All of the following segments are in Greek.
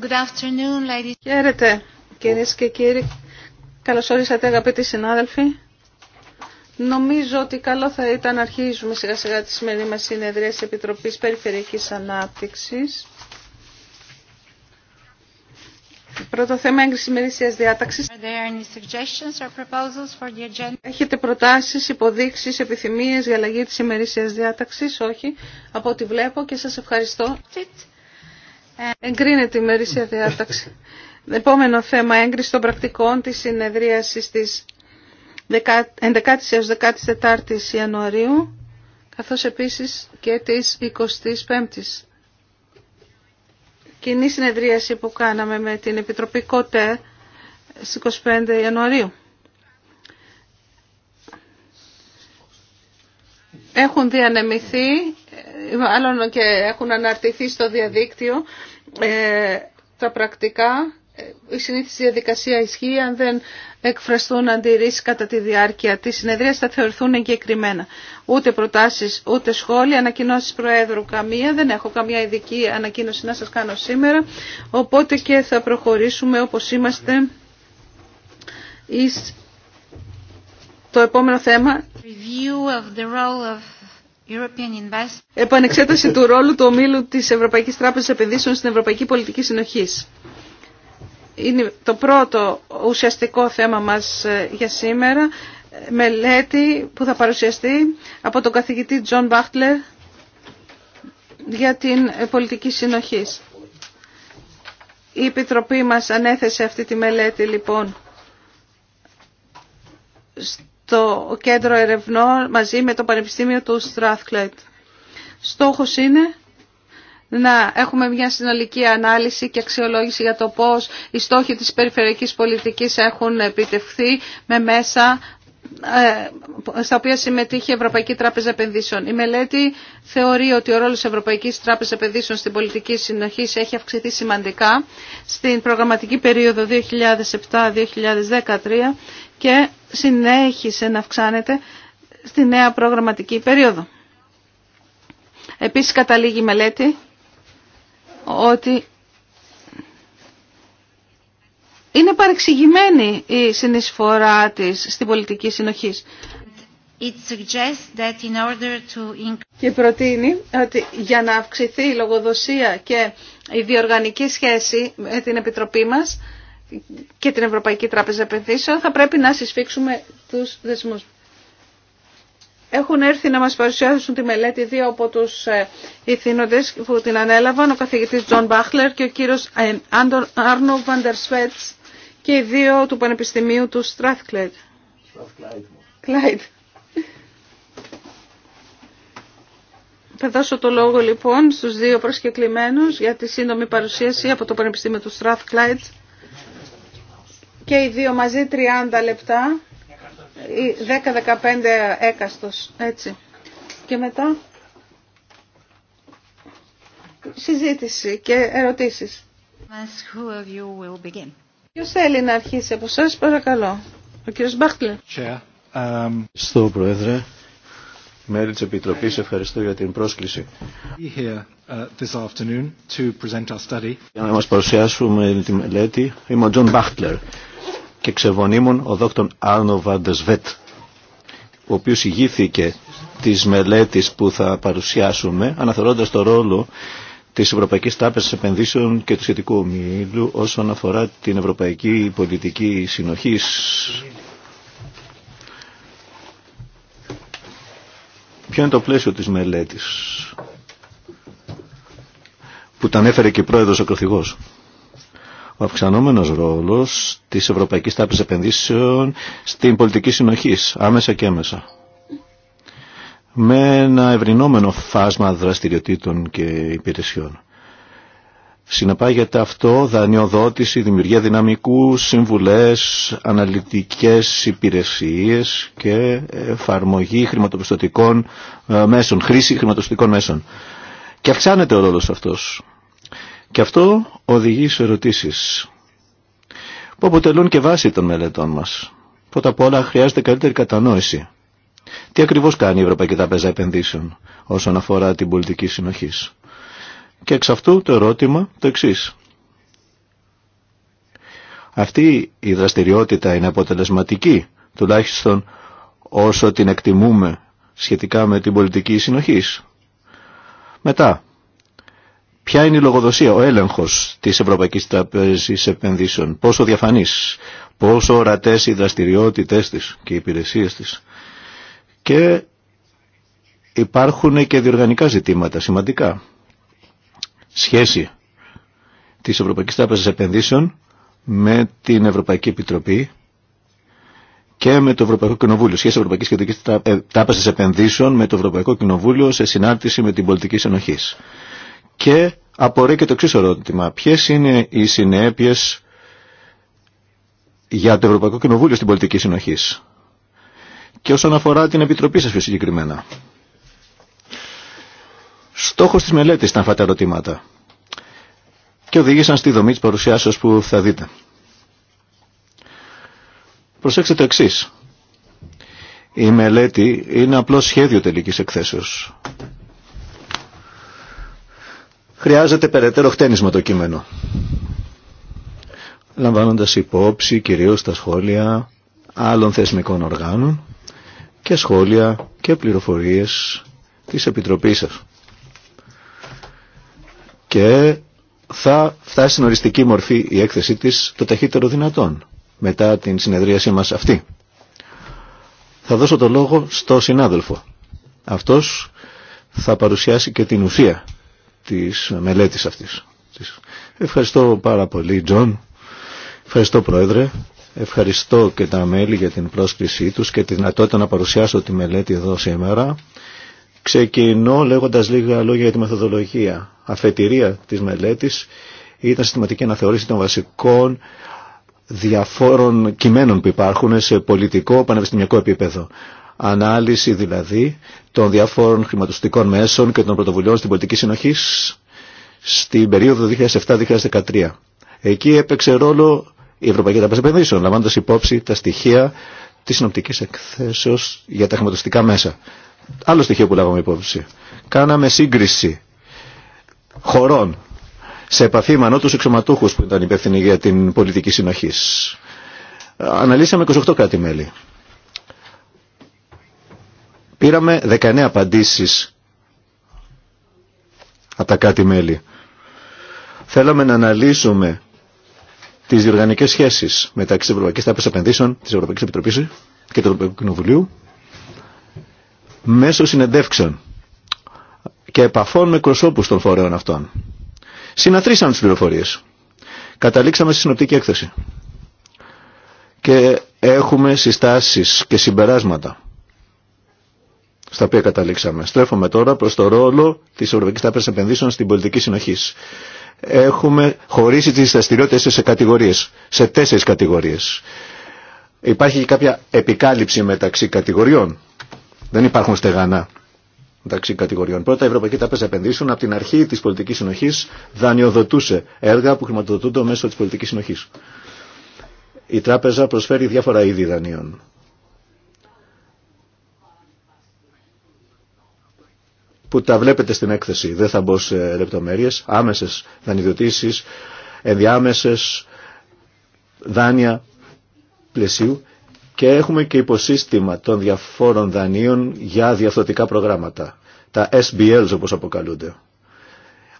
Good afternoon, ladies. κυρίες και κύριοι. Καλώς όρισατε αγαπητοί συνάδελφοι. Νομίζω ότι καλό θα ήταν να αρχίζουμε σιγά σιγά τη σημερινή μας συνεδρία της Επιτροπής Περιφερειακής Ανάπτυξης. Πρώτο θέμα έγκριση ημερήσιας διάταξης. Έχετε προτάσεις, υποδείξεις, επιθυμίες για αλλαγή της ημερήσιας διάταξης. Όχι. Από ό,τι βλέπω και σας ευχαριστώ. Εγκρίνεται η μερίσια διάταξη. Επόμενο θέμα, έγκριση των πρακτικών της συνεδρίασης της 11 έως 14 Ιανουαρίου, καθώς επίσης και της 25ης. Κοινή συνεδρίαση που κάναμε με την Επιτροπή ΚΟΤΕ στις 25 Ιανουαρίου. έχουν διανεμηθεί, μάλλον και έχουν αναρτηθεί στο διαδίκτυο ε, τα πρακτικά. Ε, η συνήθιση διαδικασία ισχύει αν δεν εκφραστούν αντιρρήσεις κατά τη διάρκεια της συνεδρίας θα θεωρηθούν εγκεκριμένα. Ούτε προτάσεις, ούτε σχόλια, ανακοινώσεις Προέδρου καμία, δεν έχω καμία ειδική ανακοίνωση να σας κάνω σήμερα, οπότε και θα προχωρήσουμε όπως είμαστε εις το επόμενο θέμα. Επανεξέταση του ρόλου του ομίλου της Ευρωπαϊκής Τράπεζας Επενδύσεων στην Ευρωπαϊκή Πολιτική Συνοχής. Είναι το πρώτο ουσιαστικό θέμα μας ε, για σήμερα. Μελέτη που θα παρουσιαστεί από τον καθηγητή Τζον Μπάχτλερ για την ε, πολιτική συνοχής. Η Επιτροπή μας ανέθεσε αυτή τη μελέτη λοιπόν το κέντρο ερευνών μαζί με το Πανεπιστήμιο του Στραθκλετ. Στόχος είναι να έχουμε μια συνολική ανάλυση και αξιολόγηση για το πώς οι στόχοι της περιφερειακής πολιτικής έχουν επιτευχθεί με μέσα ε, στα οποία συμμετείχε η Ευρωπαϊκή Τράπεζα Επενδύσεων. Η μελέτη θεωρεί ότι ο ρόλος της Ευρωπαϊκής Τράπεζας Επενδύσεων στην πολιτική συνοχή έχει αυξηθεί σημαντικά στην προγραμματική περίοδο 2007-2013 και συνέχισε να αυξάνεται στη νέα προγραμματική περίοδο. Επίσης καταλήγει η μελέτη ότι είναι παρεξηγημένη η συνεισφορά της στην πολιτική συνοχής. Και προτείνει ότι για να αυξηθεί η λογοδοσία και η διοργανική σχέση με την Επιτροπή μας και την Ευρωπαϊκή Τράπεζα Επενδύσεων θα πρέπει να συσφίξουμε τους δεσμούς. Έχουν έρθει να μας παρουσιάσουν τη μελέτη δύο από τους ε, ηθήνοντες που την ανέλαβαν, ο καθηγητής Τζον Μπάχλερ και ο κύριος Άρνο Βαντερσφέτς και οι δύο του Πανεπιστημίου του Strathclyde. Strathclyde. Θα δώσω το λόγο λοιπόν στους δύο προσκεκλημένους για τη σύντομη παρουσίαση από το Πανεπιστήμιο του Strathclyde και οι δύο μαζί 30 λεπτά ή 10-15 έκαστος έτσι και μετά συζήτηση και ερωτήσεις. Who of you will begin. Ποιο θέλει να αρχίσει από εσά, παρακαλώ. Ο κύριος Μπάχτλε. Um, Στο Πρόεδρε, μέλη τη Επιτροπής, ευχαριστώ για την πρόσκληση. Uh, για να μα παρουσιάσουμε τη μελέτη, είμαι ο Τζον Μπάχτλερ και ξεβονίμων ο δόκτων Άρνο Βαντεσβέτ, ο οποίο ηγήθηκε τη μελέτη που θα παρουσιάσουμε, αναθερώντας το ρόλο Τη Ευρωπαϊκή Τράπεζα Επενδύσεων και του σχετικού ομίλου όσον αφορά την Ευρωπαϊκή Πολιτική συνοχή. Ποιο είναι το πλαίσιο της μελέτης που τα ανέφερε και η πρόεδρος ο Ο αυξανόμενος ρόλος της Ευρωπαϊκής τάπες Επενδύσεων στην πολιτική συνοχής, άμεσα και έμεσα με ένα ευρυνόμενο φάσμα δραστηριοτήτων και υπηρεσιών. Συνεπάγεται αυτό δανειοδότηση, δημιουργία δυναμικού, συμβουλές, αναλυτικές υπηρεσίες και εφαρμογή χρηματοπιστωτικών ε, μέσων, χρήση χρηματοπιστωτικών μέσων. Και αυξάνεται ο ρόλος αυτός. Και αυτό οδηγεί σε ερωτήσεις που αποτελούν και βάση των μελετών μας. Πρώτα απ' όλα χρειάζεται καλύτερη κατανόηση τι ακριβώς κάνει η Ευρωπαϊκή Τραπέζα Επενδύσεων όσον αφορά την πολιτική συνοχή. Και εξ αυτού το ερώτημα το εξή. Αυτή η δραστηριότητα είναι αποτελεσματική, τουλάχιστον όσο την εκτιμούμε σχετικά με την πολιτική συνοχής. Μετά, ποια είναι η λογοδοσία, ο έλεγχος της Ευρωπαϊκής Τραπέζης Επενδύσεων, πόσο διαφανής, πόσο ορατές οι δραστηριότητες της και οι υπηρεσίες της και υπάρχουν και διοργανικά ζητήματα σημαντικά. Σχέση της Ευρωπαϊκής Τράπεζας Επενδύσεων με την Ευρωπαϊκή Επιτροπή και με το Ευρωπαϊκό Κοινοβούλιο. Σχέση Ευρωπαϊκής Κεντρικής ε, Επενδύσεων με το Ευρωπαϊκό Κοινοβούλιο σε συνάρτηση με την πολιτική συνοχή. Και απορρέει και το εξή ερώτημα. Ποιε είναι οι συνέπειε για το Ευρωπαϊκό Κοινοβούλιο στην πολιτική συνοχής και όσον αφορά την Επιτροπή σας πιο συγκεκριμένα. Στόχος της μελέτης ήταν αυτά τα ερωτήματα και οδηγήσαν στη δομή της παρουσιάσεως που θα δείτε. Προσέξτε το εξής. Η μελέτη είναι απλό σχέδιο τελικής εκθέσεως. Χρειάζεται περαιτέρω χτένισμα το κείμενο. Λαμβάνοντας υπόψη κυρίως τα σχόλια άλλων θεσμικών οργάνων και σχόλια και πληροφορίες της Επιτροπής σας. Και θα φτάσει στην οριστική μορφή η έκθεσή της το ταχύτερο δυνατόν μετά την συνεδρίασή μας αυτή. Θα δώσω το λόγο στο συνάδελφο. Αυτός θα παρουσιάσει και την ουσία της μελέτης αυτής. Ευχαριστώ πάρα πολύ, Τζον. Ευχαριστώ, Πρόεδρε. Ευχαριστώ και τα μέλη για την πρόσκλησή τους και τη δυνατότητα να παρουσιάσω τη μελέτη εδώ σήμερα. Ξεκινώ λέγοντας λίγα λόγια για τη μεθοδολογία. Αφετηρία της μελέτης ήταν συστηματική αναθεώρηση των βασικών διαφόρων κειμένων που υπάρχουν σε πολιτικό πανεπιστημιακό επίπεδο. Ανάλυση δηλαδή των διαφόρων χρηματοστικών μέσων και των πρωτοβουλειών στην πολιτική συνοχή στην περίοδο 2007-2013. Εκεί έπαιξε ρόλο η Ευρωπαϊκή Τράπεζα Επενδύσεων, λαμβάνοντα υπόψη τα στοιχεία τη συνοπτική εκθέσεω για τα χρηματοστικά μέσα. Άλλο στοιχείο που λάβαμε υπόψη. Κάναμε σύγκριση χωρών σε επαφή με ανώτου εξωματούχου που ήταν υπεύθυνοι για την πολιτική συνοχή. Αναλύσαμε 28 κράτη-μέλη. Πήραμε 19 απαντήσει από τα κράτη-μέλη. Θέλαμε να αναλύσουμε τι διοργανικέ σχέσει μεταξύ τη Ευρωπαϊκή Τράπεζα Επενδύσεων, τη Ευρωπαϊκή Επιτροπή και του Ευρωπαϊκού Κοινοβουλίου μέσω συνεντεύξεων και επαφών με κροσόπου των φορέων αυτών. Συναθρήσαμε τι πληροφορίε. Καταλήξαμε στη συνοπτική έκθεση. Και έχουμε συστάσεις και συμπεράσματα στα οποία καταλήξαμε. Στρέφουμε τώρα προς το ρόλο της Ευρωπαϊκής Τράπεζας Επενδύσεων στην πολιτική συνοχής έχουμε χωρίσει τις δραστηριότητε σε κατηγορίες, σε τέσσερις κατηγορίες. Υπάρχει και κάποια επικάλυψη μεταξύ κατηγοριών. Δεν υπάρχουν στεγανά μεταξύ κατηγοριών. Πρώτα, η Ευρωπαϊκή Τράπεζα Επενδύσεων από την αρχή τη πολιτική συνοχή δανειοδοτούσε έργα που χρηματοδοτούνται μέσω τη πολιτική συνοχή. Η τράπεζα προσφέρει διάφορα είδη δανείων. που τα βλέπετε στην έκθεση. Δεν θα μπω σε λεπτομέρειες, άμεσες δανειοδοτήσει, ενδιάμεσες δάνεια πλαισίου και έχουμε και υποσύστημα των διαφόρων δανείων για διαφθορτικά προγράμματα. Τα SBLs όπως αποκαλούνται.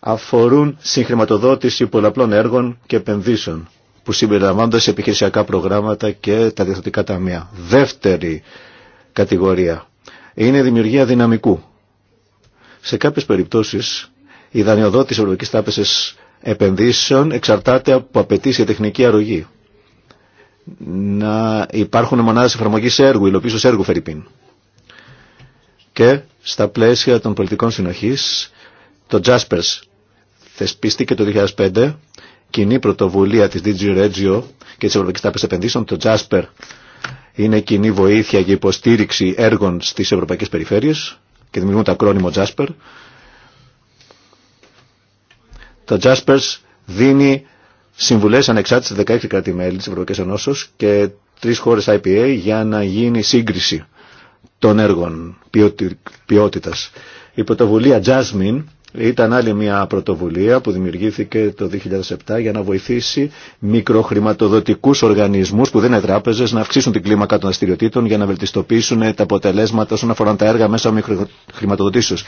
Αφορούν συγχρηματοδότηση πολλαπλών έργων και επενδύσεων που συμπεριλαμβάνονται σε επιχειρησιακά προγράμματα και τα διαφθορτικά ταμεία. Δεύτερη κατηγορία είναι η δημιουργία δυναμικού σε κάποιες περιπτώσεις η δανειοδότηση Ευρωπαϊκής Τράπεζας Επενδύσεων εξαρτάται από απαιτήσει για τεχνική αρρωγή. Να υπάρχουν μονάδες εφαρμογής έργου, υλοποίησης έργου Φερρυπίν. Και στα πλαίσια των πολιτικών συνοχής, το Jaspers θεσπίστηκε το 2005, κοινή πρωτοβουλία της DG Regio και της Ευρωπαϊκής Τράπεζας Επενδύσεων, το Jasper είναι κοινή βοήθεια για υποστήριξη έργων στις ευρωπαϊκές περιφέρειες και δημιουργούν το ακρόνιμο Jasper. Το Jaspers δίνει συμβουλές ανεξάρτητες σε 16 κράτη-μέλη της Ευρωπαϊκής Ενώσεως και τρεις χώρες IPA για να γίνει σύγκριση των έργων ποιότητας. Η πρωτοβουλία Jasmine ήταν άλλη μια πρωτοβουλία που δημιουργήθηκε το 2007 για να βοηθήσει μικροχρηματοδοτικούς οργανισμούς που δεν είναι τράπεζες να αυξήσουν την κλίμακα των αστηριοτήτων για να βελτιστοποιήσουν τα αποτελέσματα όσον αφορά τα έργα μέσα μικροχρηματοδοτήσεως.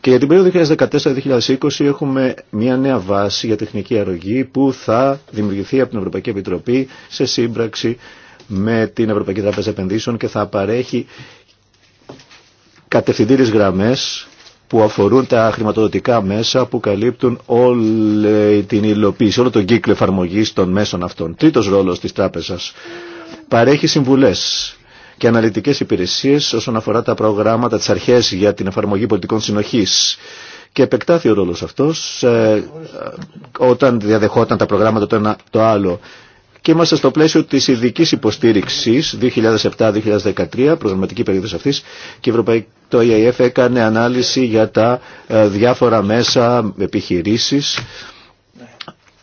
Και για την περίοδο 2014-2020 έχουμε μια νέα βάση για τεχνική αρρωγή που θα δημιουργηθεί από την Ευρωπαϊκή Επιτροπή σε σύμπραξη με την Ευρωπαϊκή Τράπεζα Επενδύσεων και θα παρέχει κατευθυντήριες γραμμές που αφορούν τα χρηματοδοτικά μέσα που καλύπτουν όλη την υλοποίηση, όλο τον κύκλο εφαρμογή των μέσων αυτών. Τρίτος ρόλος της τράπεζας. Παρέχει συμβουλές και αναλυτικές υπηρεσίες όσον αφορά τα προγράμματα, τις αρχέ για την εφαρμογή πολιτικών συνοχή. Και επεκτάθη ο ρόλος αυτός ε, όταν διαδεχόταν τα προγράμματα το ένα το άλλο και είμαστε στο πλαίσιο της ειδικη υποστηριξης υποστήριξης 2007-2013, προγραμματική περίοδος αυτής, και το EIF έκανε ανάλυση για τα ε, διάφορα μέσα επιχειρήσει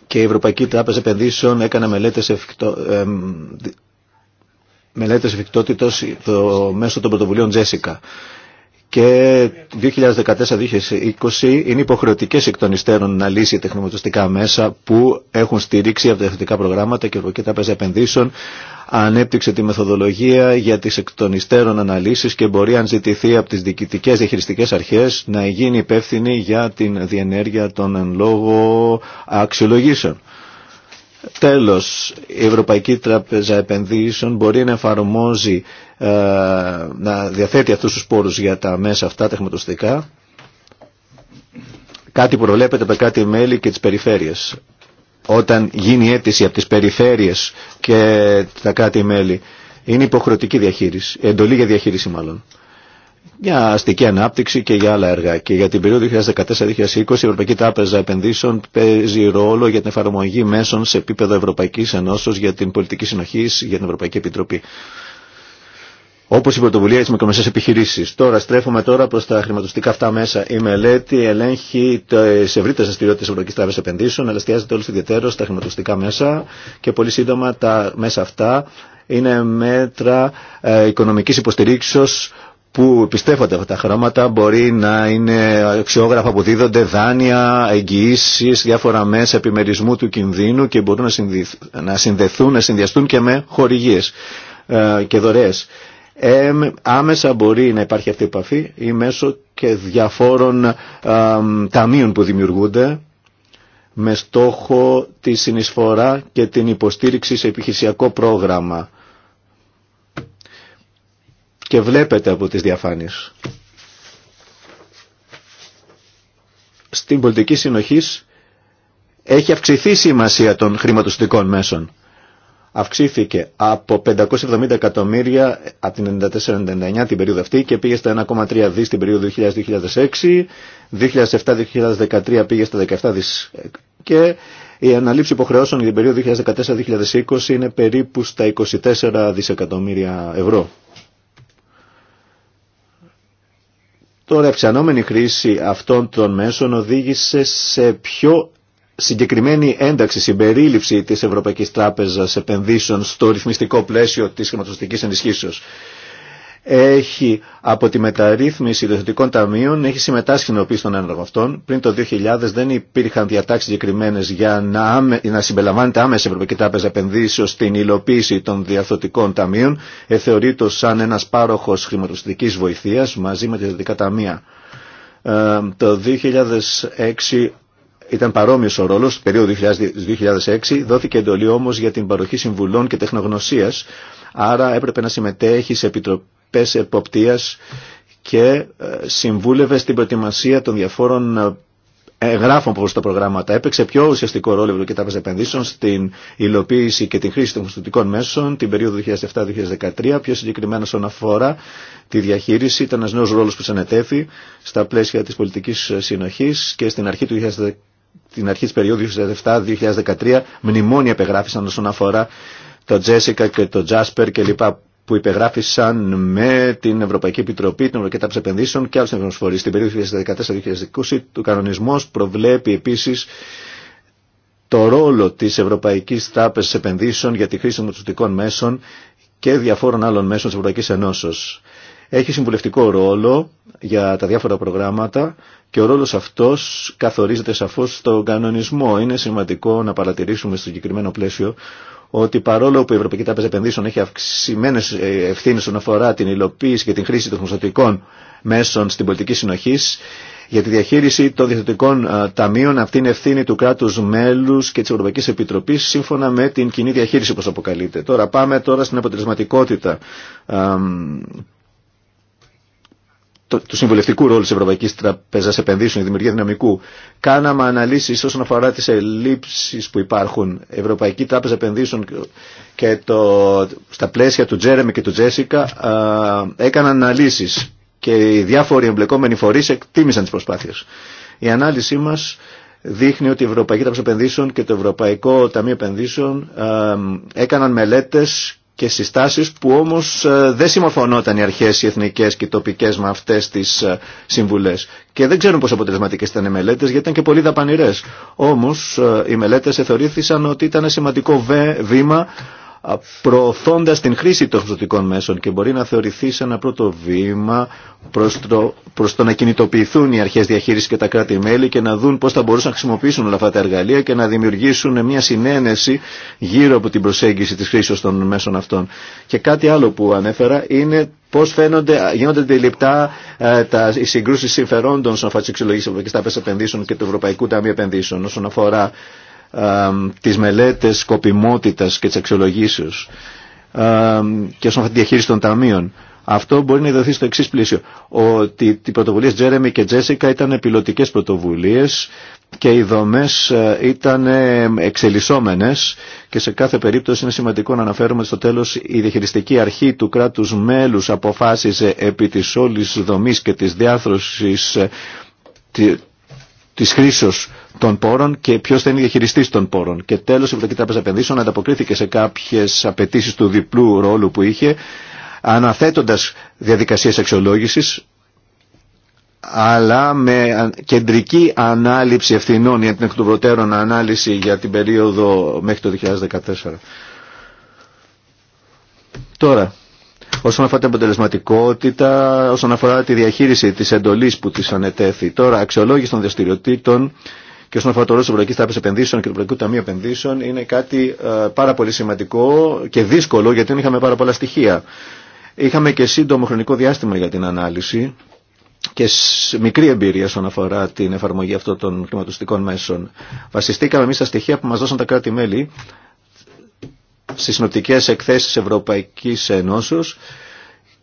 και η Ευρωπαϊκή Τράπεζα Επενδύσεων έκανε μελέτες, εφικτο, το, μέσω των πρωτοβουλίων Τζέσικα και 2014-2020 είναι υποχρεωτικέ εκ των υστέρων να λύσει τεχνομετωστικά μέσα που έχουν στηρίξει από τα εθνικά προγράμματα και Ευρωπαϊκή Τράπεζα Επενδύσεων. Ανέπτυξε τη μεθοδολογία για τι εκ των υστέρων αναλύσει και μπορεί, αν ζητηθεί από τι διοικητικέ διαχειριστικέ αρχέ, να γίνει υπεύθυνη για την διενέργεια των εν λόγω αξιολογήσεων. Τέλος, η Ευρωπαϊκή Τράπεζα Επενδύσεων μπορεί να εφαρμόζει ε, να διαθέτει αυτούς τους πόρους για τα μέσα αυτά τα χρηματοστικά. Κάτι που προλέπεται από κάτι μέλη και τις περιφέρειες. Όταν γίνει αίτηση από τις περιφέρειες και τα κάτι μέλη, είναι υποχρεωτική διαχείριση, εντολή για διαχείριση μάλλον. Για αστική ανάπτυξη και για άλλα έργα. Και για την περίοδο 2014-2020 η Ευρωπαϊκή Τράπεζα Επενδύσεων παίζει ρόλο για την εφαρμογή μέσων σε επίπεδο Ευρωπαϊκή Ενώσεω για την πολιτική συνοχή για την Ευρωπαϊκή Επιτροπή όπως η πρωτοβουλία της μικρομεσαίας επιχειρήσης. Τώρα στρέφουμε τώρα προς τα χρηματοστικά αυτά μέσα. Η μελέτη ελέγχει τις ευρύτερες δραστηριότητες τη Ευρωπαϊκής Τράπεζας Επενδύσεων, αλλά εστιάζεται όλους ιδιαίτερο στα χρηματοστικά μέσα και πολύ σύντομα τα μέσα αυτά είναι μέτρα ε, οικονομικής υποστηρίξεως που πιστεύονται αυτά τα χρώματα μπορεί να είναι αξιόγραφα που δίδονται, δάνεια, εγγυήσει, διάφορα μέσα επιμερισμού του κινδύνου και μπορούν να συνδεθούν, να συνδυαστούν και με χορηγίες ε, και δωρεές ε, άμεσα μπορεί να υπάρχει αυτή η επαφή ή μέσω και διαφόρων ταμείων που δημιουργούνται με στόχο τη συνεισφορά και την υποστήριξη σε επιχειρησιακό πρόγραμμα. Και βλέπετε από τις διαφάνειες. Στην πολιτική συνοχής έχει αυξηθεί η σημασία των χρηματοστικών μέσων αυξήθηκε από 570 εκατομμύρια από την 94-99 την περίοδο αυτή και πήγε στα 1,3 δις την περίοδο 2000-2006, 2007-2013 πήγε στα 17 δις και η αναλήψη υποχρεώσεων για την περίοδο 2014-2020 είναι περίπου στα 24 δισεκατομμύρια ευρώ. Τώρα η αυξανόμενη χρήση αυτών των μέσων οδήγησε σε πιο συγκεκριμένη ένταξη, συμπερίληψη της Ευρωπαϊκής Τράπεζας επενδύσεων στο ρυθμιστικό πλαίσιο της χρηματοστικής ενισχύσεως. Έχει από τη μεταρρύθμιση ιδιωτικών ταμείων έχει συμμετάσχει στην ενοποίηση των έργων αυτών. Πριν το 2000 δεν υπήρχαν διατάξει συγκεκριμένε για να, να συμπεριλαμβάνεται άμεσα η Ευρωπαϊκή Τράπεζα Επενδύσεω στην υλοποίηση των διαρθωτικών ταμείων. Εθεωρείται σαν ένα πάροχο χρηματοστική βοηθεία μαζί με τα ιδιωτικά ταμεία. Ε, το 2006 ήταν παρόμοιο ο ρόλο, περίοδο 2006, δόθηκε εντολή όμω για την παροχή συμβουλών και τεχνογνωσία, άρα έπρεπε να συμμετέχει σε επιτροπέ, εποπτεία και ε, συμβούλευε στην προετοιμασία των διαφόρων ε, εγγράφων προς τα προγράμματα. Έπαιξε πιο ουσιαστικό ρόλο η Ευρωπαϊκή Τράπεζα Επενδύσεων στην υλοποίηση και την χρήση των χρησιμοποιητικών μέσων την περίοδο 2007-2013, πιο συγκεκριμένα στον αφορά τη διαχείριση. Ήταν ένα νέο ρόλο που συνετέθη στα πλαίσια τη πολιτική συνοχή και στην αρχή του την αρχή της περίοδου 2017-2013 μνημόνια επεγράφησαν όσον αφορά το Τζέσικα και το Τζάσπερ και λοιπά που υπεγράφησαν με την Ευρωπαϊκή Επιτροπή, την Ευρωπαϊκή Τάξη Επενδύσεων και άλλου ευρωπαϊκού Στην περίοδο 2014-2020 του κανονισμός προβλέπει επίσης το ρόλο της Ευρωπαϊκής τάπες Επενδύσεων για τη χρήση των μεσών και διαφόρων άλλων μέσων τη Ευρωπαϊκή Ενώσεως έχει συμβουλευτικό ρόλο για τα διάφορα προγράμματα και ο ρόλος αυτός καθορίζεται σαφώς στον κανονισμό. Είναι σημαντικό να παρατηρήσουμε στο συγκεκριμένο πλαίσιο ότι παρόλο που η Ευρωπαϊκή Τράπεζα Επενδύσεων έχει αυξημένε ε, ευθύνε όσον αφορά την υλοποίηση και την χρήση των χρηματοδοτικών μέσων στην πολιτική συνοχή, για τη διαχείριση των διευθυντικών ε, ταμείων, αυτή είναι ευθύνη του κράτου μέλου και τη Ευρωπαϊκή Επιτροπή, σύμφωνα με την κοινή διαχείριση, όπω αποκαλείται. Τώρα πάμε τώρα στην αποτελεσματικότητα του συμβουλευτικού ρόλου τη Ευρωπαϊκή Τραπέζα Επενδύσεων, η δημιουργία δυναμικού. Κάναμε αναλύσει όσον αφορά τι ελλείψει που υπάρχουν. Ευρωπαϊκή Τράπεζα Επενδύσεων και το, στα πλαίσια του Τζέρεμι και του Τζέσικα έκαναν αναλύσει και οι διάφοροι εμπλεκόμενοι φορεί εκτίμησαν τι προσπάθειε. Η ανάλυση μα δείχνει ότι η Ευρωπαϊκή Τράπεζα Επενδύσεων και το Ευρωπαϊκό Ταμείο Επενδύσεων έκαναν μελέτε και συστάσεις που όμως ε, δεν συμμορφωνόταν οι αρχές οι εθνικές και οι τοπικές με αυτές τις ε, συμβουλές. Και δεν ξέρουν πόσο αποτελεσματικές ήταν οι μελέτες γιατί ήταν και πολύ δαπανηρές. Όμως ε, οι μελέτες εθεωρήθησαν ότι ήταν σημαντικό βήμα προωθώντας την χρήση των χρηματοδοτικών μέσων και μπορεί να θεωρηθεί σε ένα πρώτο βήμα προς το, προς το να κινητοποιηθούν οι αρχές διαχείρισης και τα κράτη-μέλη και να δουν πώς θα μπορούσαν να χρησιμοποιήσουν όλα αυτά τα εργαλεία και να δημιουργήσουν μια συνένεση γύρω από την προσέγγιση της χρήσης των μέσων αυτών. Και κάτι άλλο που ανέφερα είναι πώς φαίνονται, γίνονται τελειπτά ε, τα, οι συγκρούσεις συμφερόντων στον αφορά της εξολογής Ευρωπαϊκής Επενδύσεων και του Ευρωπαϊκού Ταμείου Επενδύσεων όσον αφορά τις μελέτες σκοπιμότητας και της αξιολογήσεως και όσον αφορά τη διαχείριση των ταμείων. Αυτό μπορεί να ιδωθεί στο εξή πλήσιο Ότι οι πρωτοβουλίε Τζέρεμι και Τζέσικα ήταν πιλωτικέ πρωτοβουλίε και οι δομέ ε, ήταν ε, εξελισσόμενε και σε κάθε περίπτωση είναι σημαντικό να αναφέρουμε στο τέλο η διαχειριστική αρχή του κράτου μέλου αποφάσισε επί ε, τη όλη δομή και τη διάθρωση τη χρήσεω των πόρων και ποιο θα είναι διαχειριστή των πόρων. Και τέλο, η Ευρωπαϊκή Τράπεζα Επενδύσεων ανταποκρίθηκε σε κάποιε απαιτήσει του διπλού ρόλου που είχε, αναθέτοντα διαδικασίε αξιολόγηση, αλλά με κεντρική ανάληψη ευθυνών για την εκ ανάλυση για την περίοδο μέχρι το 2014. Τώρα, όσον αφορά την αποτελεσματικότητα, όσον αφορά τη διαχείριση της εντολής που της ανετέθη. Τώρα, αξιολόγηση των δραστηριοτήτων και όσον αφορά το ρόλο τη Ευρωπαϊκή Τράπεζα Επενδύσεων και του Ευρωπαϊκού Ταμείου Επενδύσεων είναι κάτι ε, πάρα πολύ σημαντικό και δύσκολο γιατί δεν είχαμε πάρα πολλά στοιχεία. Είχαμε και σύντομο χρονικό διάστημα για την ανάλυση και μικρή εμπειρία όσον αφορά την εφαρμογή αυτών των χρηματοστικών μέσων. Βασιστήκαμε εμεί στα στοιχεία που μα δώσαν τα κράτη-μέλη στι συνοπτικέ εκθέσει Ευρωπαϊκή Ενώσεω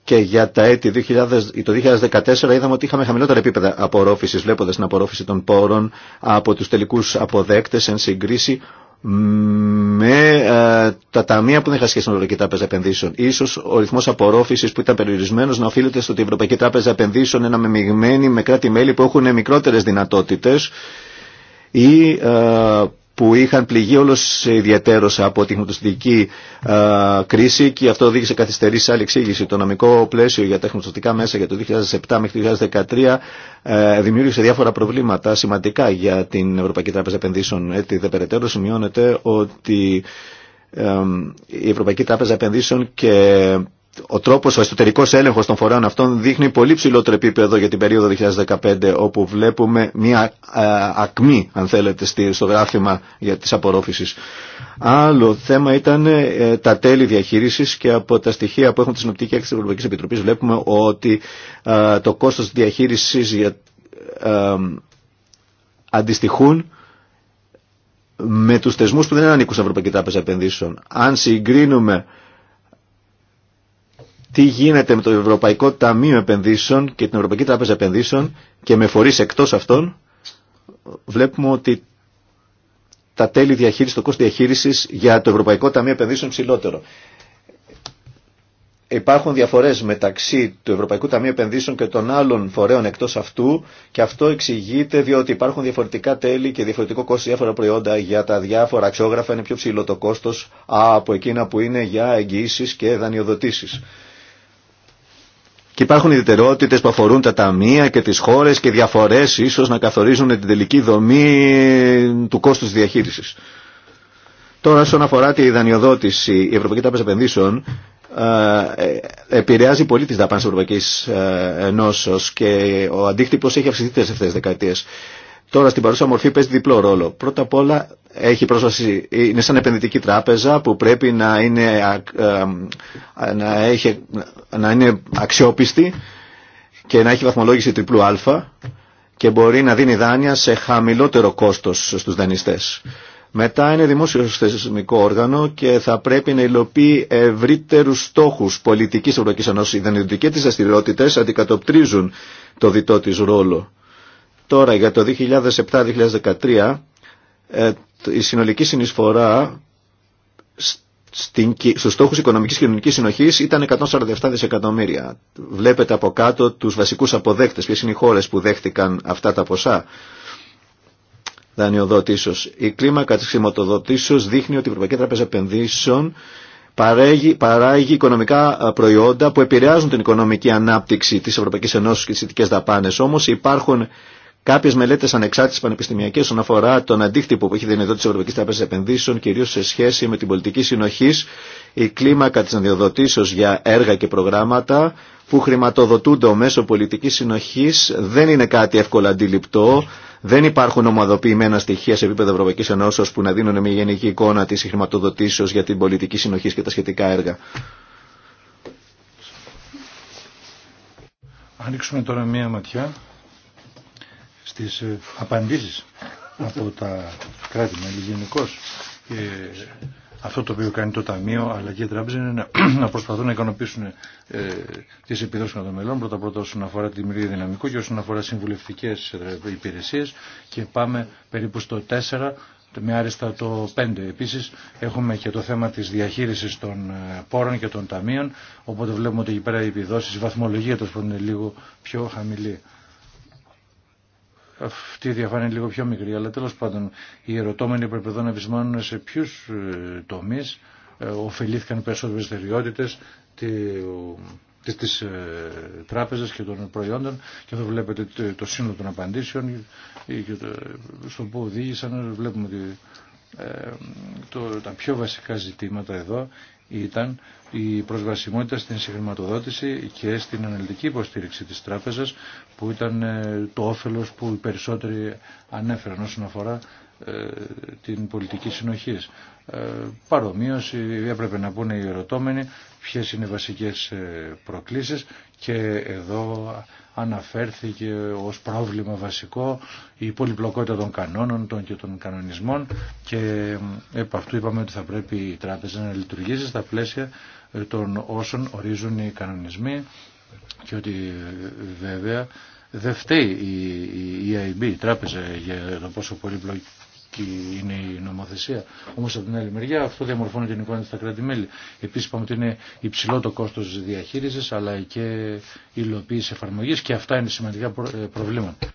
και για τα έτη 2000, το 2014 είδαμε ότι είχαμε χαμηλότερα επίπεδα απορρόφησης βλέποντας την απορρόφηση των πόρων από τους τελικούς αποδέκτες εν συγκρίση με ε, τα ταμεία που δεν είχαν σχέση με την Ευρωπαϊκή Τράπεζα Επενδύσεων. Ίσως ο ρυθμός απορρόφησης που ήταν περιορισμένος να οφείλεται στο ότι η Ευρωπαϊκή Τράπεζα Επενδύσεων είναι αμεμειγμένη με κράτη-μέλη που έχουν μικρότερες δυνατότητες ή ε, που είχαν πληγεί όλος ιδιαίτερος από τη χρηματοστατική κρίση και αυτό οδήγησε καθυστερήσει σε άλλη εξήγηση. Το νομικό πλαίσιο για τα χρηματοστατικά μέσα για το 2007 μέχρι το 2013 ε, δημιούργησε διάφορα προβλήματα σημαντικά για την Ευρωπαϊκή Τράπεζα Επενδύσεων. Έτσι, δεν περαιτέρω σημειώνεται ότι ε, η Ευρωπαϊκή Τράπεζα Επενδύσεων και ο τρόπος, ο εσωτερικός έλεγχος των φορέων αυτών δείχνει πολύ ψηλότερο επίπεδο για την περίοδο 2015 όπου βλέπουμε μια ε, ακμή αν θέλετε στο γράφημα για τις απορρόφησεις Άλλο θέμα ήταν ε, τα τέλη διαχείρισης και από τα στοιχεία που έχουν τη Συνοπτική Έκθεση της Ευρωπαϊκής Επιτροπής βλέπουμε ότι ε, το κόστος διαχείρισης για, αντιστοιχούν με τους θεσμούς που δεν ανήκουν στην Ευρωπαϊκή Τράπεζα Επενδύσεων. Αν συγκρίνουμε τι γίνεται με το Ευρωπαϊκό Ταμείο Επενδύσεων και την Ευρωπαϊκή Τράπεζα Επενδύσεων και με φορείς εκτός αυτών, βλέπουμε ότι τα τέλη διαχείριση το κόστος διαχείρισης για το Ευρωπαϊκό Ταμείο Επενδύσεων ψηλότερο. Υπάρχουν διαφορές μεταξύ του Ευρωπαϊκού Ταμείου Επενδύσεων και των άλλων φορέων εκτός αυτού και αυτό εξηγείται διότι υπάρχουν διαφορετικά τέλη και διαφορετικό κόστος διάφορα προϊόντα για τα διάφορα αξιόγραφα είναι πιο ψηλό το κόστος από εκείνα που είναι για εγγυήσεις και δανειοδοτήσει. Και υπάρχουν ιδιαιτερότητε που αφορούν τα ταμεία και τι χώρε και διαφορέ ίσω να καθορίζουν την τελική δομή του κόστου διαχείριση. Τώρα, όσον αφορά τη δανειοδότηση, η Ευρωπαϊκή Τράπεζα Επενδύσεων ε, ε, επηρεάζει πολύ τι δαπάνε τη Ευρωπαϊκή ε, Ενώσεω και ο αντίκτυπο έχει αυξηθεί τι τελευταίε δεκαετίε τώρα στην παρούσα μορφή παίζει διπλό ρόλο. Πρώτα απ' όλα έχει πρόσβαση, είναι σαν επενδυτική τράπεζα που πρέπει να είναι, να έχει, να είναι αξιόπιστη και να έχει βαθμολόγηση τριπλού α και μπορεί να δίνει δάνεια σε χαμηλότερο κόστος στους δανειστές. Μετά είναι δημόσιο θεσμικό όργανο και θα πρέπει να υλοποιεί ευρύτερου στόχου πολιτική Ευρωπαϊκή Ενώση. Οι δανειοδοτικέ τη δραστηριότητε αντικατοπτρίζουν το διτό τη ρόλο Τώρα για το 2007-2013 ε, η συνολική συνεισφορά στην, στους στόχους οικονομικής και κοινωνικής συνοχής ήταν 147 δισεκατομμύρια. Βλέπετε από κάτω τους βασικούς αποδέκτες, ποιες είναι οι χώρες που δέχτηκαν αυτά τα ποσά δανειοδοτήσεως. Η κλίμακα της χρηματοδοτήσεως δείχνει ότι η Ευρωπαϊκή Τράπεζα Επενδύσεων παράγει, οικονομικά ε, προϊόντα που επηρεάζουν την οικονομική ανάπτυξη της Ευρωπαϊκής Ενώσης και τις δαπάνες. Όμως υπάρχουν Κάποιε μελέτε ανεξάρτητε πανεπιστημιακέ όσον αφορά τον αντίκτυπο που έχει εδώ τη Ευρωπαϊκή Τράπεζα Επενδύσεων, κυρίω σε σχέση με την πολιτική συνοχή, η κλίμακα τη ανδιοδοτήσεω για έργα και προγράμματα που χρηματοδοτούνται μέσω πολιτική συνοχή δεν είναι κάτι εύκολα αντιληπτό. Δεν υπάρχουν ομαδοποιημένα στοιχεία σε επίπεδο Ευρωπαϊκή Ενώσεω που να δίνουν μια γενική εικόνα τη χρηματοδοτήσεω για την πολιτική συνοχή και τα σχετικά έργα. Ανοίξουμε τώρα μία ματιά στις ε, απαντήσεις από τα κράτη μέλη Και αυτό το οποίο κάνει το Ταμείο αλλά και η Τράπεζα είναι να προσπαθούν να ικανοποιήσουν ε, τι επιδόσει των μελών. Πρώτα πρώτα όσον αφορά τη δημιουργία δυναμικού και όσον αφορά συμβουλευτικέ ε, υπηρεσίε και πάμε περίπου στο 4 με άριστα το 5. Επίσης έχουμε και το θέμα της διαχείρισης των ε, πόρων και των ταμείων, οπότε βλέπουμε ότι εκεί πέρα οι επιδόσεις, η βαθμολογία τόσο είναι λίγο πιο χαμηλή αυτή η διαφάνεια είναι λίγο πιο μικρή, αλλά τέλος πάντων οι ερωτώμενοι πρέπει εδώ να βυσμάνουν σε ποιους ε, τομείς ε, ωφελήθηκαν περισσότερες δραστηριότητες της, της ε, τράπεζας και των προϊόντων και εδώ βλέπετε το σύνολο των απαντήσεων και το, στο που οδήγησαν βλέπουμε ότι το, τα πιο βασικά ζητήματα εδώ ήταν η προσβασιμότητα στην συγχρηματοδότηση και στην αναλυτική υποστήριξη της τράπεζας που ήταν ε, το όφελος που οι περισσότεροι ανέφεραν όσον αφορά ε, την πολιτική συνοχή. Ε, Παρομοίω έπρεπε να πούνε οι ερωτώμενοι ποιε είναι οι βασικέ ε, προκλήσει και εδώ αναφέρθηκε ως πρόβλημα βασικό η πολυπλοκότητα των κανόνων των και των κανονισμών και επ' αυτού είπαμε ότι θα πρέπει η τράπεζα να λειτουργήσει στα πλαίσια των όσων ορίζουν οι κανονισμοί και ότι βέβαια δεν φταίει η EIB, η τράπεζα, για το πόσο πολύπλοκη είναι η νομοθεσία. Όμως από την άλλη μεριά αυτό διαμορφώνει την εικόνα στα κράτη-μέλη. Επίσης είπαμε ότι είναι υψηλό το κόστος διαχείρισης αλλά και υλοποίηση εφαρμογής και αυτά είναι σημαντικά ε, προβλήματα.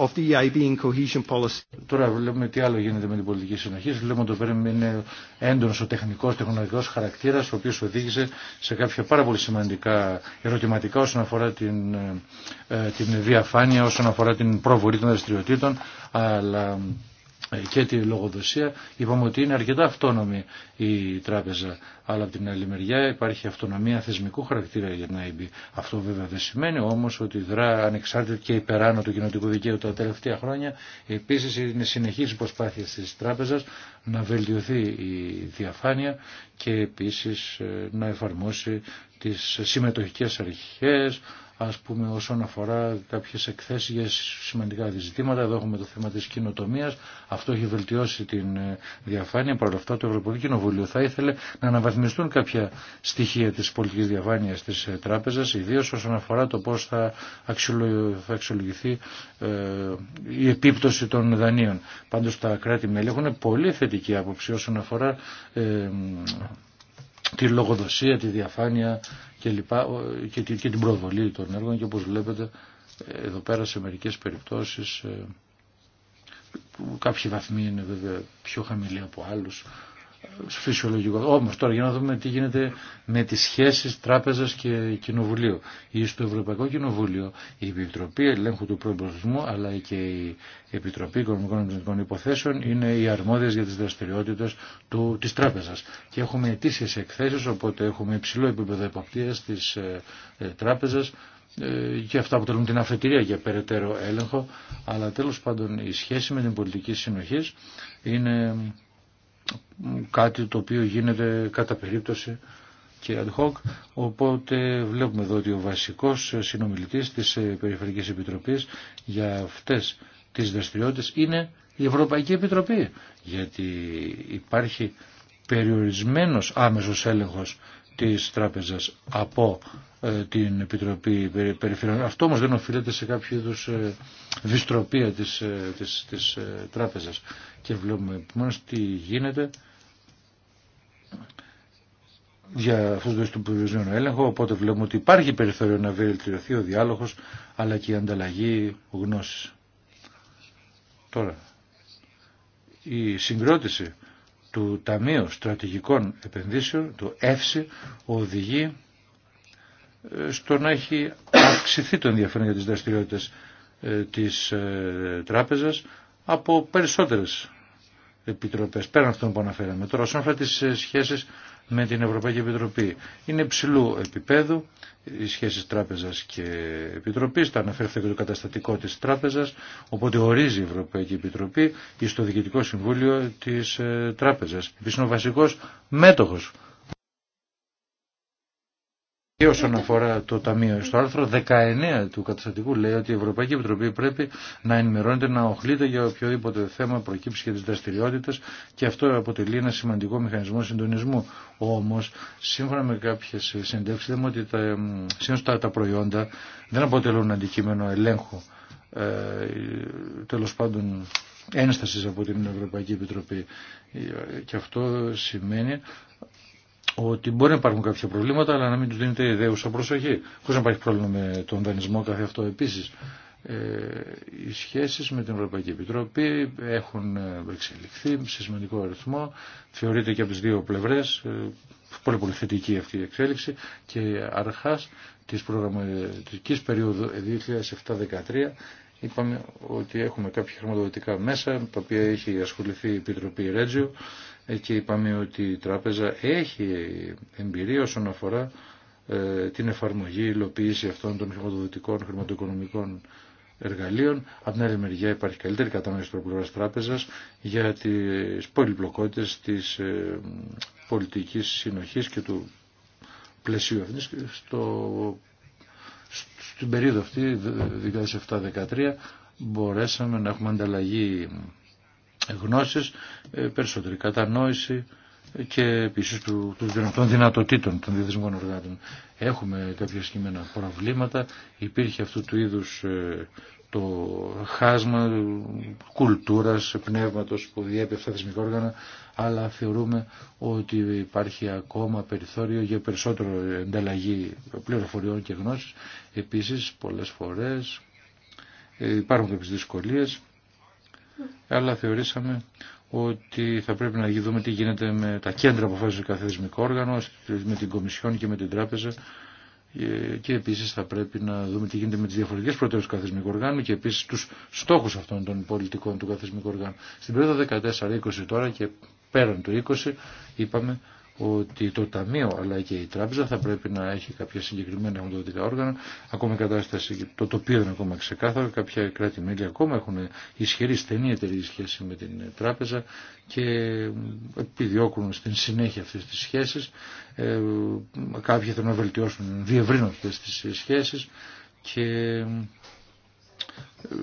Of the EIB cohesion policy. Τώρα βλέπουμε τι άλλο γίνεται με την πολιτική συνοχή. Βλέπουμε ότι είναι έντονο ο τεχνικό, τεχνολογικό χαρακτήρα, ο οποίο οδήγησε σε κάποια πάρα πολύ σημαντικά ερωτηματικά όσον αφορά την, ε, ε, την διαφάνεια, όσον αφορά την προβολή των δραστηριοτήτων, αλλά ε, και τη λογοδοσία είπαμε ότι είναι αρκετά αυτόνομη η τράπεζα αλλά από την άλλη μεριά υπάρχει αυτονομία θεσμικού χαρακτήρα για την IB αυτό βέβαια δεν σημαίνει όμως ότι δρά ανεξάρτητα και υπεράνω του κοινοτικού δικαίου τα τελευταία χρόνια επίσης είναι συνεχής προσπάθεια της τράπεζας να βελτιωθεί η διαφάνεια και επίσης ε, να εφαρμόσει τις συμμετοχικές αρχές ας πούμε όσον αφορά κάποιες εκθέσεις για σημαντικά διζητήματα. Εδώ έχουμε το θέμα της κοινοτομίας. Αυτό έχει βελτιώσει την ε, διαφάνεια. Παρ' όλα το Ευρωπαϊκό Κοινοβούλιο θα ήθελε να αναβαθμιστούν κάποια στοιχεία της πολιτικής διαφάνειας της ε, τράπεζας, ιδίως όσον αφορά το πώς θα, αξιολογηθεί ε, η επίπτωση των δανείων. Πάντως τα κράτη-μέλη έχουν πολύ θετική άποψη όσον αφορά τη λογοδοσία, τη διαφάνεια και, την προβολή των έργων και όπως βλέπετε ε, εδώ πέρα σε μερικές περιπτώσεις ε, κάποιοι βαθμοί είναι βέβαια πιο χαμηλοί από άλλους φυσιολογικό. Όμω τώρα για να δούμε τι γίνεται με τι σχέσει τράπεζα και κοινοβουλίου. Ή στο Ευρωπαϊκό Κοινοβούλιο η Επιτροπή Ελέγχου του Προϋπολογισμού αλλά και η Επιτροπή Οικονομικών Εμπνευστικών Υποθέσεων είναι οι αρμόδιες για τι δραστηριότητε τη Τράπεζα. Και έχουμε αιτήσεις εκθέσει, οπότε έχουμε υψηλό επίπεδο εποπτεία τη ε, ε, ε, και αυτά αποτελούν την αφετηρία για περαιτέρω έλεγχο, αλλά τέλος πάντων η σχέση με την πολιτική συνοχή είναι κάτι το οποίο γίνεται κατά περίπτωση και ad hoc, οπότε βλέπουμε εδώ ότι ο βασικός συνομιλητής της ε, Περιφερειακής Επιτροπής για αυτές τις δραστηριότητες είναι η Ευρωπαϊκή Επιτροπή, γιατί υπάρχει περιορισμένος άμεσος έλεγχος της τράπεζας από ε, την Επιτροπή Περιφερειών. Αυτό όμως δεν οφείλεται σε κάποιο είδους ε, δυστροπία της, ε, της, της τράπεζας. Και βλέπουμε επομένως τι γίνεται για αυτούς τους του περιορισμένου έλεγχο, οπότε βλέπουμε ότι υπάρχει περιθώριο να βελτιωθεί ο διάλογος, αλλά και η ανταλλαγή γνώσης. Τώρα, η συγκρότηση του Ταμείου Στρατηγικών Επενδύσεων, του ΕΦΣΙ, οδηγεί ε, στο να έχει αυξηθεί το ενδιαφέρον για τις δραστηριότητες ε, της ε, τράπεζας από περισσότερες επιτροπές, πέραν αυτών που αναφέραμε. Τώρα, όσον αφορά τις σχέσεις με την Ευρωπαϊκή Επιτροπή. Είναι υψηλού επίπεδου οι σχέσεις τράπεζας και επιτροπής, τα αναφέρθηκε και το καταστατικό της τράπεζας, οπότε ορίζει η Ευρωπαϊκή Επιτροπή στο Διοικητικό Συμβούλιο της ε, τράπεζας. Επίσης είναι ο βασικός μέτοχος και όσον αφορά το Ταμείο, στο άρθρο 19 του καταστατικού λέει ότι η Ευρωπαϊκή Επιτροπή πρέπει να ενημερώνεται, να οχλείται για οποιοδήποτε θέμα προκύψει για τι δραστηριότητε και αυτό αποτελεί ένα σημαντικό μηχανισμό συντονισμού. Όμω, σύμφωνα με κάποιε συνεντεύξει, λέμε ότι τα, τα προϊόντα δεν αποτελούν αντικείμενο ελέγχου ε, τέλο πάντων ένστασης από την Ευρωπαϊκή Επιτροπή ε, και αυτό σημαίνει ότι μπορεί να υπάρχουν κάποια προβλήματα αλλά να μην του δίνεται ιδέουσα προσοχή. Χωρί να υπάρχει πρόβλημα με τον δανεισμό καθ' αυτό επίση. Ε, οι σχέσει με την Ευρωπαϊκή Επιτροπή έχουν ε, εξελιχθεί σε σημαντικό αριθμό. Θεωρείται και από τι δύο πλευρέ ε, πολύ πολύ θετική αυτή η εξέλιξη και αρχά τη προγραμματική περίοδου 2007-2013 είπαμε ότι έχουμε κάποια χρηματοδοτικά μέσα, τα οποία έχει ασχοληθεί η Επιτροπή Ρέτζιο και είπαμε ότι η τράπεζα έχει εμπειρία όσον αφορά ε, την εφαρμογή, υλοποίηση αυτών των χρηματοδοτικών, χρηματοοικονομικών εργαλείων. Από την άλλη μεριά υπάρχει καλύτερη κατανόηση του πλευρά τράπεζα για τι πολυπλοκότητε τη ε, πολιτική συνοχή και του πλαισίου αυτή. Στο, στην περίοδο αυτή, 2007-2013, μπορέσαμε να έχουμε ανταλλαγή γνώσεις, ε, περισσότερη κατανόηση και επίσης του, των δυνατοτήτων των διεθνικών οργάνων. Έχουμε κάποια συγκεκριμένα προβλήματα, υπήρχε αυτού του είδους ε, το χάσμα κουλτούρας, πνεύματος που διέπει αυτά τα θεσμικά όργανα, αλλά θεωρούμε ότι υπάρχει ακόμα περιθώριο για περισσότερο ενταλλαγή πληροφοριών και γνώσης. Επίσης, πολλές φορές ε, υπάρχουν κάποιε δυσκολίες αλλά θεωρήσαμε ότι θα πρέπει να δούμε τι γίνεται με τα κέντρα που φάζει κάθε θεσμικό όργανο, με την Κομισιόν και με την Τράπεζα ε, και επίσης θα πρέπει να δούμε τι γίνεται με τις διαφορετικές προτεραιότητες του καθεσμικού οργάνου και επίσης τους στόχους αυτών των πολιτικών του καθεσμικού οργάνου. Στην περίοδο 14-20 τώρα και πέραν του 20 είπαμε ότι το Ταμείο αλλά και η Τράπεζα θα πρέπει να έχει κάποια συγκεκριμένα χρηματοδοτικά όργανα. Ακόμα η κατάσταση, το τοπίο είναι ακόμα ξεκάθαρο. Κάποια κράτη-μέλη ακόμα έχουν ισχυρή, στενή εταιρική σχέση με την Τράπεζα και επιδιώκουν στην συνέχεια αυτές τις σχέσεις. Ε, κάποιοι θέλουν να βελτιώσουν, διευρύνουν αυτές τις σχέσεις και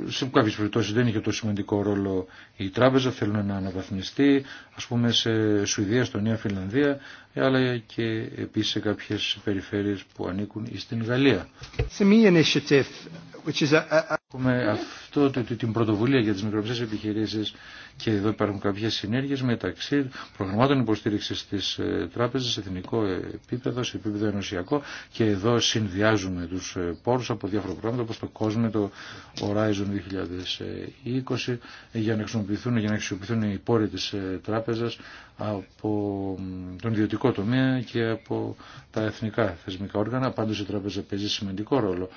σε κάποιε περιπτώσει δεν είχε τόσο σημαντικό ρόλο η τράπεζα, θέλουν να αναβαθμιστεί, α πούμε σε Σουηδία, Νέα Φιλανδία, αλλά και επίση σε κάποιες περιφέρειες που ανήκουν στην Γαλλία. Έχουμε το, την πρωτοβουλία για τις μικρομεσαίες επιχειρήσεις και εδώ υπάρχουν κάποιες συνέργειες μεταξύ προγραμμάτων υποστήριξης της ε, τράπεζας σε εθνικό επίπεδο, σε επίπεδο ενωσιακό και εδώ συνδυάζουμε τους ε, πόρους από διάφορα προγράμματα όπως το COSME, το Horizon 2020 για να χρησιμοποιηθούν, για να χρησιμοποιηθούν οι πόροι της ε, τράπεζας από τον ιδιωτικό τομέα και από τα εθνικά θεσμικά όργανα. Πάντως η τράπεζα παίζει σημαντικό ρόλο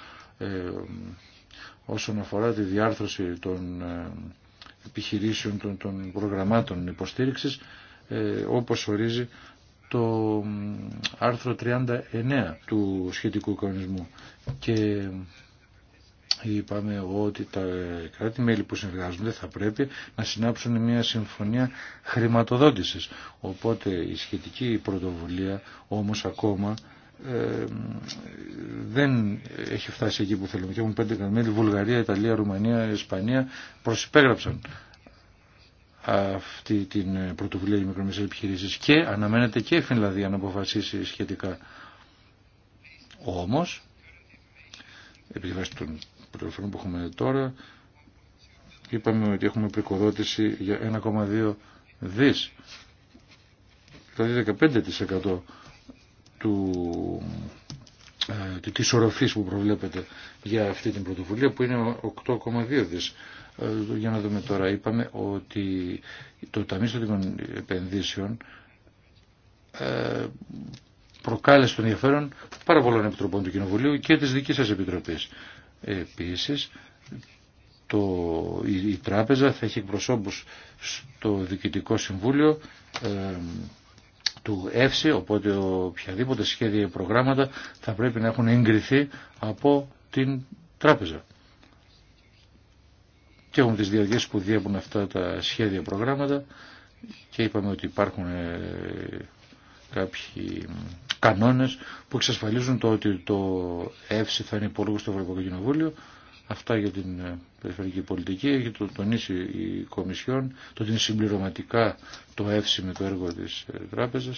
όσον αφορά τη διάρθρωση των ε, επιχειρήσεων, των, προγραμμάτων υποστήριξης, ε, όπως ορίζει το άρθρο 39 του σχετικού κανονισμού. Και είπαμε ότι τα κράτη-μέλη που συνεργάζονται θα πρέπει να συνάψουν μια συμφωνία χρηματοδότησης. Οπότε η σχετική πρωτοβουλία όμως ακόμα ε, δεν έχει φτάσει εκεί που θέλουμε. Και έχουν πέντε κρατημέλη, Βουλγαρία, Ιταλία, Ρουμανία, Ισπανία, προσυπέγραψαν αυτή την πρωτοβουλία για μικρομεσαίες επιχειρήσεις και αναμένεται και η Φινλανδία να αποφασίσει σχετικά. Όμως, επειδή βάσει των πληροφοριών που έχουμε τώρα, είπαμε ότι έχουμε πρικοδότηση για 1,2 δις, δηλαδή 15% του, ε, της οροφής που προβλέπεται για αυτή την πρωτοβουλία που είναι 8,2 δις. Ε, για να δούμε τώρα, είπαμε ότι το Ταμείο των Επενδύσεων ε, προκάλεσε τον ενδιαφέρον πάρα πολλών επιτροπών του Κοινοβουλίου και της δικής σας επιτροπής. Επίσης, το, η, τράπεζα θα έχει εκπροσώπους στο Διοικητικό Συμβούλιο ε, του ΕΦΣΗ, οπότε οποιαδήποτε σχέδια ή προγράμματα θα πρέπει να έχουν εγκριθεί από την τράπεζα. Και έχουμε τις διαδικασίες που διέπουν αυτά τα σχέδια προγράμματα και είπαμε ότι υπάρχουν ε, κάποιοι κανόνες που εξασφαλίζουν το ότι το ΕΦΣΙ θα είναι υπόλογο στο Ευρωπαϊκό Κοινοβούλιο Αυτά για την ε, περιφερειακή πολιτική. Έχει το τονίσει η Κομισιόν το ότι είναι συμπληρωματικά το εύση με το έργο της ε, Τράπεζα.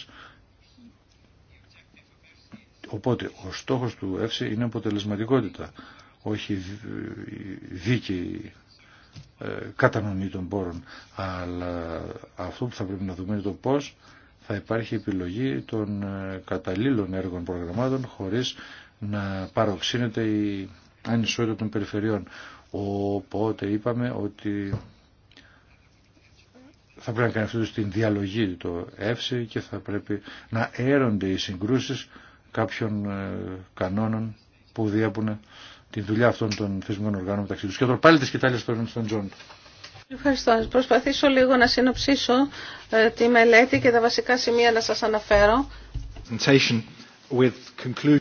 Οπότε ο στόχος του εύση είναι αποτελεσματικότητα, όχι ε, δίκαιη κατανομή των πόρων. Αλλά αυτό που θα πρέπει να δούμε είναι το πώς θα υπάρχει επιλογή των καταλήλων έργων προγραμμάτων χωρίς να παροξύνεται η ανισότητα των περιφερειών. Οπότε είπαμε ότι θα πρέπει να κάνει αυτό στην διαλογή το ΕΦΣΙ και θα πρέπει να έρονται οι συγκρούσεις κάποιων ε, κανόνων που διέπουν τη δουλειά αυτών των θεσμικών οργάνων μεταξύ τους. Και τώρα πάλι τις σκητάλια στον, στον Ευχαριστώ. Ας προσπαθήσω λίγο να συνοψίσω ε, τη μελέτη και τα βασικά σημεία να σας αναφέρω.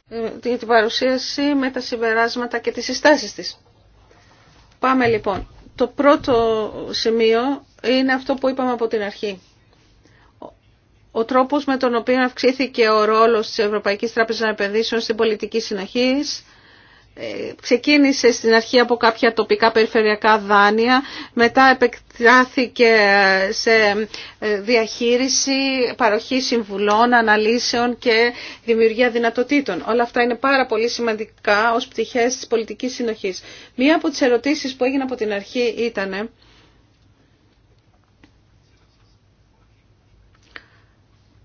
Ε, για την παρουσίαση με τα συμπεράσματα και τις συστάσεις της. Πάμε λοιπόν. Το πρώτο σημείο είναι αυτό που είπαμε από την αρχή. Ο τρόπος με τον οποίο αυξήθηκε ο ρόλος της Ευρωπαϊκής Τράπεζας Επενδύσεων στην πολιτική συνοχής ε, ξεκίνησε στην αρχή από κάποια τοπικά περιφερειακά δάνεια, μετά επεκτείνεται στάθηκε σε ε, διαχείριση, παροχή συμβουλών, αναλύσεων και δημιουργία δυνατοτήτων. Όλα αυτά είναι πάρα πολύ σημαντικά ως πτυχές της πολιτικής συνοχής. Μία από τις ερωτήσεις που έγινε από την αρχή ήταν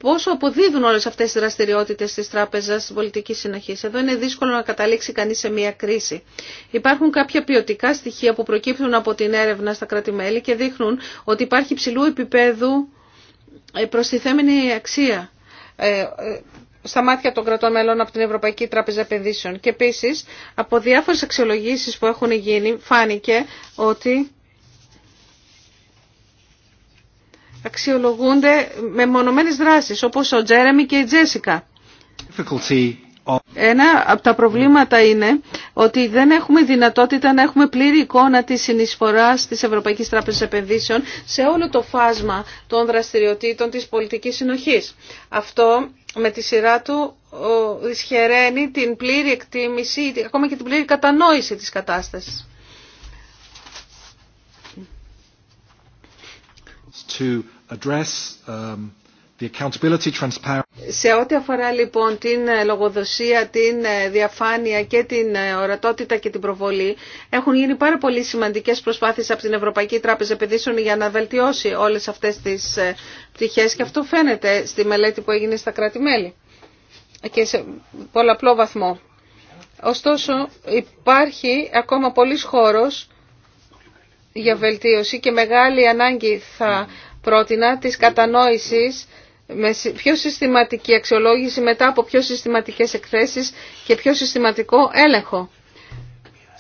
πόσο αποδίδουν όλες αυτές τις δραστηριότητες της τράπεζας πολιτικής πολιτική Εδώ είναι δύσκολο να καταλήξει κανείς σε μια κρίση. Υπάρχουν κάποια ποιοτικά στοιχεία που προκύπτουν από την έρευνα στα κράτη-μέλη και δείχνουν ότι υπάρχει ψηλού επίπεδου ε, προστιθέμενη αξία ε, ε, στα μάτια των κρατών μελών από την Ευρωπαϊκή Τράπεζα Επενδύσεων. Και επίσης, από διάφορες αξιολογήσεις που έχουν γίνει, φάνηκε ότι αξιολογούνται με μονομένες δράσεις, όπως ο Τζέρεμι και η Τζέσικα. Ένα από τα προβλήματα είναι ότι δεν έχουμε δυνατότητα να έχουμε πλήρη εικόνα της συνεισφοράς της Ευρωπαϊκής Τράπεζας Επενδύσεων σε όλο το φάσμα των δραστηριοτήτων της πολιτικής συνοχής. Αυτό με τη σειρά του δυσχεραίνει την πλήρη εκτίμηση, ακόμα και την πλήρη κατανόηση της κατάστασης. To address um, the accountability transparency. Σε ό,τι αφορά λοιπόν την ε, λογοδοσία, την ε, διαφάνεια και την ε, ορατότητα και την προβολή, έχουν γίνει πάρα πολύ σημαντικές προσπάθειες από την Ευρωπαϊκή Τράπεζα Επενδύσεων για να βελτιώσει όλες αυτές τις πτυχές και αυτό φαίνεται στη μελέτη που έγινε στα κράτη-μέλη και σε πολλαπλό βαθμό. Ωστόσο υπάρχει ακόμα πολλής χώρος για βελτίωση και μεγάλη ανάγκη θα πρότεινα της κατανόησης με πιο συστηματική αξιολόγηση μετά από πιο συστηματικές εκθέσεις και πιο συστηματικό έλεγχο.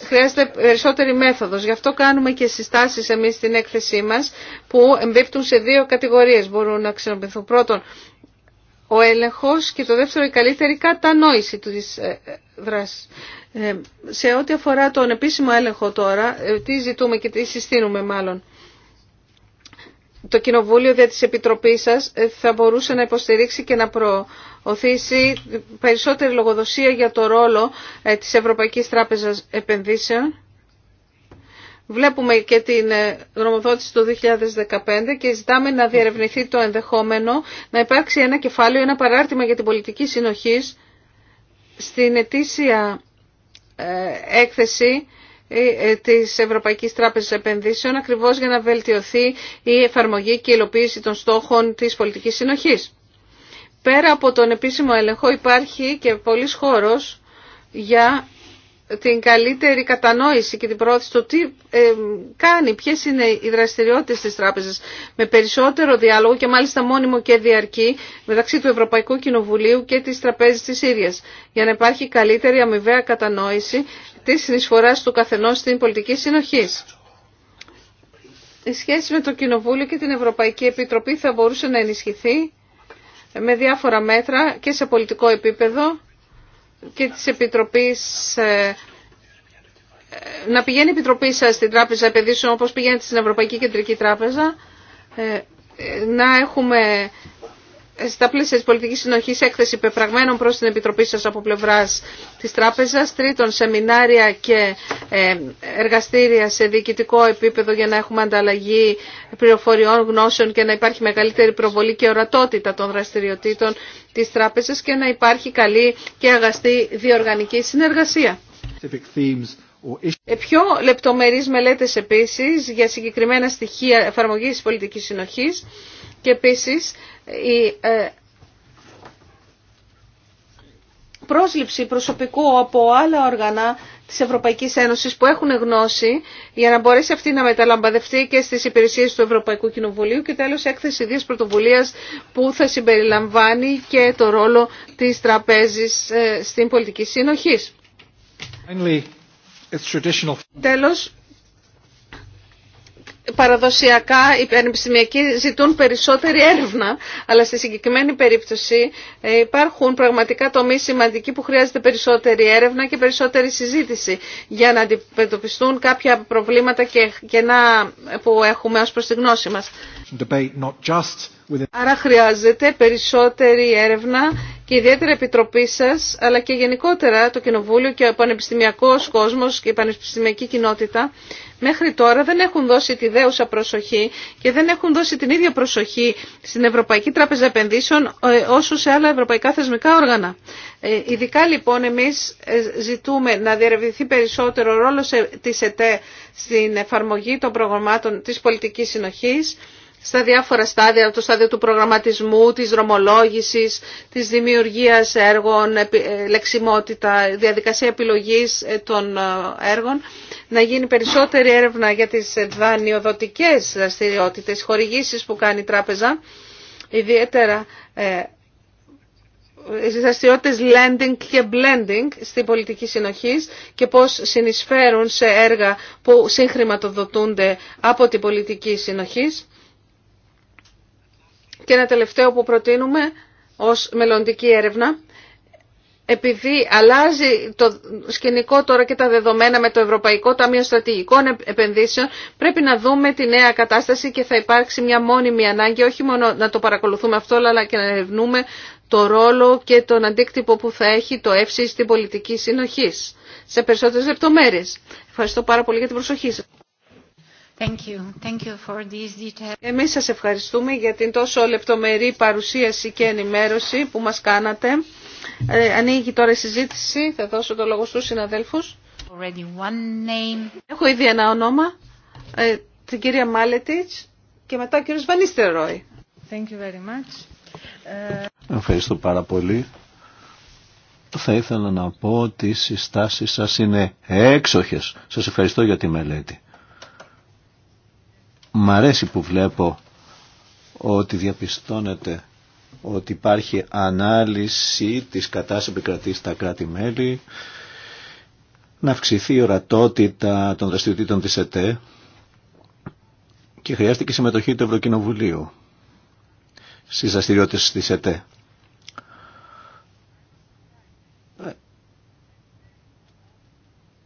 Χρειάζεται περισσότερη μέθοδος. Γι' αυτό κάνουμε και συστάσεις εμείς στην έκθεσή μας που εμπίπτουν σε δύο κατηγορίες. Μπορούν να ξενοποιηθούν πρώτον ο έλεγχος και το δεύτερο η καλύτερη κατανόηση της ε, δράσης. Ε, σε ό,τι αφορά τον επίσημο έλεγχο τώρα, ε, τι ζητούμε και τι συστήνουμε μάλλον το Κοινοβούλιο δια της Επιτροπής σας ε, θα μπορούσε να υποστηρίξει και να προωθήσει περισσότερη λογοδοσία για το ρόλο ε, της Ευρωπαϊκής Τράπεζας Επενδύσεων. Βλέπουμε και την ε, γνωμοδότηση του 2015 και ζητάμε να διερευνηθεί το ενδεχόμενο να υπάρξει ένα κεφάλαιο, ένα παράρτημα για την πολιτική συνοχής στην ετήσια έκθεση ε, ε, της Ευρωπαϊκής Τράπεζας Επενδύσεων ακριβώς για να βελτιωθεί η εφαρμογή και η υλοποίηση των στόχων της πολιτικής συνοχής. Πέρα από τον επίσημο έλεγχο υπάρχει και πολλής χώρος για την καλύτερη κατανόηση και την πρόθεση το τι ε, κάνει, ποιες είναι οι δραστηριότητες της τράπεζας με περισσότερο διάλογο και μάλιστα μόνιμο και διαρκή μεταξύ του Ευρωπαϊκού Κοινοβουλίου και της τραπέζης της ίδιας για να υπάρχει καλύτερη αμοιβαία κατανόηση της συνεισφοράς του καθενός στην πολιτική συνοχή. Η σχέση με το Κοινοβούλιο και την Ευρωπαϊκή Επιτροπή θα μπορούσε να ενισχυθεί με διάφορα μέτρα και σε πολιτικό επίπεδο και της Επιτροπής ε, να πηγαίνει η Επιτροπή σας στην Τράπεζα Επενδύσεων όπως πηγαίνει στην Ευρωπαϊκή Κεντρική Τράπεζα ε, ε, να έχουμε στα πλαίσια της πολιτικής συνοχής έκθεση πεπραγμένων προς την Επιτροπή σας από πλευράς της Τράπεζας. Τρίτον, σεμινάρια και ε, εργαστήρια σε διοικητικό επίπεδο για να έχουμε ανταλλαγή πληροφοριών, γνώσεων και να υπάρχει μεγαλύτερη προβολή και ορατότητα των δραστηριοτήτων της Τράπεζας και να υπάρχει καλή και αγαστή διοργανική συνεργασία. Ε, πιο λεπτομερείς μελέτες επίσης για συγκεκριμένα στοιχεία εφαρμογής πολιτικής συνοχής και επίσης η ε, πρόσληψη προσωπικού από άλλα όργανα της Ευρωπαϊκής Ένωσης που έχουν γνώση για να μπορέσει αυτή να μεταλαμπαδευτεί και στις υπηρεσίες του Ευρωπαϊκού Κοινοβουλίου και τέλος έκθεση ιδίας πρωτοβουλία που θα συμπεριλαμβάνει και το ρόλο της τραπέζης ε, στην πολιτική σύνοχη. Τέλος, παραδοσιακά οι πανεπιστημιακοί ζητούν περισσότερη έρευνα, αλλά στη συγκεκριμένη περίπτωση ε, υπάρχουν πραγματικά τομείς σημαντικοί που χρειάζεται περισσότερη έρευνα και περισσότερη συζήτηση για να αντιμετωπιστούν κάποια προβλήματα και κενά που έχουμε ως προς τη γνώση μας. Άρα χρειάζεται περισσότερη έρευνα και ιδιαίτερα επιτροπή σα, αλλά και γενικότερα το Κοινοβούλιο και ο πανεπιστημιακό κόσμος και η πανεπιστημιακή κοινότητα, μέχρι τώρα δεν έχουν δώσει τη δέουσα προσοχή και δεν έχουν δώσει την ίδια προσοχή στην Ευρωπαϊκή Τράπεζα Επενδύσεων ε, όσο σε άλλα ευρωπαϊκά θεσμικά όργανα. Ε, ειδικά λοιπόν εμεί ε, ζητούμε να διερευνηθεί περισσότερο ο ρόλος τη ΕΤΕ στην εφαρμογή των προγραμμάτων τη πολιτική συνοχή στα διάφορα στάδια, το στάδιο του προγραμματισμού, της δρομολόγησης, της δημιουργίας έργων, ε, λεξιμότητα, διαδικασία επιλογής ε, των ε, έργων, να γίνει περισσότερη έρευνα για τις δανειοδοτικές δραστηριότητες, χορηγήσεις που κάνει η τράπεζα, ιδιαίτερα οι δραστηριότητε lending και blending στην πολιτική συνοχή και πώς συνεισφέρουν σε έργα που συγχρηματοδοτούνται από την πολιτική συνοχής. Και ένα τελευταίο που προτείνουμε ως μελλοντική έρευνα, επειδή αλλάζει το σκηνικό τώρα και τα δεδομένα με το Ευρωπαϊκό Ταμείο Στρατηγικών Επενδύσεων, πρέπει να δούμε τη νέα κατάσταση και θα υπάρξει μια μόνιμη ανάγκη, όχι μόνο να το παρακολουθούμε αυτό, αλλά και να ερευνούμε το ρόλο και τον αντίκτυπο που θα έχει το ΕΦΣΙ στην πολιτική συνοχή σε περισσότερες λεπτομέρειες. Ευχαριστώ πάρα πολύ για την προσοχή σας. Thank you. Εμείς σας ευχαριστούμε για την τόσο λεπτομερή παρουσίαση και ενημέρωση που μας κάνατε. Ε, ανοίγει τώρα η συζήτηση. Θα δώσω το λόγο στους συναδέλφους. Έχω ήδη ένα όνομα. Ε, την κυρία Μάλετιτς και μετά ο κύριος Βανίστερ ε, Ευχαριστώ πάρα πολύ. Θα ήθελα να πω ότι οι συστάσεις σας είναι έξοχες. Σας ευχαριστώ για τη μελέτη. Μ' αρέσει που βλέπω ότι διαπιστώνεται ότι υπάρχει ανάλυση της κατάστασης επικρατή στα κράτη-μέλη, να αυξηθεί η ορατότητα των δραστηριοτήτων της ΕΤΕ και χρειάστηκε συμμετοχή του Ευρωκοινοβουλίου στις δραστηριότητες της ΕΤΕ.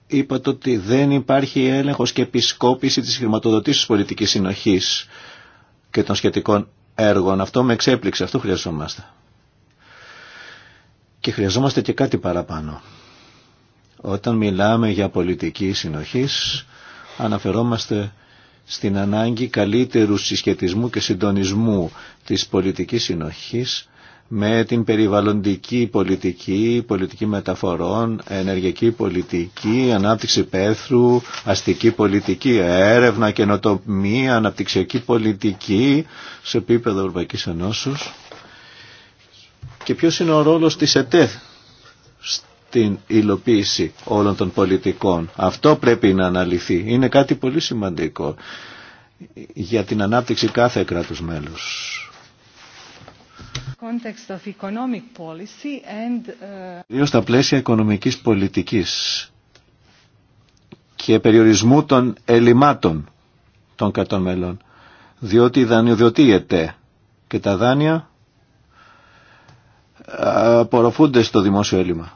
είπατε ότι δεν υπάρχει έλεγχος και επισκόπηση της τη πολιτικής συνοχής και των σχετικών έργων. Αυτό με εξέπληξε, αυτό χρειαζόμαστε. Και χρειαζόμαστε και κάτι παραπάνω. Όταν μιλάμε για πολιτική συνοχής, αναφερόμαστε στην ανάγκη καλύτερου συσχετισμού και συντονισμού της πολιτικής συνοχής με την περιβαλλοντική πολιτική, πολιτική μεταφορών, ενεργειακή πολιτική, ανάπτυξη πέθρου, αστική πολιτική, έρευνα, καινοτομία, αναπτυξιακή πολιτική σε επίπεδο Ευρωπαϊκή Ενώσεως. Και ποιος είναι ο ρόλος της ΕΤΕΘ στην υλοποίηση όλων των πολιτικών. Αυτό πρέπει να αναλυθεί. Είναι κάτι πολύ σημαντικό για την ανάπτυξη κάθε κράτους μέλους Δύο uh, στα πλαίσια οικονομικής πολιτικής και περιορισμού των ελλημάτων των κρατών μελών, διότι δανειοδοτείεται και τα δάνεια ε, απορροφούνται στο δημόσιο έλλειμμα.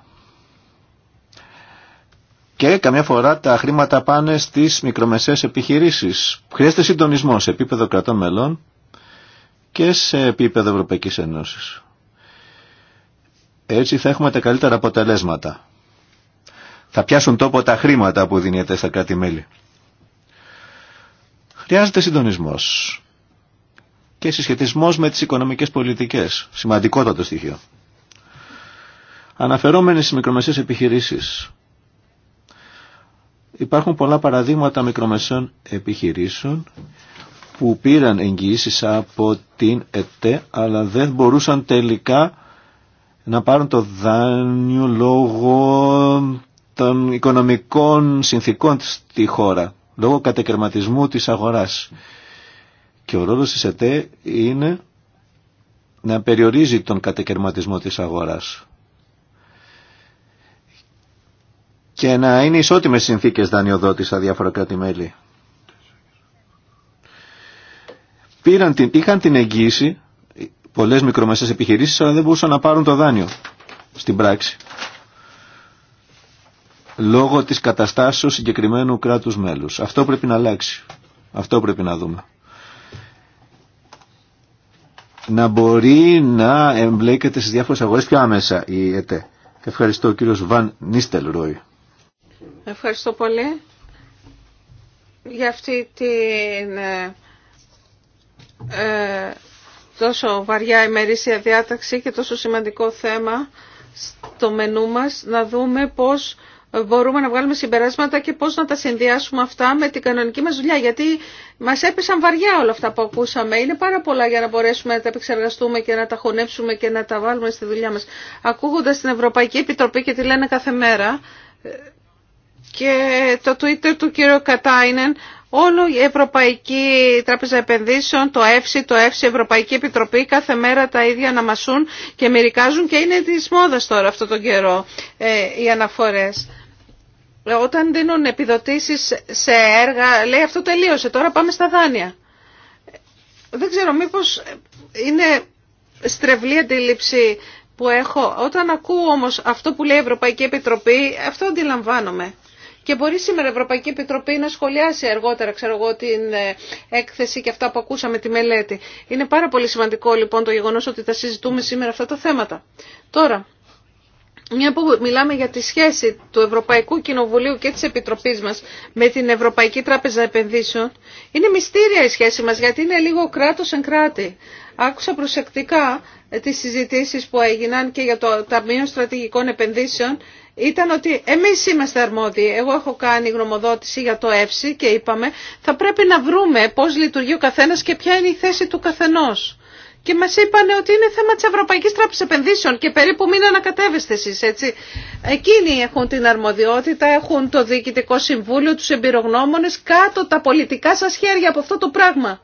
Και καμιά φορά τα χρήματα πάνε στις μικρομεσαίες επιχειρήσεις. Χρειάζεται συντονισμό σε επίπεδο κρατών μελών και σε επίπεδο Ευρωπαϊκής Ένωσης. Έτσι θα έχουμε τα καλύτερα αποτελέσματα. Θα πιάσουν τόπο τα χρήματα που δίνεται στα κράτη-μέλη. Χρειάζεται συντονισμός και συσχετισμός με τις οικονομικές πολιτικές. Σημαντικότατο στοιχείο. Αναφερόμενοι στις μικρομεσαίες επιχειρήσεις. Υπάρχουν πολλά παραδείγματα μικρομεσαίων επιχειρήσεων που πήραν εγγυήσεις από την ΕΤΕ αλλά δεν μπορούσαν τελικά να πάρουν το δάνειο λόγω των οικονομικών συνθήκων στη χώρα, λόγω κατεκαιρματισμού της αγοράς. Και ο ρόλος της ΕΤΕ είναι να περιορίζει τον κατεκαιρματισμό της αγοράς. Και να είναι ισότιμες συνθήκες δανειοδότης στα διάφορα κράτη-μέλη. πήραν την, είχαν την εγγύηση πολλές μικρομεσαίες επιχειρήσεις αλλά δεν μπορούσαν να πάρουν το δάνειο στην πράξη λόγω τη καταστάσεως συγκεκριμένου κράτου μέλους. Αυτό πρέπει να αλλάξει. Αυτό πρέπει να δούμε. Να μπορεί να εμπλέκεται στι διάφορε αγορέ πιο άμεσα η ΕΤΕ. Ευχαριστώ ο Βαν Νίστελ Ρόι. Ευχαριστώ πολύ για αυτή την ε, ε, τόσο βαριά ημερήσια διάταξη και τόσο σημαντικό θέμα στο μενού μας, να δούμε πώς μπορούμε να βγάλουμε συμπεράσματα και πώς να τα συνδυάσουμε αυτά με την κανονική μας δουλειά. Γιατί μας έπεσαν βαριά όλα αυτά που ακούσαμε. Είναι πάρα πολλά για να μπορέσουμε να τα επεξεργαστούμε και να τα χωνέψουμε και να τα βάλουμε στη δουλειά μας. Ακούγοντας την Ευρωπαϊκή Επιτροπή και τη λένε κάθε μέρα ε, και το Twitter του κύριου Κατάινεν Όλο η Ευρωπαϊκή Τράπεζα Επενδύσεων, το ΕΦΣΙ, το ΕΦΣΙ, Ευρωπαϊκή Επιτροπή, κάθε μέρα τα ίδια να μασούν και μερικάζουν και είναι της μόδα τώρα αυτό τον καιρό ε, οι αναφορές. Ε, όταν δίνουν επιδοτήσεις σε έργα, λέει αυτό τελείωσε, τώρα πάμε στα δάνεια. Δεν ξέρω, μήπως είναι στρεβλή αντίληψη που έχω. Όταν ακούω όμως αυτό που λέει η Ευρωπαϊκή Επιτροπή, αυτό αντιλαμβάνομαι. Και μπορεί σήμερα η Ευρωπαϊκή Επιτροπή να σχολιάσει αργότερα, ξέρω εγώ, την ε, έκθεση και αυτά που ακούσαμε τη μελέτη. Είναι πάρα πολύ σημαντικό λοιπόν το γεγονός ότι θα συζητούμε σήμερα αυτά τα θέματα. Τώρα, μια που μιλάμε για τη σχέση του Ευρωπαϊκού Κοινοβουλίου και της Επιτροπής μας με την Ευρωπαϊκή Τράπεζα Επενδύσεων, είναι μυστήρια η σχέση μας γιατί είναι λίγο κράτος εν κράτη. Άκουσα προσεκτικά ε, τις συζητήσεις που έγιναν και για το Ταμείο Στρατηγικών Επενδύσεων ήταν ότι εμείς είμαστε αρμόδιοι. Εγώ έχω κάνει γνωμοδότηση για το ΕΦΣΥ και είπαμε θα πρέπει να βρούμε πώς λειτουργεί ο καθένας και ποια είναι η θέση του καθενός. Και μας είπαν ότι είναι θέμα της Ευρωπαϊκής Τράπεζας Επενδύσεων και περίπου μην ανακατεύεστε εσείς, έτσι. Εκείνοι έχουν την αρμοδιότητα, έχουν το Διοικητικό Συμβούλιο, τους εμπειρογνώμονες, κάτω τα πολιτικά σας χέρια από αυτό το πράγμα.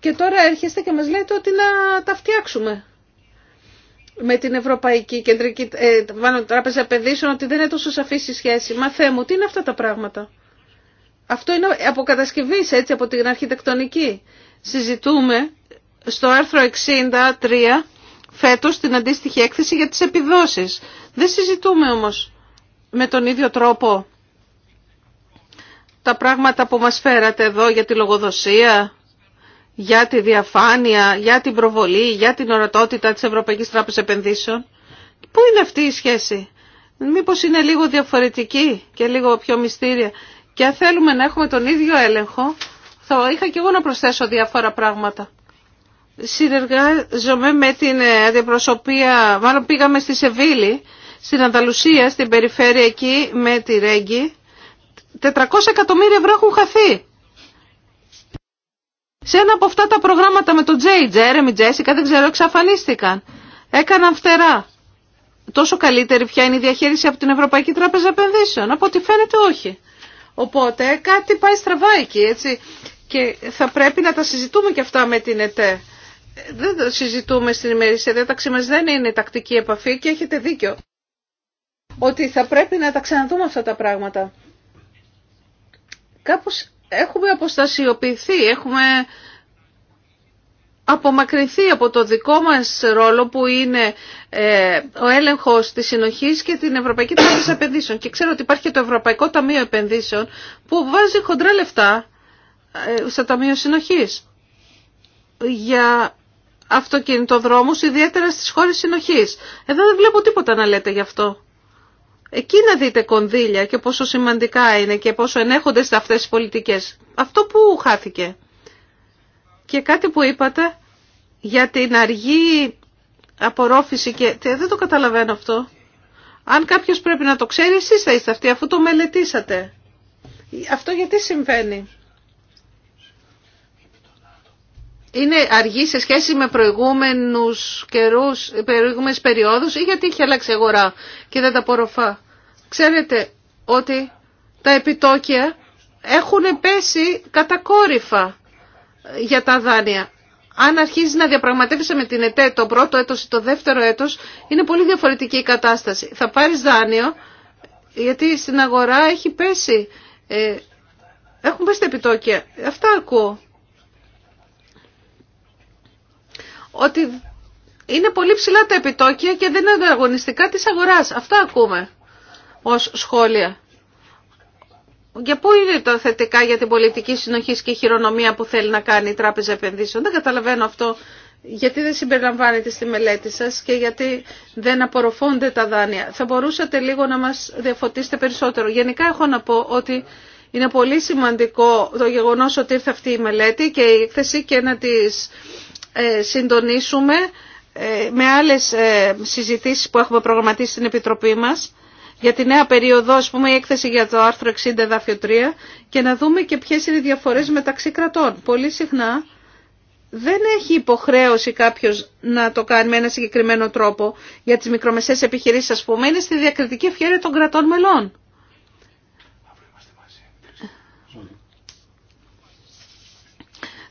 Και τώρα έρχεστε και μας λέτε ότι να τα φτιάξουμε με την Ευρωπαϊκή Κεντρική ε, Τράπεζα Επενδύσεων ότι δεν είναι τόσο σαφής η σχέση. Μα θέ μου, τι είναι αυτά τα πράγματα. Αυτό είναι από έτσι, από την αρχιτεκτονική. Συζητούμε στο άρθρο 63 φέτος την αντίστοιχη έκθεση για τις επιδόσεις. Δεν συζητούμε όμως με τον ίδιο τρόπο τα πράγματα που μας φέρατε εδώ για τη λογοδοσία για τη διαφάνεια, για την προβολή, για την ορατότητα της Ευρωπαϊκής Τράπεζας Επενδύσεων. Πού είναι αυτή η σχέση. Μήπως είναι λίγο διαφορετική και λίγο πιο μυστήρια. Και αν θέλουμε να έχουμε τον ίδιο έλεγχο, θα είχα και εγώ να προσθέσω διάφορα πράγματα. Συνεργάζομαι με την αντιπροσωπεία, μάλλον πήγαμε στη Σεβίλη, στην Ανταλουσία, στην περιφέρεια εκεί, με τη Ρέγγι. 400 εκατομμύρια ευρώ έχουν χαθεί σε ένα από αυτά τα προγράμματα με τον Τζέι, Τζέρεμι, Τζέσικα, δεν ξέρω, εξαφανίστηκαν. Έκαναν φτερά. Τόσο καλύτερη πια είναι η διαχείριση από την Ευρωπαϊκή Τράπεζα Επενδύσεων. Από ό,τι φαίνεται όχι. Οπότε κάτι πάει στραβά εκεί, έτσι. Και θα πρέπει να τα συζητούμε και αυτά με την ΕΤΕ. Δεν τα συζητούμε στην ημερήσια διάταξή μας, δεν είναι τακτική επαφή και έχετε δίκιο. Ότι θα πρέπει να τα ξαναδούμε αυτά τα πράγματα. Κάπως έχουμε αποστασιοποιηθεί, έχουμε απομακρυνθεί από το δικό μας ρόλο που είναι ε, ο έλεγχος της συνοχής και την Ευρωπαϊκή Τράπεζα Επενδύσεων. Και ξέρω ότι υπάρχει και το Ευρωπαϊκό Ταμείο Επενδύσεων που βάζει χοντρά λεφτά ε, στα Ταμείο Συνοχής για αυτοκινητοδρόμους, ιδιαίτερα στις χώρες συνοχής. Εδώ δεν βλέπω τίποτα να λέτε γι' αυτό. Εκεί να δείτε κονδύλια και πόσο σημαντικά είναι και πόσο ενέχονται σε αυτές τις πολιτικές. Αυτό που χάθηκε. Και κάτι που είπατε για την αργή απορρόφηση και ε, δεν το καταλαβαίνω αυτό. Αν κάποιος πρέπει να το ξέρει εσείς θα είστε αυτοί αφού το μελετήσατε. Αυτό γιατί συμβαίνει. είναι αργή σε σχέση με προηγούμενους καιρούς, προηγούμενες περιόδους ή γιατί έχει αλλάξει αγορά και δεν τα απορροφά. Ξέρετε ότι τα επιτόκια έχουν πέσει κατακόρυφα για τα δάνεια. Αν αρχίζει να διαπραγματεύεσαι με την ΕΤΕ το πρώτο έτος ή το δεύτερο έτος, είναι πολύ διαφορετική η κατάσταση. Θα πάρεις δάνειο, γιατί στην αγορά έχει πέσει, ε, έχουν πέσει τα επιτόκια. Αυτά ακούω. ότι είναι πολύ ψηλά τα επιτόκια και δεν είναι αγωνιστικά της αγοράς. αυτό ακούμε ως σχόλια. Για πού είναι τα θετικά για την πολιτική συνοχή και η χειρονομία που θέλει να κάνει η Τράπεζα Επενδύσεων. Δεν καταλαβαίνω αυτό γιατί δεν συμπεριλαμβάνεται στη μελέτη σας και γιατί δεν απορροφώνται τα δάνεια. Θα μπορούσατε λίγο να μας διαφωτίσετε περισσότερο. Γενικά έχω να πω ότι είναι πολύ σημαντικό το γεγονός ότι ήρθε αυτή η μελέτη και η εκθεσή και να της ε, συντονίσουμε ε, με άλλες ε, συζητήσεις που έχουμε προγραμματίσει στην Επιτροπή μας για τη νέα περίοδο, ας πούμε, η έκθεση για το άρθρο 60 εδάφιο 3 και να δούμε και ποιες είναι οι διαφορές μεταξύ κρατών. Πολύ συχνά δεν έχει υποχρέωση κάποιος να το κάνει με ένα συγκεκριμένο τρόπο για τις μικρομεσαίες επιχειρήσεις, ας πούμε, είναι στη διακριτική ευχαίρεια των κρατών μελών.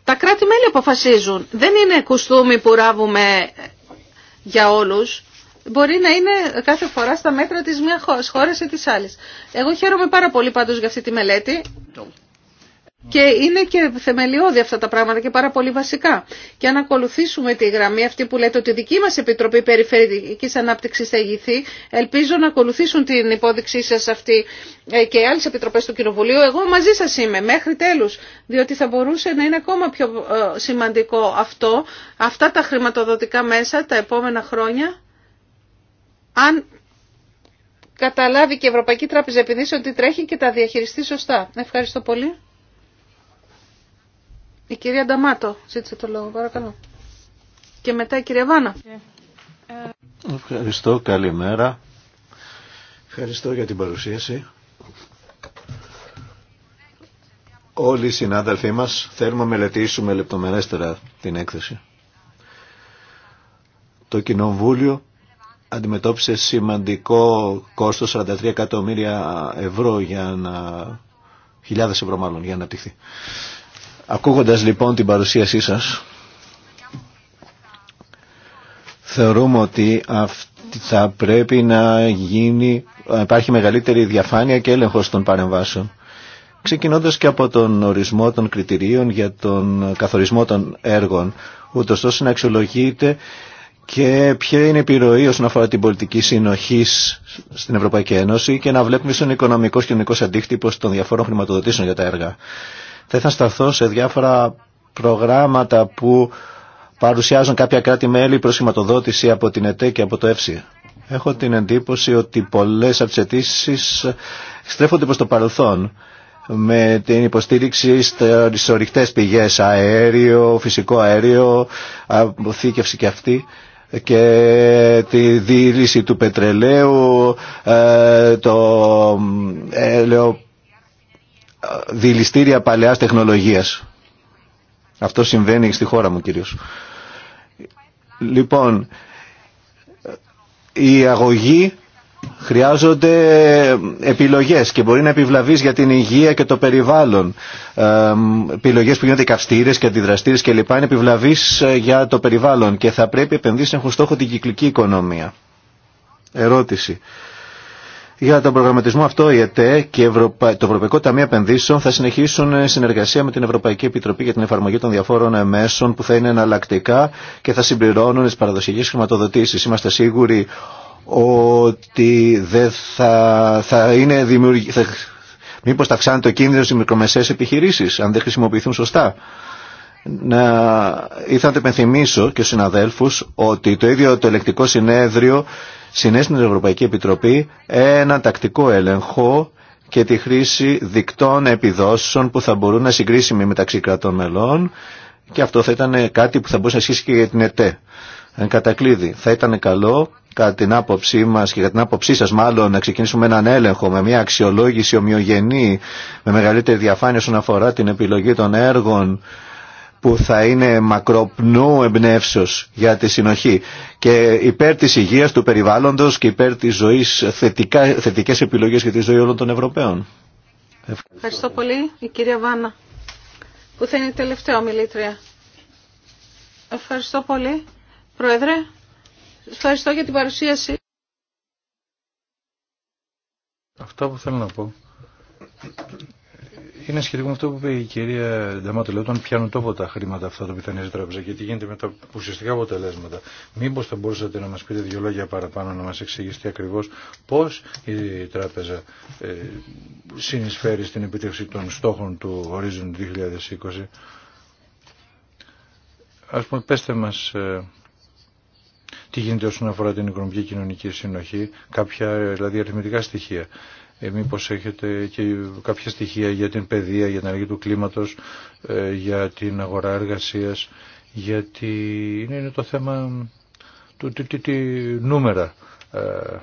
Τα κράτη-μέλη αποφασίζουν. Δεν είναι κουστούμι που ράβουμε για όλους. Μπορεί να είναι κάθε φορά στα μέτρα της μιας χώρας ή της άλλης. Εγώ χαίρομαι πάρα πολύ πάντως για αυτή τη μελέτη. Και είναι και θεμελιώδη αυτά τα πράγματα και πάρα πολύ βασικά. Και αν ακολουθήσουμε τη γραμμή αυτή που λέτε ότι η δική μας Επιτροπή Περιφερειακής Ανάπτυξης θα ηγηθεί, ελπίζω να ακολουθήσουν την υπόδειξή σας αυτή ε, και οι άλλες επιτροπές του Κοινοβουλίου. Εγώ μαζί σας είμαι μέχρι τέλους, διότι θα μπορούσε να είναι ακόμα πιο ε, σημαντικό αυτό, αυτά τα χρηματοδοτικά μέσα τα επόμενα χρόνια, αν καταλάβει και η Ευρωπαϊκή Τράπεζα επιδείξει ότι τρέχει και τα διαχειριστεί σωστά. Ευχαριστώ πολύ. Η κυρία Νταμάτο ζήτησε το λόγο, παρακαλώ. Και μετά η κυρία Βάνα. Ευχαριστώ, καλημέρα. Ευχαριστώ για την παρουσίαση. Όλοι οι συνάδελφοί μας θέλουμε να μελετήσουμε λεπτομερέστερα την έκθεση. Το Κοινοβούλιο αντιμετώπισε σημαντικό κόστος 43 εκατομμύρια ευρώ για να... χιλιάδες ευρώ μάλλον για να αναπτυχθεί. Ακούγοντας λοιπόν την παρουσίασή σας, θεωρούμε ότι θα πρέπει να γίνει, υπάρχει μεγαλύτερη διαφάνεια και έλεγχος των παρεμβάσεων. Ξεκινώντας και από τον ορισμό των κριτηρίων για τον καθορισμό των έργων, ούτως ώστε να αξιολογείται και ποια είναι η επιρροή όσον αφορά την πολιτική συνοχή στην Ευρωπαϊκή Ένωση και να βλέπουμε στον οικονομικό και κοινωνικό αντίκτυπο των διαφόρων χρηματοδοτήσεων για τα έργα. Θα σταθώ σε διάφορα προγράμματα που παρουσιάζουν κάποια κράτη-μέλη προς από την ΕΤΕ και από το ΕΦΣΙ. Έχω την εντύπωση ότι πολλές από τις αιτήσει στρέφονται προς το παρελθόν με την υποστήριξη στις ορυχτές πηγές αέριο, φυσικό αέριο, αποθήκευση και αυτή και τη δίληση του πετρελαίου, ε, το ε, έλαιο, δηληστήρια παλαιάς τεχνολογίας. Αυτό συμβαίνει στη χώρα μου κυρίως. Λοιπόν, η αγωγοί χρειάζονται επιλογές και μπορεί να επιβλαβείς για την υγεία και το περιβάλλον. επιλογές που γίνονται καυστήρες και αντιδραστήρες και λοιπά είναι επιβλαβείς ε, για το περιβάλλον και θα πρέπει επενδύσεις να έχουν στόχο την κυκλική οικονομία. Ερώτηση. Για τον προγραμματισμό αυτό η ΕΤΕ και το Ευρωπαϊκό Ταμείο Επενδύσεων θα συνεχίσουν συνεργασία με την Ευρωπαϊκή Επιτροπή για την εφαρμογή των διαφόρων μέσων που θα είναι εναλλακτικά και θα συμπληρώνουν τις παραδοσιακές χρηματοδοτήσεις. Είμαστε σίγουροι ότι δεν θα, θα είναι δημιουργη... Θα, μήπως θα αυξάνεται το κίνδυνο στις μικρομεσαίες επιχειρήσεις αν δεν χρησιμοποιηθούν σωστά. Να ήθελα να επενθυμίσω και στους συναδέλφους ότι το ίδιο το ελεκτικό συνέδριο συνέστην την Ευρωπαϊκή Επιτροπή ένα τακτικό έλεγχο και τη χρήση δικτών επιδόσεων που θα μπορούν να συγκρίσιμοι μεταξύ κρατών μελών και αυτό θα ήταν κάτι που θα μπορούσε να ισχύσει και για την ΕΤΕ. Εν κατακλείδη, θα ήταν καλό κατά την άποψή μα και κατά την άποψή σα, μάλλον να ξεκινήσουμε έναν έλεγχο με μια αξιολόγηση ομοιογενή, με μεγαλύτερη διαφάνεια όσον αφορά την επιλογή των έργων που θα είναι μακροπνού εμπνεύσεως για τη συνοχή και υπέρ της υγείας του περιβάλλοντος και υπέρ της ζωής θετικά, θετικές επιλογές για τη ζωή όλων των Ευρωπαίων. Ευχαριστώ, Ευχαριστώ πολύ η κυρία Βάνα που θα είναι η τελευταία ομιλήτρια. Ευχαριστώ πολύ. Πρόεδρε, ευχαριστώ για την παρουσίαση. Αυτό που θέλω να πω είναι σχετικό με αυτό που είπε η κυρία Λέω Όταν πιάνουν τόπο τα χρήματα αυτά τα πιθανέ τράπεζα και τι γίνεται με τα ουσιαστικά αποτελέσματα. Μήπω θα μπορούσατε να μα πείτε δύο λόγια παραπάνω, να μα εξηγήσετε ακριβώ πώ η τράπεζα ε, συνεισφέρει στην επιτεύξη των στόχων του Horizon 2020. Ας πούμε, πέστε μας ε, τι γίνεται όσον αφορά την οικονομική κοινωνική συνοχή, κάποια δηλαδή αριθμητικά στοιχεία ε, μήπως έχετε και κάποια στοιχεία για την παιδεία, για την αλλαγή του κλίματος, ε, για την αγορά εργασίας, γιατί είναι, είναι το θέμα του τι, τι, τι νούμερα ε,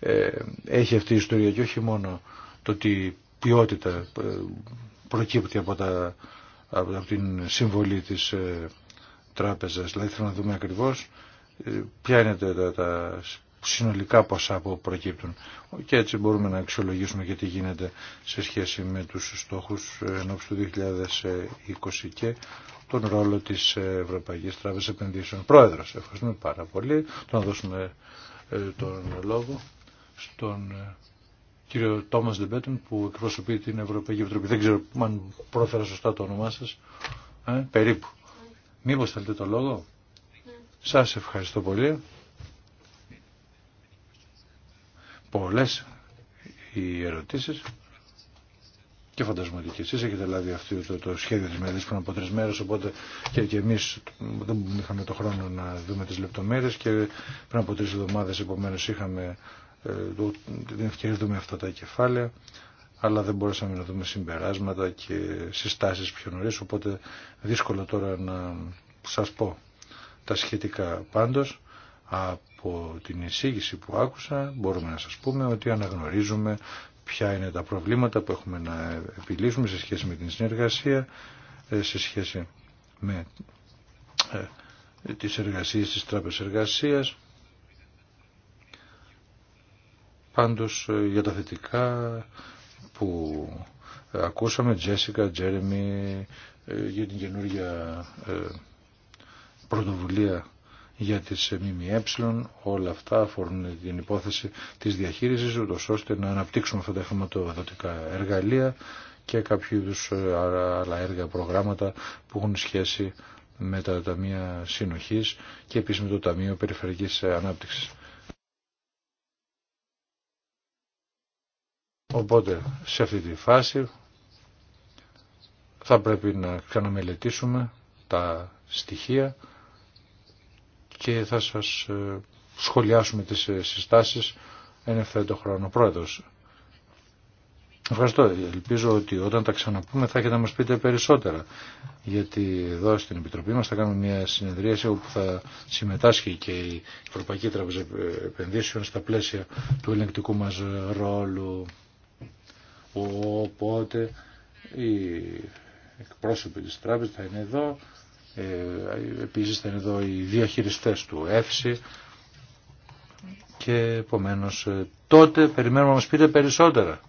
ε έχει αυτή η ιστορία και όχι μόνο το τι ποιότητα ε, προκύπτει από, τα, από, την συμβολή της τράπεζας. Δηλαδή θέλω να δούμε ακριβώς ποια είναι τα, τα, συνολικά ποσά που προκύπτουν. Και έτσι μπορούμε να αξιολογήσουμε και τι γίνεται σε σχέση με τους στόχους ενώπιση του 2020 και τον ρόλο της Ευρωπαϊκής Τράπεζας Επενδύσεων. Πρόεδρος, ευχαριστούμε πάρα πολύ. Τον να δώσουμε ε, τον λόγο στον ε, κύριο Τόμας Δεμπέτον που εκπροσωπεί την Ευρωπαϊκή Επιτροπή. Δεν ξέρω αν πρόφερα σωστά το όνομά σας. Ε, περίπου. Μήπως θέλετε το λόγο. Ναι. Σας ευχαριστώ πολύ. πολλές οι ερωτήσεις και φαντάζομαι ότι και εσείς έχετε λάβει αυτό το, το σχέδιο της μελέτη πριν από τρεις μέρες οπότε και, και εμείς δεν είχαμε το χρόνο να δούμε τις λεπτομέρειες και πριν από τρεις εβδομάδες επομένως είχαμε ε, την ευκαιρία να δούμε αυτά τα κεφάλαια αλλά δεν μπορέσαμε να δούμε συμπεράσματα και συστάσεις πιο νωρίς οπότε δύσκολο τώρα να σας πω τα σχετικά πάντως από την εισήγηση που άκουσα μπορούμε να σας πούμε ότι αναγνωρίζουμε ποια είναι τα προβλήματα που έχουμε να επιλύσουμε σε σχέση με την συνεργασία, ε, σε σχέση με ε, τις εργασίες της Τράπεζας Εργασίας. Πάντως ε, για τα θετικά που ακούσαμε, Τζέσικα, Τζέρεμι, για την καινούργια πρωτοβουλία για τις ΜΜΕ, όλα αυτά αφορούν την υπόθεση της διαχείρισης, ούτως ώστε να αναπτύξουμε αυτά τα χρηματοδοτικά εργαλεία και κάποιου είδου ε, άλλα έργα, προγράμματα που έχουν σχέση με τα Ταμεία Συνοχής και επίσης με το Ταμείο Περιφερειακής Ανάπτυξης. Οπότε, σε αυτή τη φάση θα πρέπει να ξαναμελετήσουμε τα στοιχεία και θα σας ε, σχολιάσουμε τις ε, συστάσεις εν ευθέτω χρόνο. Πρόεδρος, ευχαριστώ. Ελπίζω ότι όταν τα ξαναπούμε θα έχετε να μας πείτε περισσότερα. Γιατί εδώ στην Επιτροπή μας θα κάνουμε μια συνεδρίαση όπου θα συμμετάσχει και η Ευρωπαϊκή Τράπεζα Επενδύσεων στα πλαίσια του ελεγκτικού μας ρόλου. Οπότε οι εκπρόσωποι της τράπεζας θα είναι εδώ ε, επίσης θα είναι εδώ οι διαχειριστές του Εύση και επομένως ε, τότε περιμένουμε να μας πείτε περισσότερα.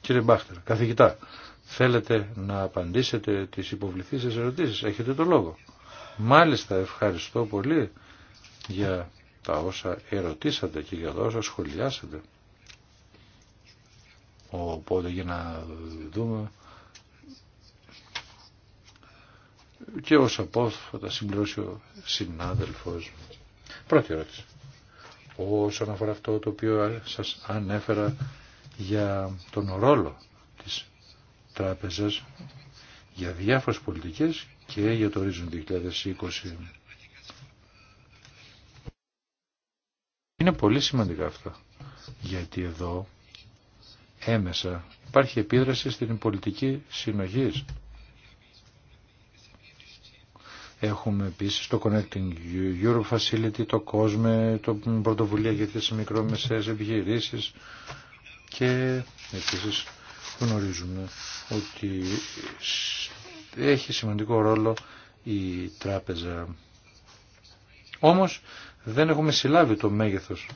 Κύριε Μπάχτερ, καθηγητά, θέλετε να απαντήσετε τις υποβληθείς ερωτήσεις. Έχετε το λόγο. Μάλιστα ευχαριστώ πολύ για τα όσα ερωτήσατε και για τα όσα σχολιάσατε. Οπότε για να δούμε και ως απόφατα συμπληρώσει ο συνάδελφος. Πρώτη ερώτηση. Όσον αφορά αυτό το οποίο σας ανέφερα για τον ρόλο της τράπεζας για διάφορες πολιτικές και για το Horizon 2020. Είναι πολύ σημαντικά αυτά, γιατί εδώ έμεσα υπάρχει επίδραση στην πολιτική συνοχής. Έχουμε επίσης το Connecting Europe Facility, το COSME, το πρωτοβουλία για τις μικρομεσαίες επιχειρήσεις και επίσης γνωρίζουμε ότι έχει σημαντικό ρόλο η τράπεζα. Όμως δεν έχουμε συλλάβει το μέγεθος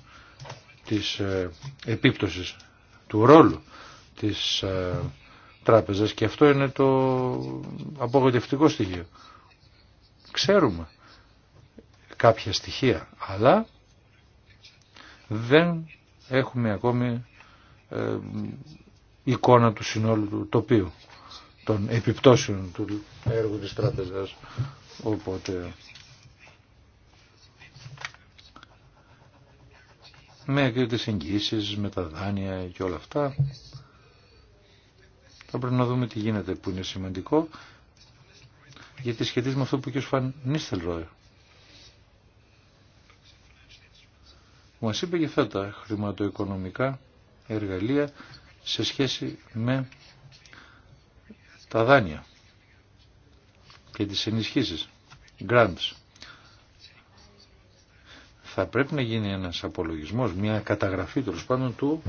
της ε, επίπτωσης του ρόλου της ε, τράπεζας και αυτό είναι το απογοητευτικό στοιχείο. Ξέρουμε κάποια στοιχεία, αλλά δεν έχουμε ακόμη ε, εικόνα του συνόλου του τοπίου, των επιπτώσεων του έργου της τράπεζας. Οπότε, με τις εγγύσεις, με τα δάνεια και όλα αυτά, θα πρέπει να δούμε τι γίνεται που είναι σημαντικό γιατί σχετίζει με αυτό που και ο Φαν Νίστελ Μα είπε και αυτά τα χρηματοοικονομικά εργαλεία σε σχέση με τα δάνεια και τις ενισχύσεις, grants. Θα πρέπει να γίνει ένας απολογισμός, μια καταγραφή τέλο πάντων του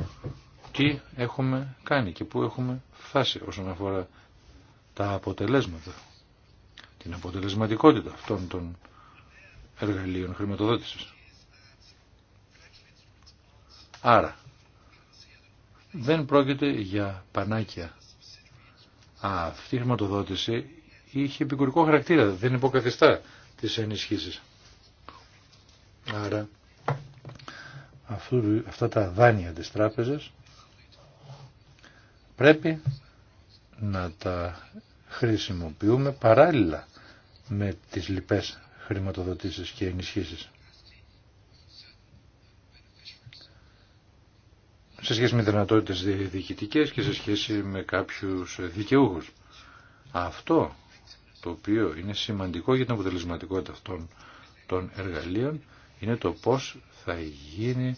τι έχουμε κάνει και πού έχουμε φτάσει όσον αφορά τα αποτελέσματα την αποτελεσματικότητα αυτών των εργαλείων χρηματοδότησης. Άρα, δεν πρόκειται για πανάκια. αυτή η χρηματοδότηση είχε επικουρικό χαρακτήρα, δεν υποκαθιστά τις ενισχύσεις. Άρα, αυτού, αυτά τα δάνεια της τράπεζας πρέπει να τα χρησιμοποιούμε παράλληλα με τις λοιπές χρηματοδοτήσεις και ενισχύσεις. Σε σχέση με δυνατότητες διοικητικές και σε σχέση με κάποιους δικαιούχους. Αυτό το οποίο είναι σημαντικό για την αποτελεσματικότητα αυτών των εργαλείων είναι το πώς θα γίνει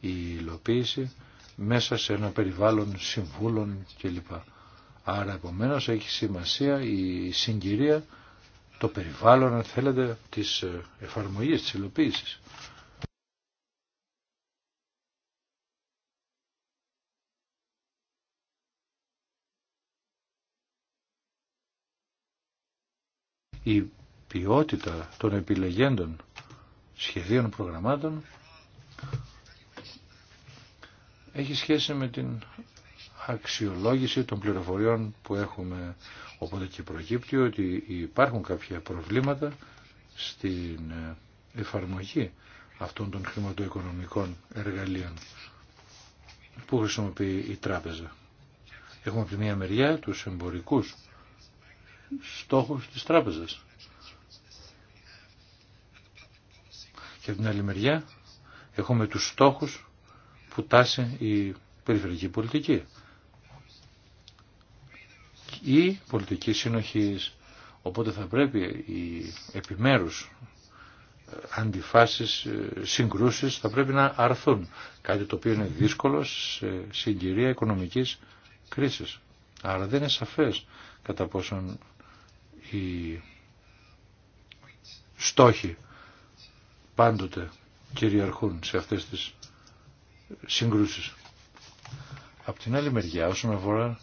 η υλοποίηση μέσα σε ένα περιβάλλον συμβούλων κλπ. Άρα επομένως έχει σημασία η συγκυρία το περιβάλλον, αν θέλετε, της ε, εφαρμογής, της υλοποίησης. Η ποιότητα των επιλεγέντων σχεδίων προγραμμάτων έχει σχέση με την αξιολόγηση των πληροφοριών που έχουμε. Οπότε και προκύπτει ότι υπάρχουν κάποια προβλήματα στην ε, εφαρμογή αυτών των χρηματοοικονομικών εργαλείων που χρησιμοποιεί η τράπεζα. Έχουμε από τη μία μεριά τους εμπορικούς στόχους της τράπεζας. Και από την άλλη μεριά έχουμε τους στόχους που τάσει η περιφερειακή πολιτική ή πολιτική συνοχής. Οπότε θα πρέπει οι επιμέρους ε, αντιφάσεις, ε, συγκρούσεις θα πρέπει να αρθούν. Κάτι το οποίο είναι δύσκολο σε συγκυρία οικονομικής κρίσης. Άρα δεν είναι σαφές κατά πόσον οι στόχοι πάντοτε κυριαρχούν σε αυτές τις συγκρούσεις. Απ' την άλλη μεριά όσον αφορά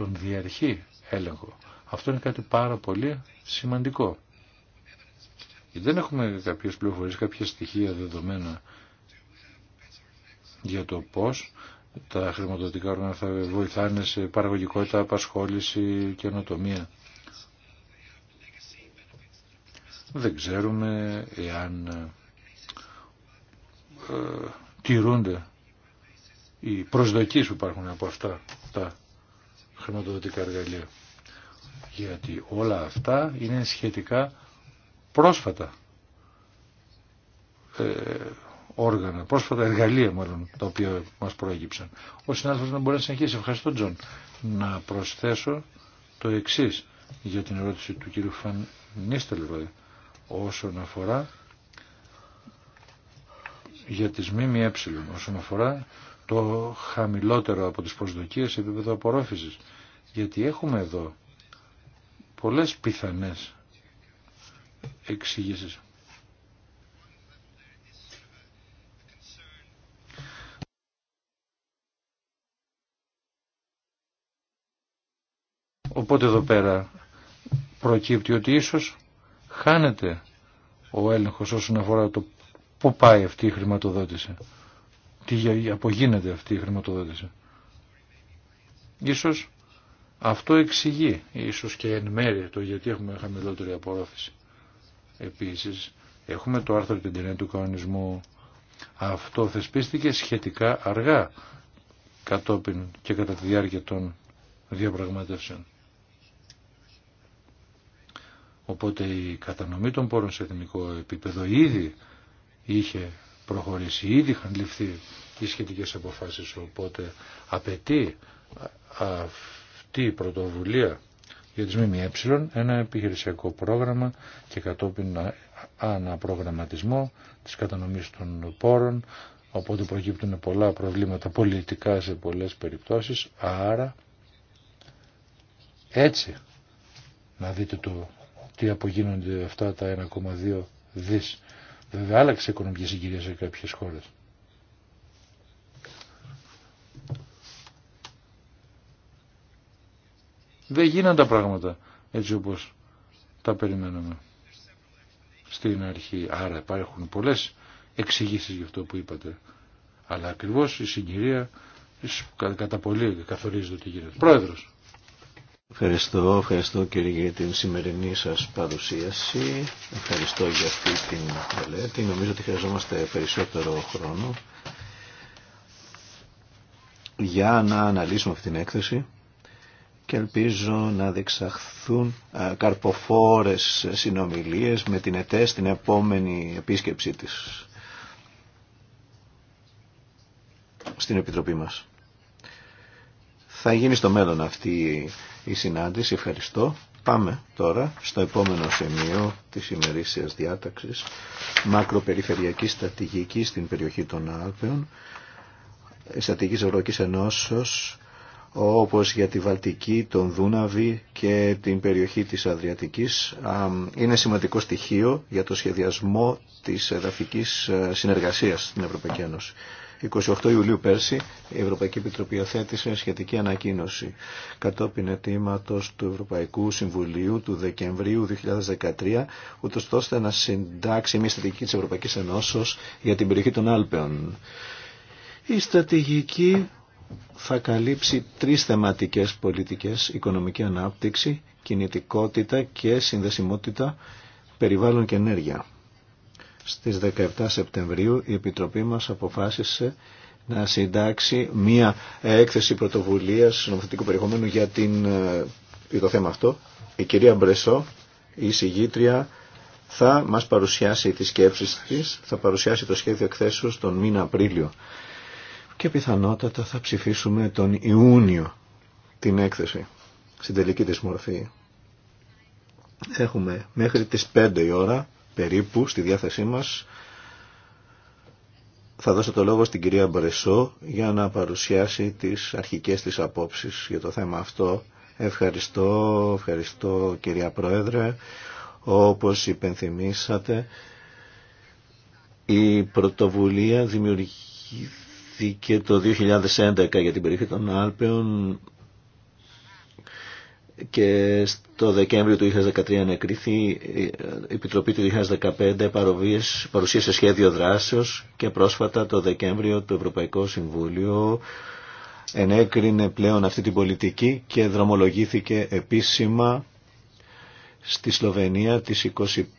τον διαρχή έλεγχο. Αυτό είναι κάτι πάρα πολύ σημαντικό. Δεν έχουμε κάποιες πληροφορίες, κάποια στοιχεία δεδομένα για το πώς τα χρηματοδοτικά όργανα θα βοηθάνε σε παραγωγικότητα, απασχόληση και ανοτομία. Δεν ξέρουμε εάν ε, τηρούνται οι προσδοκίες που υπάρχουν από αυτά τα χρηματοδοτικά εργαλεία. Γιατί όλα αυτά είναι σχετικά πρόσφατα ε, όργανα, πρόσφατα εργαλεία μάλλον, τα οποία μας προέγυψαν. Ο συνάδελφος να μπορεί να συνεχίσει. Ευχαριστώ, Τζον. Να προσθέσω το εξής για την ερώτηση του κύριου Φαν όσον αφορά για τις ΜΜΕ, όσον αφορά το χαμηλότερο από τις προσδοκίες επίπεδο απορρόφησης. Γιατί έχουμε εδώ πολλές πιθανές εξήγησεις. Οπότε εδώ πέρα προκύπτει ότι ίσως χάνεται ο έλεγχος όσον αφορά το πού πάει αυτή η χρηματοδότηση τι απογίνεται αυτή η χρηματοδότηση. Ίσως αυτό εξηγεί, ίσως και εν μέρει, το γιατί έχουμε χαμηλότερη απορρόφηση. Επίσης, έχουμε το άρθρο 59 του κανονισμού. Αυτό θεσπίστηκε σχετικά αργά, κατόπιν και κατά τη διάρκεια των διαπραγματεύσεων. Οπότε η κατανομή των πόρων σε εθνικό επίπεδο ήδη είχε προχωρήσει. Ήδη είχαν ληφθεί οι σχετικέ αποφάσεις, οπότε απαιτεί αυτή η πρωτοβουλία για τις ΜΜΕ ένα επιχειρησιακό πρόγραμμα και κατόπιν αναπρογραμματισμό της κατανομής των πόρων, οπότε προκύπτουν πολλά προβλήματα πολιτικά σε πολλές περιπτώσεις, άρα έτσι να δείτε το τι απογίνονται αυτά τα 1,2 δις Βέβαια άλλαξε η οικονομική συγκυρία σε κάποιες χώρες. Δεν γίναν τα πράγματα έτσι όπως τα περιμέναμε στην αρχή. Άρα υπάρχουν πολλές εξηγήσεις γι' αυτό που είπατε. Αλλά ακριβώς η συγκυρία κατά πολύ καθορίζει ότι γίνεται. Πρόεδρος. Ευχαριστώ, ευχαριστώ κύριε για την σημερινή σας παρουσίαση. Ευχαριστώ για αυτή την μελέτη. Νομίζω ότι χρειαζόμαστε περισσότερο χρόνο για να αναλύσουμε αυτή την έκθεση και ελπίζω να διεξαχθούν καρποφόρες συνομιλίες με την ΕΤΕ στην επόμενη επίσκεψή της στην Επιτροπή μας. Θα γίνει στο μέλλον αυτή η συνάντηση. Ευχαριστώ. Πάμε τώρα στο επόμενο σημείο της ημερήσιας διάταξης μακροπεριφερειακή στρατηγική στην περιοχή των Άλπαιων στρατηγικής Ευρωπαϊκής Ενώσεως όπως για τη Βαλτική, τον Δούναβη και την περιοχή της Αδριατικής είναι σημαντικό στοιχείο για το σχεδιασμό της εδαφικής ε, συνεργασίας στην Ευρωπαϊκή Ένωση. 28 Ιουλίου πέρσι η Ευρωπαϊκή Επιτροπή οθέτησε σχετική ανακοίνωση κατόπιν αιτήματος του Ευρωπαϊκού Συμβουλίου του Δεκεμβρίου 2013 ούτως ώστε να συντάξει μια στρατηγική της Ευρωπαϊκής Ενώσεως για την περιοχή των Άλπαιων. Η στρατηγική θα καλύψει τρεις θεματικές πολιτικές, οικονομική ανάπτυξη, κινητικότητα και συνδεσιμότητα, περιβάλλον και ενέργεια. Στις 17 Σεπτεμβρίου η Επιτροπή μας αποφάσισε να συντάξει μία έκθεση πρωτοβουλίας νομοθετικού περιεχομένου για, την, ε, το θέμα αυτό. Η κυρία Μπρεσό, η συγγήτρια, θα μας παρουσιάσει τις σκέψεις της, θα παρουσιάσει το σχέδιο εκθέσεως τον μήνα Απρίλιο και πιθανότατα θα ψηφίσουμε τον Ιούνιο την έκθεση στην τελική της μορφή. Έχουμε μέχρι τις 5 η ώρα περίπου στη διάθεσή μας. Θα δώσω το λόγο στην κυρία Μπρεσό για να παρουσιάσει τις αρχικές της απόψεις για το θέμα αυτό. Ευχαριστώ, ευχαριστώ κυρία Πρόεδρε. Όπως υπενθυμίσατε, η πρωτοβουλία δημιουργήθηκε το 2011 για την περιοχή των Άλπαιων και στο Δεκέμβριο του 2013 ανεκρίθη η Επιτροπή του 2015 παρουσίασε σχέδιο δράσεως και πρόσφατα το Δεκέμβριο το Ευρωπαϊκό Συμβούλιο ενέκρινε πλέον αυτή την πολιτική και δρομολογήθηκε επίσημα στη Σλοβενία τις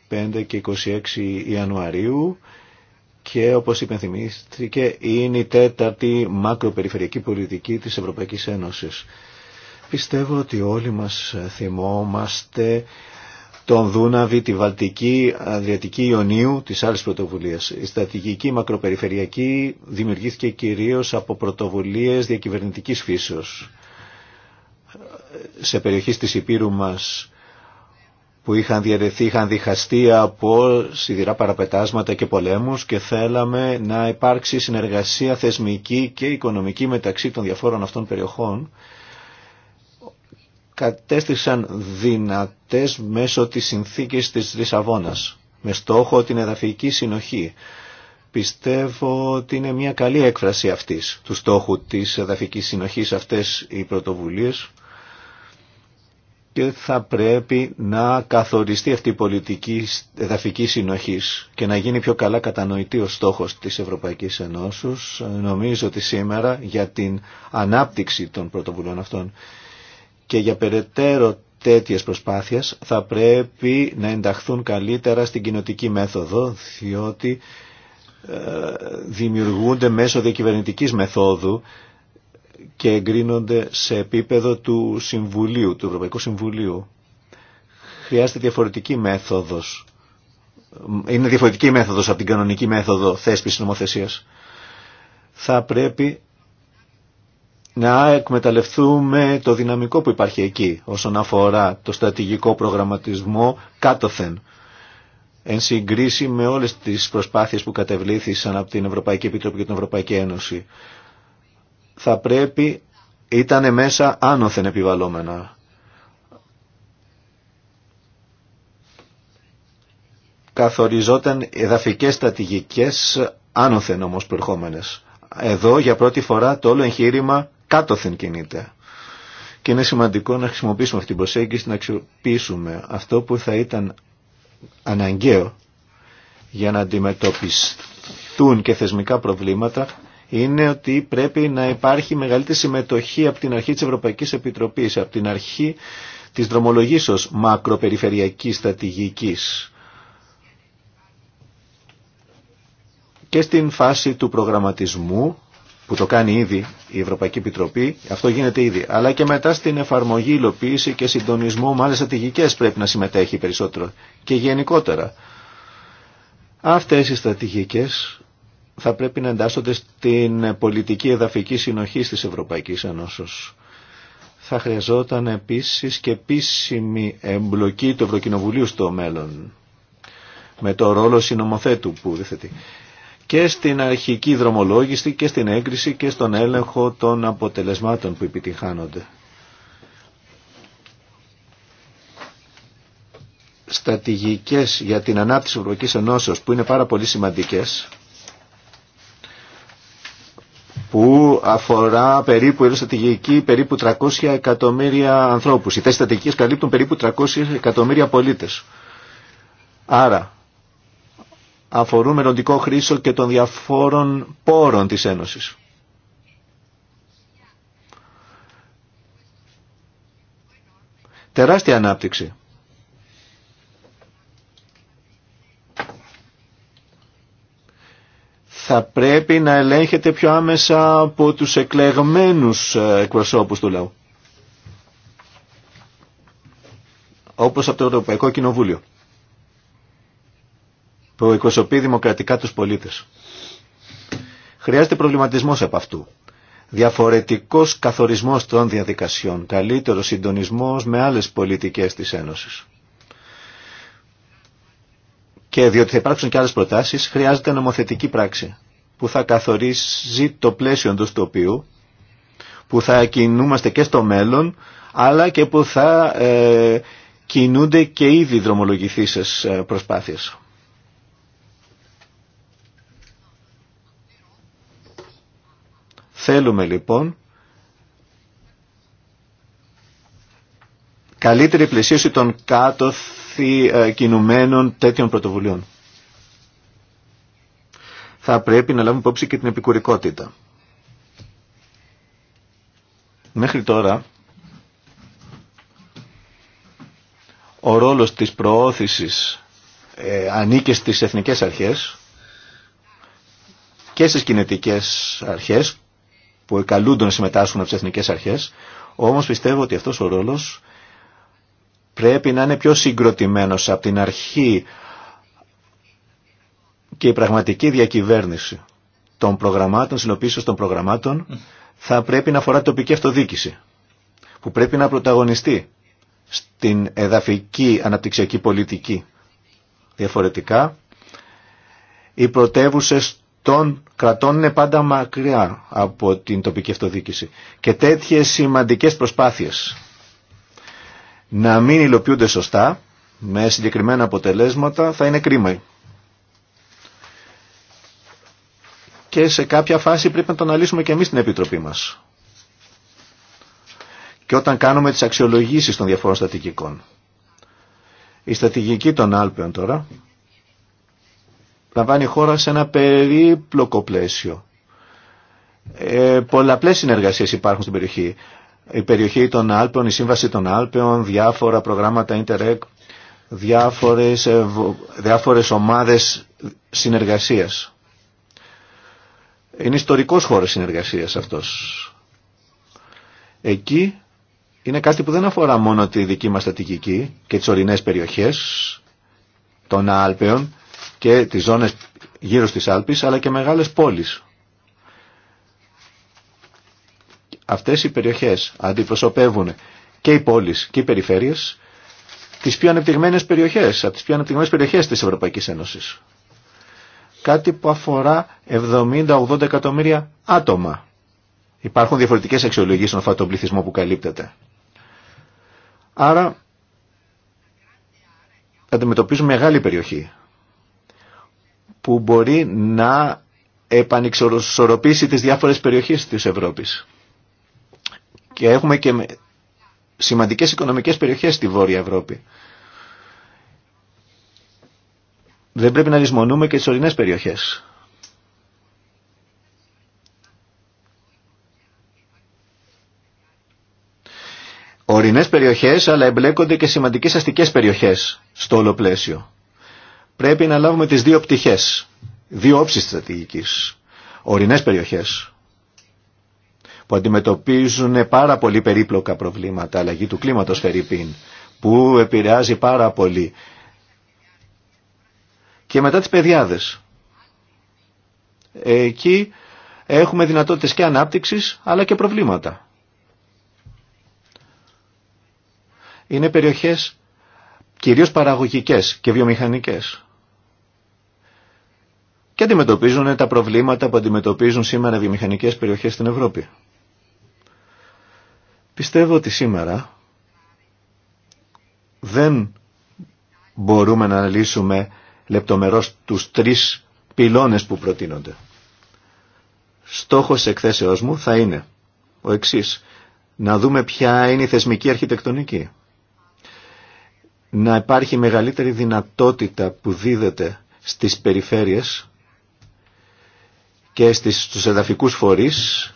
25 και 26 Ιανουαρίου και όπως υπενθυμίστηκε είναι η τέταρτη μακροπεριφερειακή πολιτική της Ευρωπαϊκής Ένωσης. Πιστεύω ότι όλοι μας θυμόμαστε τον Δούναβη, τη Βαλτική, Αδριατική Ιωνίου, τις άλλες πρωτοβουλίες. Η στρατηγική μακροπεριφερειακή δημιουργήθηκε κυρίως από πρωτοβουλίες διακυβερνητικής φύσεως. Σε περιοχές της Υπήρου μας που είχαν διαιρεθεί, είχαν διχαστεί από σιδηρά παραπετάσματα και πολέμους και θέλαμε να υπάρξει συνεργασία θεσμική και οικονομική μεταξύ των διαφόρων αυτών περιοχών κατέστησαν δυνατές μέσω της συνθήκης της Λισαβόνα. με στόχο την εδαφική συνοχή. Πιστεύω ότι είναι μια καλή έκφραση αυτής, του στόχου της εδαφικής συνοχής αυτές οι πρωτοβουλίες και θα πρέπει να καθοριστεί αυτή η πολιτική εδαφική συνοχής και να γίνει πιο καλά κατανοητή ο στόχος της Ευρωπαϊκής Ενώσεως. Νομίζω ότι σήμερα για την ανάπτυξη των πρωτοβουλίων αυτών και για περαιτέρω τέτοιες προσπάθειες θα πρέπει να ενταχθούν καλύτερα στην κοινοτική μέθοδο διότι ε, δημιουργούνται μέσω διακυβερνητικής μεθόδου και εγκρίνονται σε επίπεδο του Συμβουλίου, του Ευρωπαϊκού Συμβουλίου. Χρειάζεται διαφορετική μέθοδος. Είναι διαφορετική μέθοδος από την κανονική μέθοδο θέσπισης νομοθεσίας. Θα πρέπει να εκμεταλλευτούμε το δυναμικό που υπάρχει εκεί όσον αφορά το στρατηγικό προγραμματισμό κάτωθεν εν συγκρίση με όλες τις προσπάθειες που κατευλήθησαν από την Ευρωπαϊκή Επιτροπή και την Ευρωπαϊκή Ένωση. Θα πρέπει, ήταν μέσα άνωθεν επιβαλλόμενα. Καθοριζόταν εδαφικές στρατηγικές άνωθεν όμως προερχόμενες. Εδώ για πρώτη φορά το όλο εγχείρημα κάτωθεν κινείται. Και είναι σημαντικό να χρησιμοποιήσουμε αυτή την προσέγγιση, να αξιοποιήσουμε αυτό που θα ήταν αναγκαίο για να αντιμετωπιστούν και θεσμικά προβλήματα είναι ότι πρέπει να υπάρχει μεγαλύτερη συμμετοχή από την αρχή της Ευρωπαϊκής Επιτροπής, από την αρχή της δρομολογήσεως μακροπεριφερειακής στρατηγικής και στην φάση του προγραμματισμού που το κάνει ήδη η Ευρωπαϊκή Επιτροπή, αυτό γίνεται ήδη, αλλά και μετά στην εφαρμογή, υλοποίηση και συντονισμό με άλλες στρατηγικές πρέπει να συμμετέχει περισσότερο και γενικότερα. Αυτές οι στρατηγικές θα πρέπει να εντάσσονται στην πολιτική εδαφική συνοχή της Ευρωπαϊκής Ενώσεως. Θα χρειαζόταν επίσης και επίσημη εμπλοκή του Ευρωκοινοβουλίου στο μέλλον με το ρόλο συνομοθέτου που διθέτει και στην αρχική δρομολόγηση και στην έγκριση και στον έλεγχο των αποτελεσμάτων που επιτυχάνονται. Στατηγικές για την ανάπτυξη της Ευρωπαϊκής Ενώσεως που είναι πάρα πολύ σημαντικές που αφορά περίπου, είναι περίπου 300 εκατομμύρια ανθρώπους. Οι θέσεις στρατηγικές καλύπτουν περίπου 300 εκατομμύρια πολίτες. Άρα, αφορούν μελλοντικό χρήσο και των διαφόρων πόρων της Ένωσης. Τεράστια ανάπτυξη. Θα πρέπει να ελέγχεται πιο άμεσα από τους εκλεγμένους ε, εκπροσώπους του λαού. Όπως από το Ευρωπαϊκό Κοινοβούλιο που εκπροσωπεί δημοκρατικά τους πολίτες. Χρειάζεται προβληματισμός από αυτού. Διαφορετικός καθορισμός των διαδικασιών, καλύτερος συντονισμός με άλλες πολιτικές της Ένωσης. Και διότι θα υπάρξουν και άλλες προτάσεις, χρειάζεται νομοθετική πράξη που θα καθορίζει το πλαίσιο εντός του οποίου, που θα κινούμαστε και στο μέλλον, αλλά και που θα ε, κινούνται και ήδη δρομολογηθήσεις ε, προσπάθειες. Θέλουμε λοιπόν καλύτερη πλησίωση των κάτω ε, κινουμένων τέτοιων πρωτοβουλίων. Θα πρέπει να λάβουμε υπόψη και την επικουρικότητα. Μέχρι τώρα, ο ρόλος της προώθησης ε, ανήκε στις εθνικές αρχές και στις κινητικές αρχές που εκαλούνται να συμμετάσχουν από τι εθνικέ αρχέ, όμω πιστεύω ότι αυτό ο ρόλο πρέπει να είναι πιο συγκροτημένο από την αρχή και η πραγματική διακυβέρνηση των προγραμμάτων, συνοποίηση των προγραμμάτων, θα πρέπει να αφορά τοπική αυτοδίκηση, που πρέπει να πρωταγωνιστεί στην εδαφική αναπτυξιακή πολιτική. Διαφορετικά, οι πρωτεύουσε των κρατών είναι πάντα μακριά από την τοπική αυτοδίκηση. Και τέτοιες σημαντικές προσπάθειες να μην υλοποιούνται σωστά, με συγκεκριμένα αποτελέσματα, θα είναι κρίμα. Και σε κάποια φάση πρέπει να το αναλύσουμε και εμείς στην Επιτροπή μας. Και όταν κάνουμε τις αξιολογήσεις των διαφόρων στατικικών. Η στατικική των Άλπαιων τώρα λαμβάνει η χώρα σε ένα περίπλοκο πλαίσιο. Ε, πολλαπλές συνεργασίες υπάρχουν στην περιοχή. Η περιοχή των Άλπαιων, η Σύμβαση των Άλπαιων, διάφορα προγράμματα Interreg, διάφορες, ε, διάφορες ομάδες συνεργασίας. Είναι ιστορικός χώρος συνεργασίας αυτός. Εκεί είναι κάτι που δεν αφορά μόνο τη δική μας στατικική και τις ορεινές περιοχές των Άλπαιων, και τις ζώνες γύρω στις Άλπεις αλλά και μεγάλες πόλεις. Αυτές οι περιοχές αντιπροσωπεύουν και οι πόλεις και οι περιφέρειες τις πιο ανεπτυγμένες περιοχές, από τις πιο ανεπτυγμένες περιοχές της Ευρωπαϊκής Ένωσης. Κάτι που αφορά 70-80 εκατομμύρια άτομα. Υπάρχουν διαφορετικές αξιολογίες στον τον πληθυσμό που καλύπτεται. Άρα αντιμετωπίζουμε μεγάλη περιοχή που μπορεί να επανεξορροπήσει τις διάφορες περιοχές της Ευρώπης. Και έχουμε και σημαντικές οικονομικές περιοχές στη Βόρεια Ευρώπη. Δεν πρέπει να λησμονούμε και τις ορεινές περιοχές. Ορεινές περιοχές αλλά εμπλέκονται και σημαντικές αστικές περιοχές στο όλο πλαίσιο. Πρέπει να λάβουμε τις δύο πτυχές, δύο όψεις στρατηγικής. Ορεινές περιοχές που αντιμετωπίζουν πάρα πολύ περίπλοκα προβλήματα, αλλαγή του κλίματος Φερρυπίν, που επηρεάζει πάρα πολύ. Και μετά τις παιδιάδες. Εκεί έχουμε δυνατότητες και ανάπτυξης, αλλά και προβλήματα. Είναι περιοχές κυρίως παραγωγικές και βιομηχανικές και αντιμετωπίζουν τα προβλήματα που αντιμετωπίζουν σήμερα οι βιομηχανικές περιοχές στην Ευρώπη. Πιστεύω ότι σήμερα δεν μπορούμε να αναλύσουμε λεπτομερώς τους τρεις πυλώνες που προτείνονται. Στόχος εκθέσεώς μου θα είναι ο εξής. Να δούμε ποια είναι η θεσμική αρχιτεκτονική. Να υπάρχει μεγαλύτερη δυνατότητα που δίδεται στις περιφέρειες και στις, στους εδαφικούς φορείς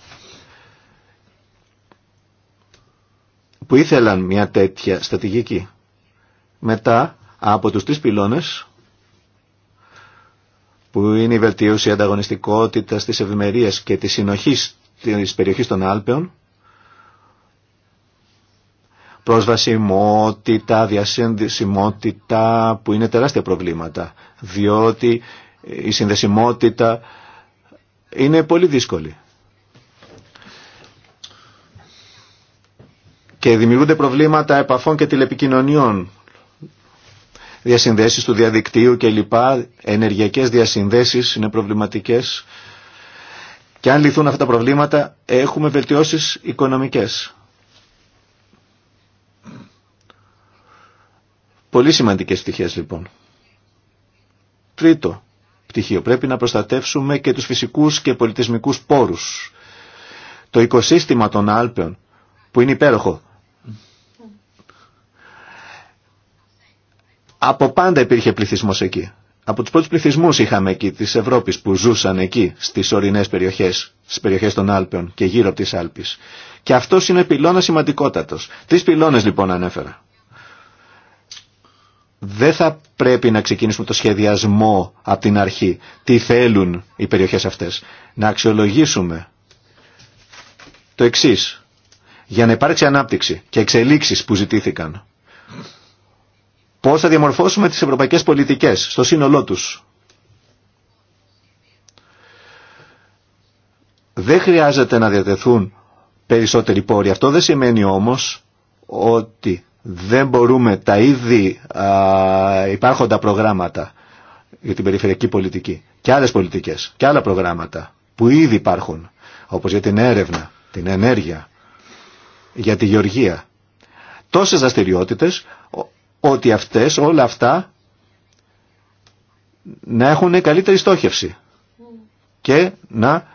που ήθελαν μια τέτοια στρατηγική. Μετά από τους τρεις πυλώνες που είναι η βελτίωση ανταγωνιστικότητας της ευημερία και της συνοχής της περιοχής των Άλπαιων προσβασιμότητα, διασύνδεσιμότητα που είναι τεράστια προβλήματα διότι η συνδεσιμότητα είναι πολύ δύσκολη. Και δημιουργούνται προβλήματα επαφών και τηλεπικοινωνιών, διασυνδέσεις του διαδικτύου κλπ, ενεργειακές διασυνδέσεις είναι προβληματικές. Και αν λυθούν αυτά τα προβλήματα έχουμε βελτιώσεις οικονομικές. Πολύ σημαντικές στοιχείες λοιπόν. Τρίτο, πτυχίο. Πρέπει να προστατεύσουμε και τους φυσικούς και πολιτισμικούς πόρους. Το οικοσύστημα των Άλπαιων, που είναι υπέροχο, από πάντα υπήρχε πληθυσμός εκεί. Από τους πρώτους πληθυσμούς είχαμε εκεί της Ευρώπης που ζούσαν εκεί στις ορεινές περιοχές, στις περιοχές των Άλπαιων και γύρω από τις Άλπεις. Και αυτός είναι πυλώνα σημαντικότατος. Τρεις πυλώνες λοιπόν ανέφερα δεν θα πρέπει να ξεκινήσουμε το σχεδιασμό από την αρχή. Τι θέλουν οι περιοχές αυτές. Να αξιολογήσουμε το εξής. Για να υπάρξει ανάπτυξη και εξελίξεις που ζητήθηκαν. Πώς θα διαμορφώσουμε τις ευρωπαϊκές πολιτικές στο σύνολό τους. Δεν χρειάζεται να διατεθούν περισσότεροι πόροι. Αυτό δεν σημαίνει όμως ότι δεν μπορούμε τα ήδη υπάρχοντα προγράμματα για την περιφερειακή πολιτική και άλλες πολιτικές και άλλα προγράμματα που ήδη υπάρχουν όπως για την έρευνα, την ενέργεια, για τη γεωργία τόσες δραστηριότητε ότι αυτές, όλα αυτά να έχουν καλύτερη στόχευση και να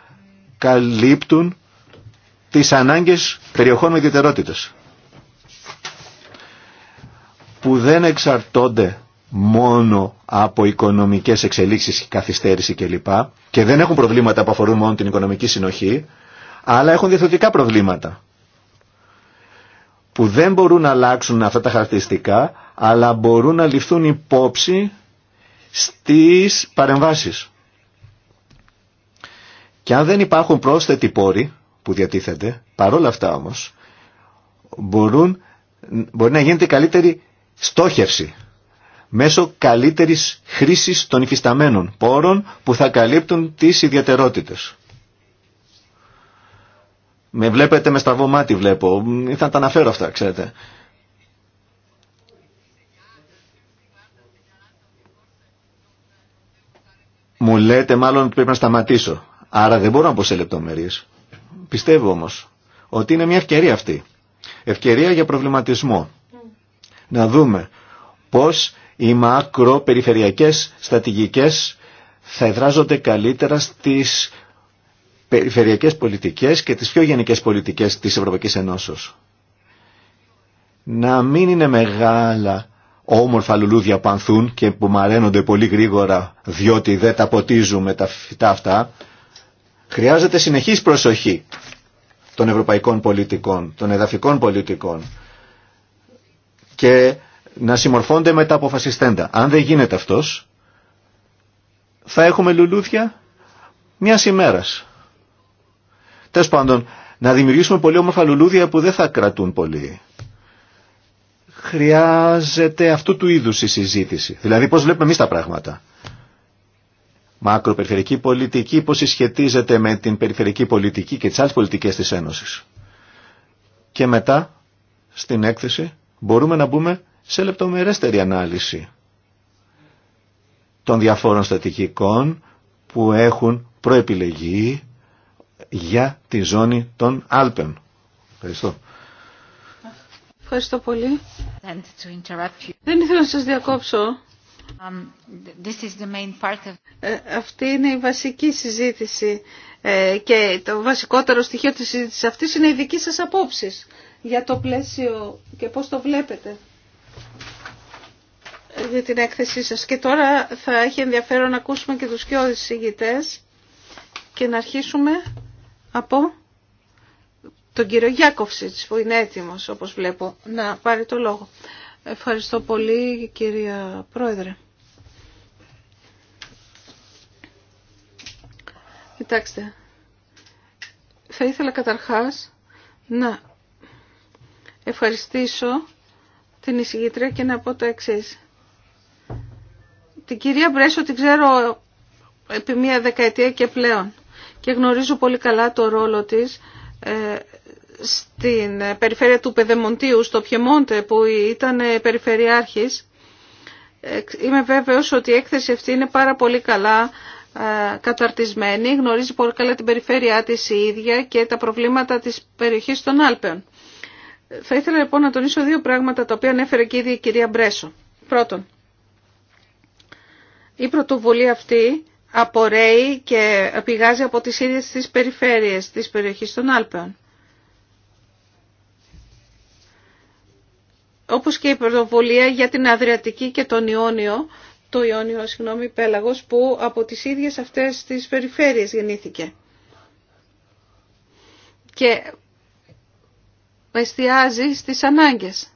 καλύπτουν τις ανάγκες περιοχών με ιδιαιτερότητες που δεν εξαρτώνται μόνο από οικονομικές εξελίξεις, καθυστέρηση κλπ. Και δεν έχουν προβλήματα που αφορούν μόνο την οικονομική συνοχή, αλλά έχουν διαθετικά προβλήματα που δεν μπορούν να αλλάξουν αυτά τα χαρακτηριστικά, αλλά μπορούν να ληφθούν υπόψη στις παρεμβάσεις. Και αν δεν υπάρχουν πρόσθετοι πόροι που διατίθενται, παρόλα αυτά όμως, μπορούν, μπορεί να γίνεται καλύτερη στόχευση μέσω καλύτερης χρήσης των υφισταμένων πόρων που θα καλύπτουν τις ιδιαιτερότητες. Με βλέπετε με στραβό μάτι βλέπω, ήθελα τα αναφέρω αυτά ξέρετε. Μου λέτε μάλλον ότι πρέπει να σταματήσω. Άρα δεν μπορώ να πω σε λεπτομέρειες. Πιστεύω όμως ότι είναι μια ευκαιρία αυτή. Ευκαιρία για προβληματισμό να δούμε πώς οι μακροπεριφερειακές στατηγικές θα εδράζονται καλύτερα στις περιφερειακές πολιτικές και τις πιο γενικές πολιτικές της Ευρωπαϊκής Ενώσεως. Να μην είναι μεγάλα όμορφα λουλούδια που ανθούν και που μαραίνονται πολύ γρήγορα διότι δεν τα ποτίζουμε τα φυτά αυτά, χρειάζεται συνεχής προσοχή των ευρωπαϊκών πολιτικών, των εδαφικών πολιτικών και να συμμορφώνται με τα αποφασιστέντα. Αν δεν γίνεται αυτός, θα έχουμε λουλούδια μια ημέρα. Τέλο πάντων, να δημιουργήσουμε πολύ όμορφα λουλούδια που δεν θα κρατούν πολύ. Χρειάζεται αυτού του είδους η συζήτηση. Δηλαδή πώς βλέπουμε εμείς τα πράγματα. Μακροπεριφερική πολιτική πώς συσχετίζεται με την περιφερική πολιτική και τις άλλες πολιτικές της Ένωσης. Και μετά στην έκθεση μπορούμε να μπούμε σε λεπτομερέστερη ανάλυση των διαφόρων στατικικών που έχουν προεπιλεγεί για τη ζώνη των Άλπεν. Ευχαριστώ. Ευχαριστώ πολύ. Δεν ήθελα να σας διακόψω. Um, ε, αυτή είναι η βασική συζήτηση ε, και το βασικότερο στοιχείο της συζήτησης αυτής είναι οι δικοί σας απόψεις για το πλαίσιο και πώς το βλέπετε για την έκθεσή σας. Και τώρα θα έχει ενδιαφέρον να ακούσουμε και τους πιο εισηγητές και να αρχίσουμε από τον κύριο Γιάκοφσιτς που είναι έτοιμος όπως βλέπω να πάρει το λόγο. Ευχαριστώ πολύ κυρία Πρόεδρε. Κοιτάξτε, θα ήθελα καταρχάς να ευχαριστήσω την εισηγήτρια και να πω το εξή. Την κυρία Μπρέσο την ξέρω επί μία δεκαετία και πλέον και γνωρίζω πολύ καλά το ρόλο της ε, στην περιφέρεια του Πεδεμοντίου, στο Πιεμόντε που ήταν περιφερειάρχης. Ε, είμαι βέβαιος ότι η έκθεση αυτή είναι πάρα πολύ καλά ε, καταρτισμένη, γνωρίζει πολύ καλά την περιφέρειά της η ίδια και τα προβλήματα της περιοχής των Άλπαιων. Θα ήθελα λοιπόν να τονίσω δύο πράγματα τα οποία ανέφερε και ήδη η κυρία Μπρέσο. Πρώτον, η πρωτοβουλία αυτή απορρέει και πηγάζει από τις ίδιες τις περιφέρειες της περιοχής των Άλπαιων. Όπως και η πρωτοβουλία για την Αδριατική και τον Ιόνιο, το Ιόνιο, συγγνώμη, πέλαγος, που από τις ίδιες αυτές τις περιφέρειες γεννήθηκε. Και με εστιάζει στις ανάγκες.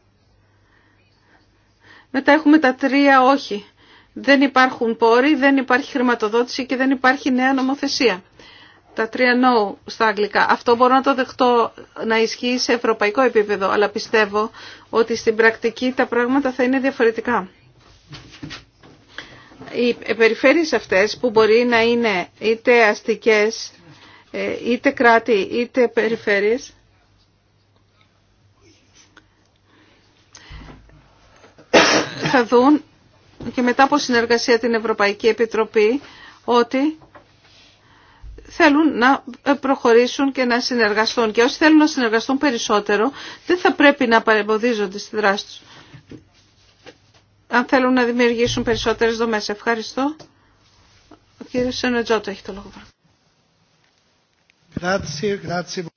Μετά έχουμε τα τρία όχι. Δεν υπάρχουν πόροι, δεν υπάρχει χρηματοδότηση και δεν υπάρχει νέα νομοθεσία. Τα τρία no στα αγγλικά. Αυτό μπορώ να το δεχτώ να ισχύει σε ευρωπαϊκό επίπεδο, αλλά πιστεύω ότι στην πρακτική τα πράγματα θα είναι διαφορετικά. Οι περιφέρειες αυτές που μπορεί να είναι είτε αστικές, ε, είτε κράτη, είτε περιφέρειες, θα δουν και μετά από συνεργασία την Ευρωπαϊκή Επιτροπή ότι θέλουν να προχωρήσουν και να συνεργαστούν. Και όσοι θέλουν να συνεργαστούν περισσότερο, δεν θα πρέπει να παρεμποδίζονται στη δράση τους. Αν θέλουν να δημιουργήσουν περισσότερες δομές. Ευχαριστώ. Ο κύριος Σενετζότο έχει το λόγο.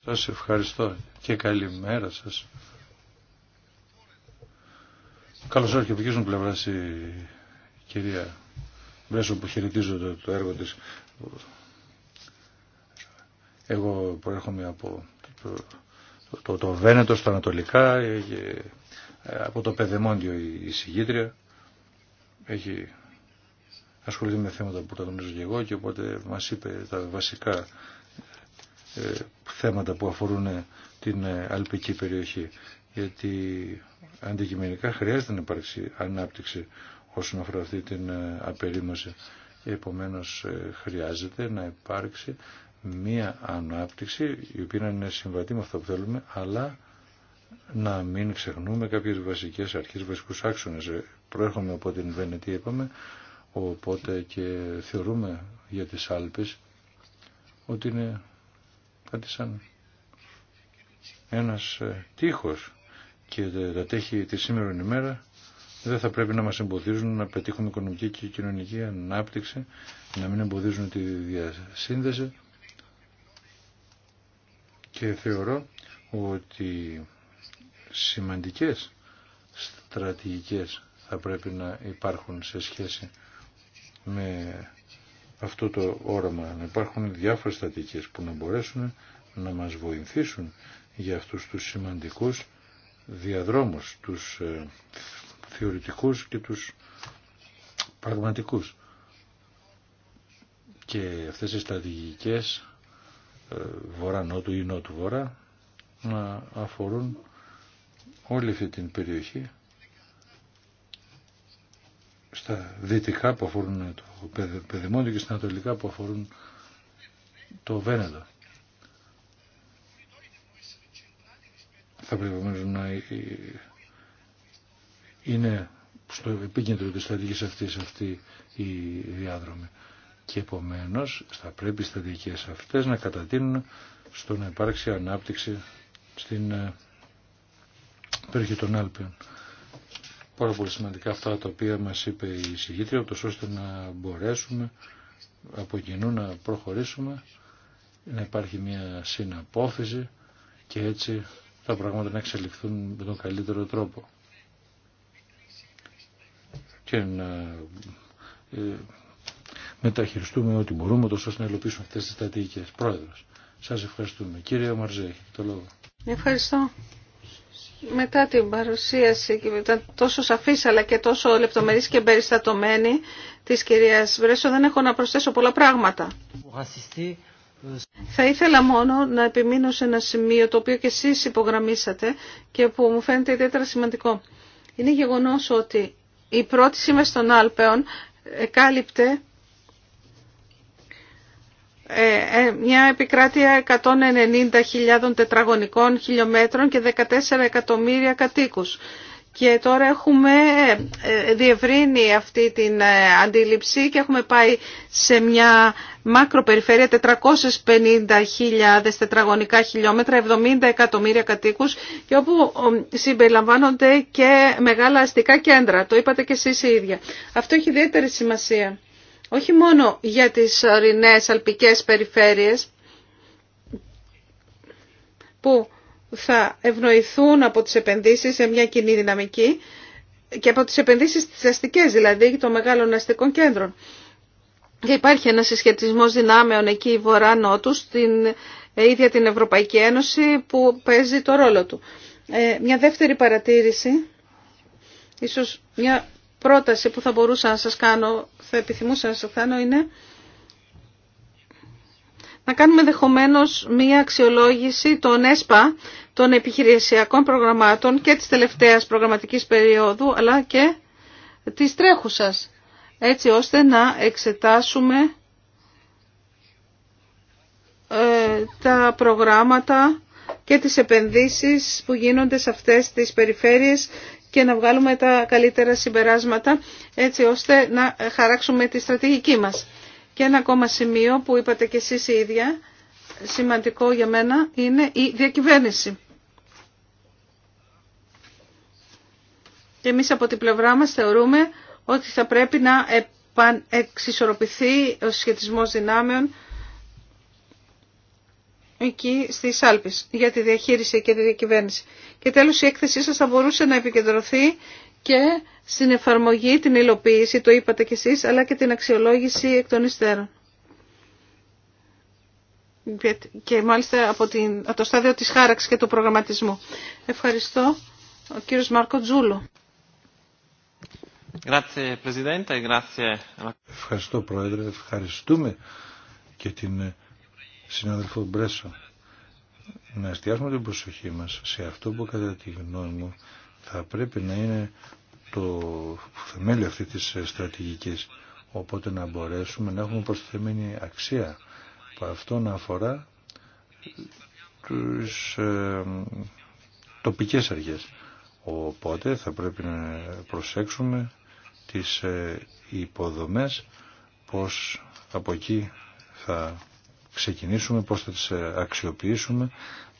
Σας ευχαριστώ και καλημέρα σας. Καλώ ήρθατε και από πλευρά η κυρία Μπρέσο που χαιρετίζω το, έργο τη, Εγώ προέρχομαι από το, το, το, Βένετο, στα Ανατολικά, και, ε, από το Πεδεμόντιο η, η Έχει ασχοληθεί με θέματα που τα γνωρίζω και εγώ και οπότε μα είπε τα βασικά ε, θέματα που αφορούν την ε, αλπική περιοχή γιατί αντικειμενικά χρειάζεται να υπάρξει ανάπτυξη όσον αφορά αυτή την ε, απερίμωση. Επομένως ε, χρειάζεται να υπάρξει μία ανάπτυξη η οποία να είναι συμβατή με αυτό που θέλουμε αλλά να μην ξεχνούμε κάποιες βασικές αρχές, βασικούς άξονες. Ε, προέρχομαι από την Βενετία είπαμε οπότε και θεωρούμε για τις Άλπες ότι είναι κάτι σαν ένας τείχος και τα τέχη τη σήμερα ημέρα δεν θα πρέπει να μας εμποδίζουν να πετύχουμε οικονομική και κοινωνική ανάπτυξη, να μην εμποδίζουν τη διασύνδεση και θεωρώ ότι σημαντικές στρατηγικές θα πρέπει να υπάρχουν σε σχέση με αυτό το όραμα, να υπάρχουν διάφορες στρατηγικές που να μπορέσουν να μας βοηθήσουν για αυτούς τους σημαντικούς διαδρόμους, τους ε, θεωρητικούς και τους πραγματικούς. Και αυτές οι στρατηγικές ε, βορρά-νότου ή νότου-βορρά να αφορούν όλη αυτή την περιοχή στα δυτικά που αφορούν το πεδημόνιο και στα ανατολικά που αφορούν το Βένετο. θα πρέπει να ε, ε, είναι στο επίκεντρο της στρατηγικής αυτής αυτή η διάδρομη. Και επομένως θα πρέπει οι στρατηγικές αυτές να κατατείνουν στο να υπάρξει ανάπτυξη στην ε, περιοχή των Άλπιων. Πάρα πολύ σημαντικά αυτά τα οποία μας είπε η συγγήτρια, ώστε να μπορέσουμε από κοινού να προχωρήσουμε, να υπάρχει μια συναπόφηση και έτσι τα πράγματα να εξελιχθούν με τον καλύτερο τρόπο και να ε, μεταχειριστούμε ό,τι μπορούμε τόσο ώστε να υλοποιήσουμε αυτές τις στρατηγικές. Πρόεδρος, σας ευχαριστούμε. Κύριε Μαρζέ, το λόγο. Ευχαριστώ. Μετά την παρουσίαση και μετά τόσο σαφής αλλά και τόσο λεπτομερής και περιστατωμένη της κυρίας Βρέσο δεν έχω να προσθέσω πολλά πράγματα. Θα ήθελα μόνο να επιμείνω σε ένα σημείο το οποίο και εσείς υπογραμμίσατε και που μου φαίνεται ιδιαίτερα σημαντικό. Είναι γεγονός ότι η πρώτη σήμερα των Άλπαιων εκάλυπτε ε, ε, μια επικράτεια 190.000 τετραγωνικών χιλιόμετρων και 14 εκατομμύρια κατοίκους. Και τώρα έχουμε ε, διευρύνει αυτή την ε, αντίληψη και έχουμε πάει σε μια μακροπεριφέρεια 450.000 τετραγωνικά χιλιόμετρα, 70 εκατομμύρια κατοίκους και όπου συμπεριλαμβάνονται και μεγάλα αστικά κέντρα. Το είπατε και εσείς οι ίδια. Αυτό έχει ιδιαίτερη σημασία. Όχι μόνο για τις ορεινές αλπικές περιφέρειες που θα ευνοηθούν από τις επενδύσεις σε μια κοινή δυναμική και από τις επενδύσεις στις αστικές, δηλαδή των μεγάλων αστικών κέντρων. Και υπάρχει ένας συσχετισμός δυνάμεων εκεί βορρά-νότου στην ε, ίδια την Ευρωπαϊκή Ένωση που παίζει το ρόλο του. Ε, μια δεύτερη παρατήρηση, ίσως μια πρόταση που θα μπορούσα να σας κάνω, θα επιθυμούσα να σας κάνω είναι να κάνουμε δεχομένω μία αξιολόγηση των ΕΣΠΑ, των επιχειρησιακών προγραμμάτων και της τελευταίας προγραμματικής περίοδου, αλλά και της τρέχουσας, έτσι ώστε να εξετάσουμε ε, τα προγράμματα και τις επενδύσεις που γίνονται σε αυτές τις περιφέρειες και να βγάλουμε τα καλύτερα συμπεράσματα έτσι ώστε να χαράξουμε τη στρατηγική μας. Και ένα ακόμα σημείο που είπατε και εσείς η ίδια, σημαντικό για μένα, είναι η διακυβέρνηση. Και εμείς από την πλευρά μας θεωρούμε ότι θα πρέπει να εξισορροπηθεί ο σχετισμός δυνάμεων εκεί στις Άλπες για τη διαχείριση και τη διακυβέρνηση. Και τέλος η έκθεσή σας θα μπορούσε να επικεντρωθεί και στην εφαρμογή, την υλοποίηση, το είπατε κι εσείς, αλλά και την αξιολόγηση εκ των υστέρων. Και μάλιστα από, την, από το στάδιο της χάραξης και του προγραμματισμού. Ευχαριστώ. Ο κύριος Μάρκο Τζούλο. Ευχαριστώ Πρόεδρε, ευχαριστούμε και την συνάδελφο Μπρέσο. Να εστιάσουμε την προσοχή μας σε αυτό που κατά τη γνώμη μου θα πρέπει να είναι το θεμέλιο αυτή της στρατηγικής οπότε να μπορέσουμε να έχουμε προσθεμένη αξία που αυτό να αφορά τις ε, τοπικές αρχές οπότε θα πρέπει να προσέξουμε τις ε, υποδομές πως από εκεί θα ξεκινήσουμε, πώς θα τις ε, αξιοποιήσουμε,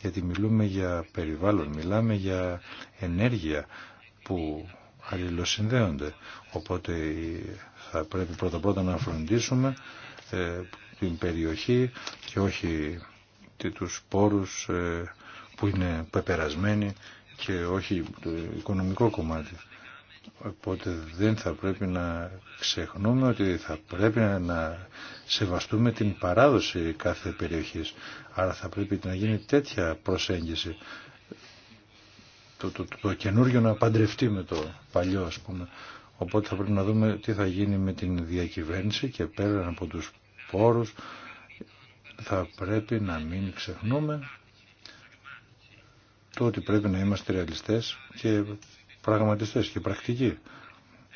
γιατί μιλούμε για περιβάλλον, μιλάμε για ενέργεια που αλληλοσυνδέονται. Οπότε ε, θα πρέπει πρώτα πρώτα να φροντίσουμε ε, την περιοχή και όχι τους πόρους που είναι πεπερασμένοι και όχι το οικονομικό κομμάτι. Οπότε δεν θα πρέπει να ξεχνούμε ότι θα πρέπει να σεβαστούμε την παράδοση κάθε περιοχής. Άρα θα πρέπει να γίνει τέτοια προσέγγιση. Το, το, καινούριο να παντρευτεί με το παλιό ας πούμε. Οπότε θα πρέπει να δούμε τι θα γίνει με την διακυβέρνηση και πέραν από τους πόρους θα πρέπει να μην ξεχνούμε το ότι πρέπει να είμαστε ρεαλιστές και πραγματιστές και πρακτικοί.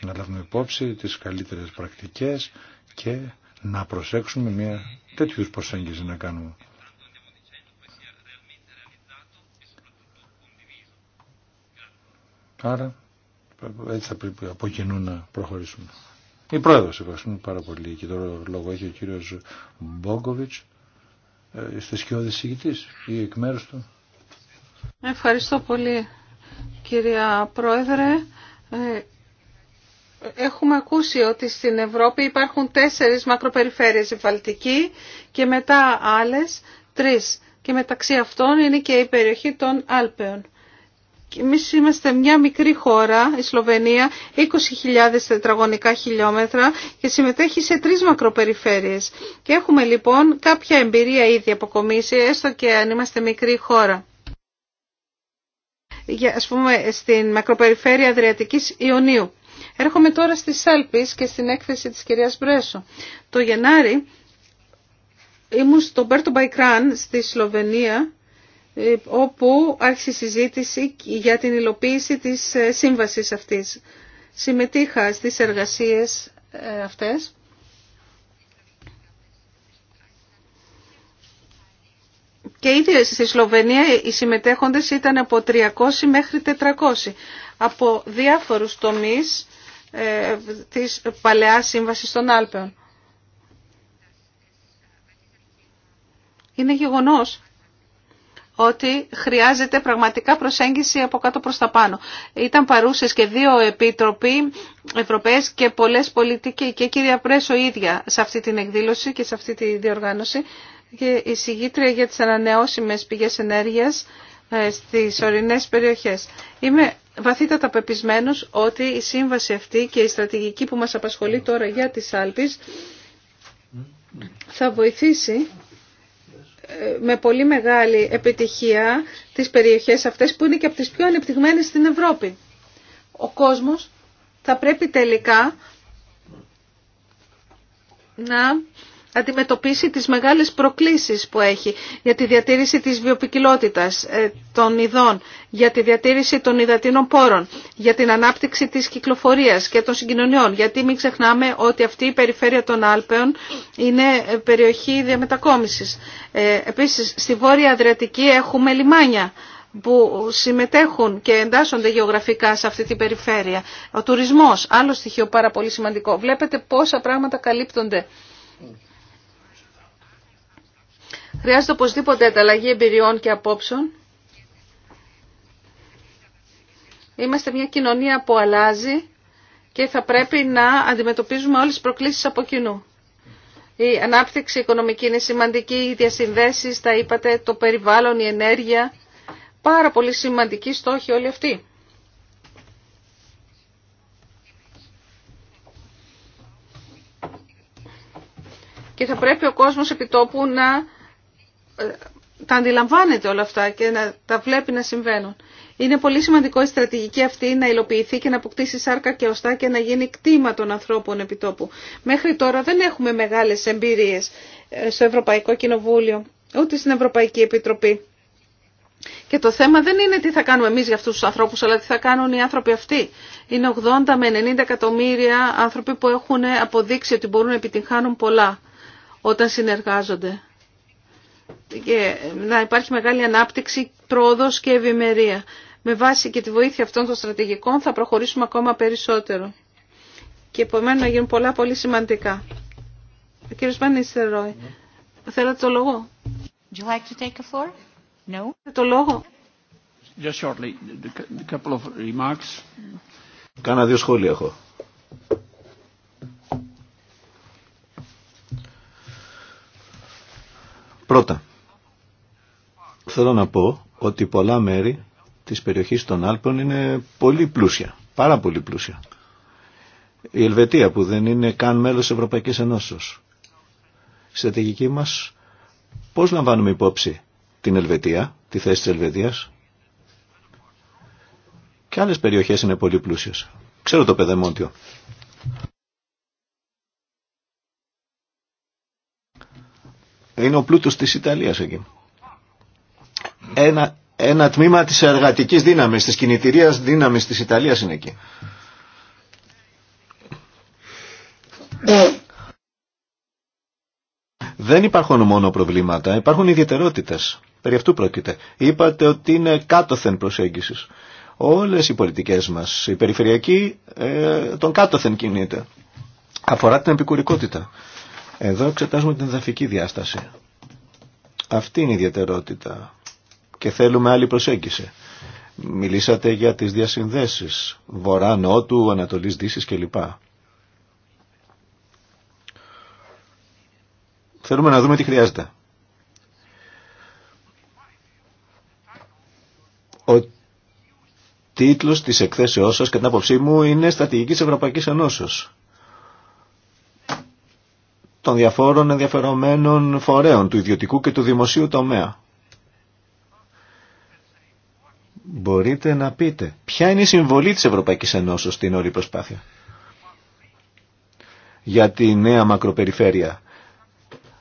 Να λάβουμε υπόψη τις καλύτερες πρακτικές και να προσέξουμε μια τέτοιους προσέγγιση να κάνουμε. Άρα έτσι θα πρέπει από κοινού να προχωρήσουμε. Η πρόεδρος ευχαριστούμε πάρα πολύ και τώρα λόγο έχει ο κύριος Μπόγκοβιτς. Είστε σκιώδης συγκητή ή εκ μέρου του. Ευχαριστώ πολύ κυρία Πρόεδρε. Ε, έχουμε ακούσει ότι στην Ευρώπη υπάρχουν τέσσερις μακροπεριφέρειες, η Βαλτική και μετά άλλες τρεις. Και μεταξύ αυτών είναι και η περιοχή των Άλπαιων. Εμεί είμαστε μια μικρή χώρα, η Σλοβενία, 20.000 τετραγωνικά χιλιόμετρα και συμμετέχει σε τρεις μακροπεριφέρειες. Και έχουμε λοιπόν κάποια εμπειρία ήδη αποκομίσει, έστω και αν είμαστε μικρή χώρα για, ας πούμε, στην μακροπεριφέρεια Αδριατικής Ιωνίου. Έρχομαι τώρα στις Σάλπης και στην έκθεση της κυρίας Μπρέσο. Το Γενάρη ήμουν στο Μπέρτο Μπαϊκράν στη Σλοβενία ε, όπου άρχισε η συζήτηση για την υλοποίηση της ε, σύμβασης αυτής. Συμμετείχα στις εργασίες ε, αυτές Και ήδη στη Σλοβενία οι συμμετέχοντες ήταν από 300 μέχρι 400 από διάφορους τομείς ε, της Παλαιάς Σύμβασης των Άλπαιων. Είναι γεγονός ότι χρειάζεται πραγματικά προσέγγιση από κάτω προς τα πάνω. Ήταν παρούσες και δύο επίτροποι Ευρωπαίες και πολλές πολιτικοί και κυρία Πρέσο ίδια σε αυτή την εκδήλωση και σε αυτή τη διοργάνωση και η συγγήτρια για τις ανανεώσιμες πηγές ενέργειας ε, στις ορεινές περιοχές. Είμαι βαθύτατα πεπισμένος ότι η σύμβαση αυτή και η στρατηγική που μας απασχολεί τώρα για τις Άλπεις θα βοηθήσει ε, με πολύ μεγάλη επιτυχία τις περιοχές αυτές που είναι και από τις πιο ανεπτυγμένες στην Ευρώπη. Ο κόσμος θα πρέπει τελικά να αντιμετωπίσει τις μεγάλες προκλήσεις που έχει για τη διατήρηση της βιοπικιλότητας ε, των ειδών, για τη διατήρηση των υδατίνων πόρων, για την ανάπτυξη της κυκλοφορίας και των συγκοινωνιών. Γιατί μην ξεχνάμε ότι αυτή η περιφέρεια των Άλπαιων είναι ε, περιοχή διαμετακόμισης. Ε, επίσης, στη Βόρεια Αδριατική έχουμε λιμάνια που συμμετέχουν και εντάσσονται γεωγραφικά σε αυτή την περιφέρεια. Ο τουρισμός, άλλο στοιχείο πάρα πολύ σημαντικό. Βλέπετε πόσα πράγματα καλύπτονται Χρειάζεται οπωσδήποτε ανταλλαγή εμπειριών και απόψεων. Είμαστε μια κοινωνία που αλλάζει και θα πρέπει να αντιμετωπίζουμε όλες τις προκλήσεις από κοινού. Η ανάπτυξη οικονομική είναι σημαντική, οι διασυνδέσεις, τα είπατε, το περιβάλλον, η ενέργεια. Πάρα πολύ σημαντική στόχη όλοι αυτοί. Και θα πρέπει ο κόσμος επιτόπου να ε, τα αντιλαμβάνεται όλα αυτά και να τα βλέπει να συμβαίνουν. Είναι πολύ σημαντικό η στρατηγική αυτή να υλοποιηθεί και να αποκτήσει σάρκα και οστά και να γίνει κτήμα των ανθρώπων επιτόπου. Μέχρι τώρα δεν έχουμε μεγάλε εμπειρίε ε, στο Ευρωπαϊκό Κοινοβούλιο, ούτε στην Ευρωπαϊκή Επιτροπή. Και το θέμα δεν είναι τι θα κάνουμε εμεί για αυτού του ανθρώπου, αλλά τι θα κάνουν οι άνθρωποι αυτοί. Είναι 80 με 90 εκατομμύρια άνθρωποι που έχουν αποδείξει ότι μπορούν να επιτυγχάνουν πολλά όταν συνεργάζονται και να υπάρχει μεγάλη ανάπτυξη, πρόοδος και ευημερία. Με βάση και τη βοήθεια αυτών των στρατηγικών θα προχωρήσουμε ακόμα περισσότερο. Και επομένω να γίνουν πολλά πολύ σημαντικά. Ο κύριος Πανίστερ Ρόι, θέλετε το λόγο. Would you like to take a floor? No. Το λόγο. Just shortly, a couple of remarks. Κάνα δύο σχόλια έχω. Πρώτα, Θέλω να πω ότι πολλά μέρη της περιοχής των Άλπων είναι πολύ πλούσια, πάρα πολύ πλούσια. Η Ελβετία που δεν είναι καν μέλος Ευρωπαϊκής Ενώσεως. Η στρατηγική μας πώς λαμβάνουμε υπόψη την Ελβετία, τη θέση της Ελβετίας. Και άλλες περιοχές είναι πολύ πλούσιες. Ξέρω το Πεδεμόντιο. Είναι ο πλούτος της Ιταλίας εκεί ένα, ένα τμήμα της εργατικής δύναμης, της κινητηρίας δύναμης της Ιταλίας είναι εκεί. Ε. Δεν υπάρχουν μόνο προβλήματα, υπάρχουν ιδιαιτερότητες. Περί αυτού πρόκειται. Είπατε ότι είναι κάτωθεν προσέγγισης. Όλες οι πολιτικές μας, η περιφερειακή, ε, τον κάτωθεν κινείται. Αφορά την επικουρικότητα. Εδώ εξετάζουμε την δαφική διάσταση. Αυτή είναι η ιδιαιτερότητα και θέλουμε άλλη προσέγγιση. Μιλήσατε για τις διασυνδέσεις βορρά, νότου, ανατολής, δύσης κλπ. Θέλουμε να δούμε τι χρειάζεται. Ο τίτλος της εκθέσεώς σας, κατά την άποψή μου, είναι «Στατηγική Ευρωπαϊκής Ενώσεως» των διαφόρων ενδιαφερομένων φορέων του ιδιωτικού και του δημοσίου τομέα. μπορείτε να πείτε ποια είναι η συμβολή της Ευρωπαϊκής Ενώσης στην όλη προσπάθεια για τη νέα μακροπεριφέρεια.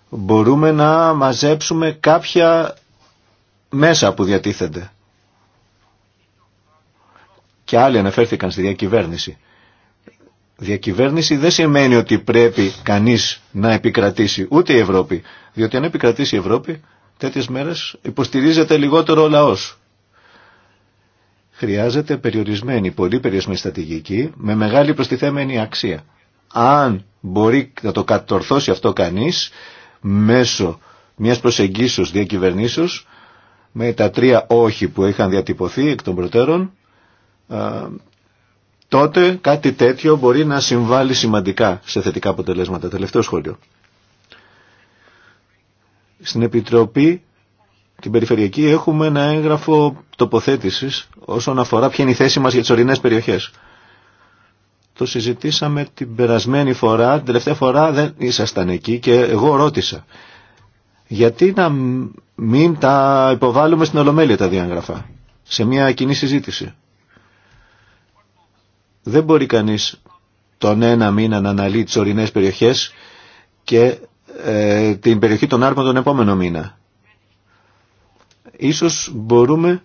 Μπορούμε να μαζέψουμε κάποια μέσα που διατίθενται. Και άλλοι αναφέρθηκαν στη διακυβέρνηση. Διακυβέρνηση δεν σημαίνει ότι πρέπει κανείς να επικρατήσει ούτε η Ευρώπη. Διότι αν επικρατήσει η Ευρώπη τέτοιες μέρες υποστηρίζεται λιγότερο ο λαός χρειάζεται περιορισμένη, πολύ περιορισμένη στρατηγική με μεγάλη προστιθέμενη αξία. Αν μπορεί να το κατορθώσει αυτό κανείς μέσω μιας προσεγγίσεως διακυβερνήσεως με τα τρία όχι που είχαν διατυπωθεί εκ των προτέρων τότε κάτι τέτοιο μπορεί να συμβάλλει σημαντικά σε θετικά αποτελέσματα. Τελευταίο σχόλιο. Στην Επιτροπή την περιφερειακή έχουμε ένα έγγραφο τοποθέτησης όσον αφορά ποια είναι η θέση μας για τις ορεινές περιοχές. Το συζητήσαμε την περασμένη φορά, την τελευταία φορά δεν ήσασταν εκεί και εγώ ρώτησα. Γιατί να μην τα υποβάλουμε στην Ολομέλεια τα διάγραφα, σε μια κοινή συζήτηση. Δεν μπορεί κανείς τον ένα μήνα να αναλύει τις ορεινές περιοχές και ε, την περιοχή των άρμων τον επόμενο μήνα. Ίσως μπορούμε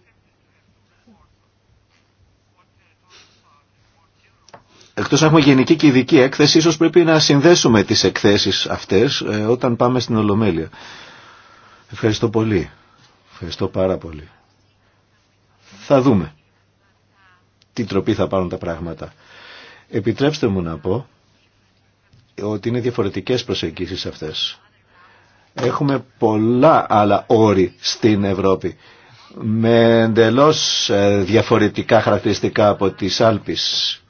Εκτός να έχουμε γενική και ειδική έκθεση, ίσως πρέπει να συνδέσουμε τις εκθέσεις αυτές ε, όταν πάμε στην Ολομέλεια. Ευχαριστώ πολύ. Ευχαριστώ πάρα πολύ. Θα δούμε τι τροπή θα πάρουν τα πράγματα. Επιτρέψτε μου να πω ότι είναι διαφορετικές προσεγγίσεις αυτές. Έχουμε πολλά άλλα όρη στην Ευρώπη με εντελώς ε, διαφορετικά χαρακτηριστικά από τις Άλπεις.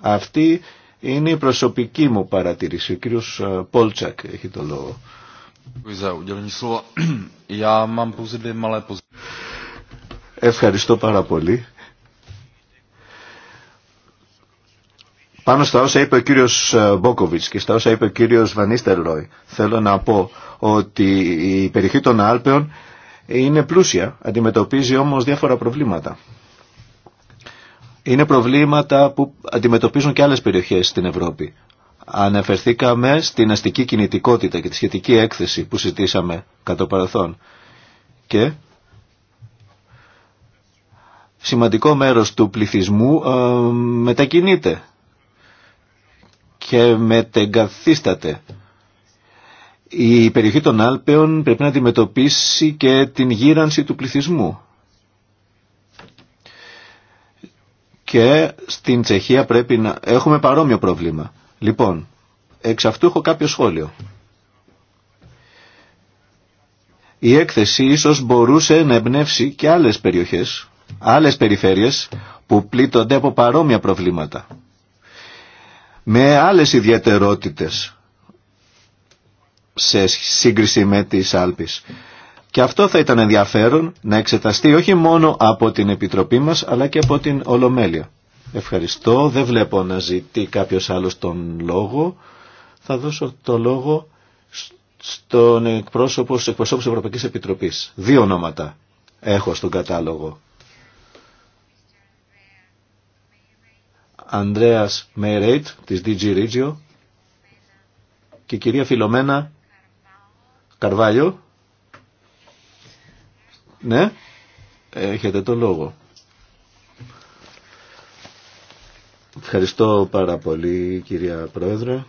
Αυτή είναι η προσωπική μου παρατήρηση. Ο κύριος ε, Πόλτσακ έχει το λόγο. Ευχαριστώ πάρα πολύ. Πάνω στα όσα είπε ο κύριος ε, Μπόκοβιτς και στα όσα είπε ο κύριος Βανίστερλόι, θέλω να πω ότι η περιοχή των Άλπαιων είναι πλούσια, αντιμετωπίζει όμως διάφορα προβλήματα. Είναι προβλήματα που αντιμετωπίζουν και άλλες περιοχές στην Ευρώπη. Αναφερθήκαμε στην αστική κινητικότητα και τη σχετική έκθεση που συζητήσαμε κατά παρελθόν. Και σημαντικό μέρος του πληθυσμού ε, μετακινείται και μετεγκαθίσταται. Η περιοχή των Άλπαιων πρέπει να αντιμετωπίσει και την γύρανση του πληθυσμού. Και στην Τσεχία πρέπει να έχουμε παρόμοιο πρόβλημα. Λοιπόν, εξ αυτού έχω κάποιο σχόλιο. Η έκθεση ίσως μπορούσε να εμπνεύσει και άλλες περιοχές, άλλες περιφέρειες που πλήττονται από παρόμοια προβλήματα με άλλες ιδιαιτερότητες σε σύγκριση με τις Άλπεις. Και αυτό θα ήταν ενδιαφέρον να εξεταστεί όχι μόνο από την Επιτροπή μας αλλά και από την Ολομέλεια. Ευχαριστώ. Δεν βλέπω να ζητεί κάποιος άλλος τον λόγο. Θα δώσω το λόγο στον εκπρόσωπο, εκπροσώπου της Ευρωπαϊκής Επιτροπής. Δύο ονόματα έχω στον κατάλογο. Ανδρέας Μερέιτ της DG Regio και κυρία Φιλομένα Καρβάλιο. Ναι, έχετε το λόγο. Ευχαριστώ πάρα πολύ κυρία Πρόεδρε.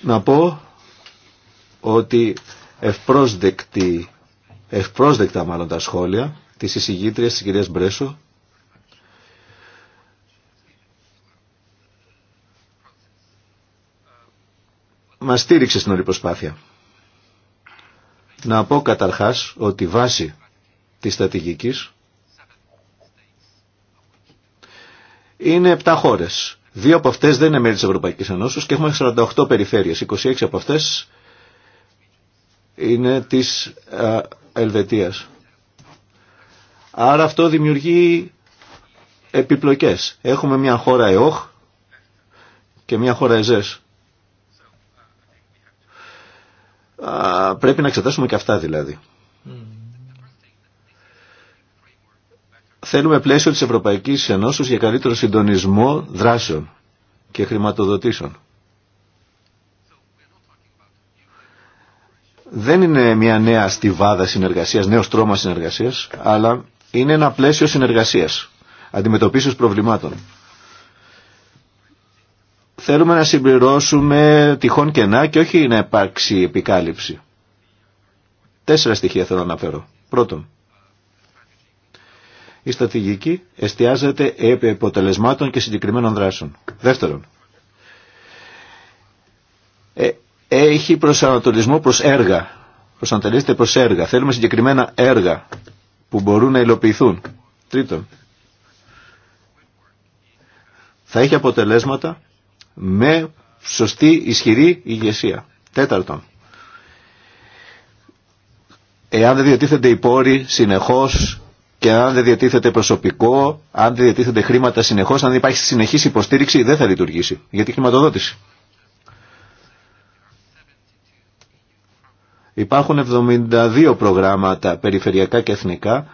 Να πω ότι ευπρόσδεκτη, ευπρόσδεκτα μάλλον τα σχόλια της εισηγήτριας της κυρίας Μπρέσο Μα στήριξε στην όλη προσπάθεια. Να πω καταρχάς ότι βάση της στρατηγικής είναι 7 χώρες. Δύο από αυτές δεν είναι μέλη της Ευρωπαϊκής Ενώσης και έχουμε 48 περιφέρειες. 26 από αυτές είναι της Ελβετίας. Άρα αυτό δημιουργεί επιπλοκές. Έχουμε μια χώρα ΕΟΧ και μια χώρα ΕΖΕΣ. πρέπει να εξετάσουμε και αυτά δηλαδή. Θέλουμε πλαίσιο της Ευρωπαϊκής Ενώσεως για καλύτερο συντονισμό δράσεων και χρηματοδοτήσεων. Δεν είναι μια νέα στιβάδα συνεργασίας, νέο στρώμα συνεργασίας, αλλά είναι ένα πλαίσιο συνεργασίας, αντιμετωπίσεως προβλημάτων θέλουμε να συμπληρώσουμε τυχόν κενά και όχι να υπάρξει επικάλυψη. Τέσσερα στοιχεία θέλω να αναφέρω. Πρώτον, η στρατηγική εστιάζεται επί αποτελεσμάτων και συγκεκριμένων δράσεων. Δεύτερον, ε, έχει προσανατολισμό προς έργα. Προσανατολίζεται προς έργα. Θέλουμε συγκεκριμένα έργα που μπορούν να υλοποιηθούν. Τρίτον, θα έχει αποτελέσματα με σωστή ισχυρή ηγεσία. Τέταρτον, εάν δεν διατίθενται οι πόροι συνεχώς και αν δεν διατίθεται προσωπικό, αν δεν διατίθεται χρήματα συνεχώς, αν δεν υπάρχει συνεχής υποστήριξη δεν θα λειτουργήσει γιατί χρηματοδότηση. Υπάρχουν 72 προγράμματα περιφερειακά και εθνικά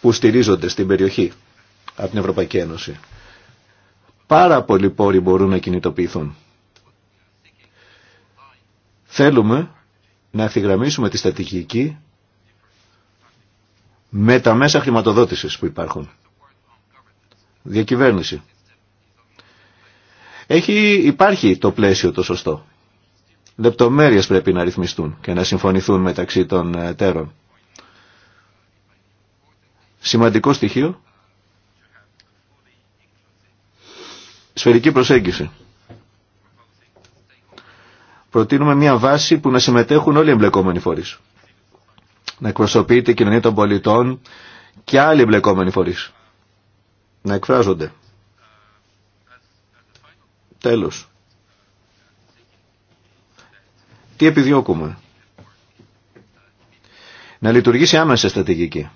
που στηρίζονται στην περιοχή από την Ευρωπαϊκή Ένωση. Πάρα πολλοί πόροι μπορούν να κινητοποιηθούν. Θέλουμε να ευθυγραμμίσουμε τη στατικική με τα μέσα χρηματοδότησης που υπάρχουν. Διακυβέρνηση. Έχει, υπάρχει το πλαίσιο το σωστό. Λεπτομέρειες πρέπει να ρυθμιστούν και να συμφωνηθούν μεταξύ των εταίρων. Σημαντικό στοιχείο σφαιρική προσέγγιση. Προτείνουμε μια βάση που να συμμετέχουν όλοι οι εμπλεκόμενοι φορείς. Να εκπροσωπείται η κοινωνία των πολιτών και άλλοι εμπλεκόμενοι φορείς. Να εκφράζονται. Τέλος. Τι επιδιώκουμε. Να λειτουργήσει άμεσα στρατηγική.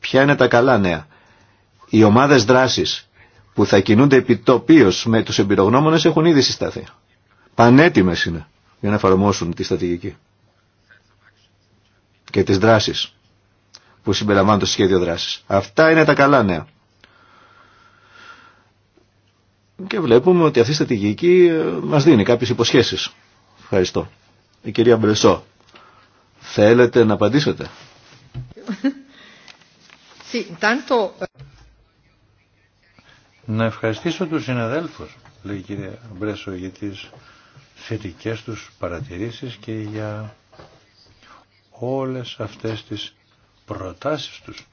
Ποια είναι τα καλά νέα. Οι ομάδες δράσης που θα κινούνται επιτοπίως με τους εμπειρογνώμονες έχουν ήδη συσταθεί. Πανέτοιμες είναι για να εφαρμόσουν τη στρατηγική και τις δράσεις που συμπεριλαμβάνουν το σχέδιο δράσης. Αυτά είναι τα καλά νέα. Και βλέπουμε ότι αυτή η στρατηγική ε, μας δίνει κάποιες υποσχέσεις. Ευχαριστώ. Η κυρία Μπρεσό, θέλετε να απαντήσετε. Να ευχαριστήσω τους συναδέλφους, λέει η κυρία Μπρέσο, για τις θετικές τους παρατηρήσεις και για όλες αυτές τις προτάσεις τους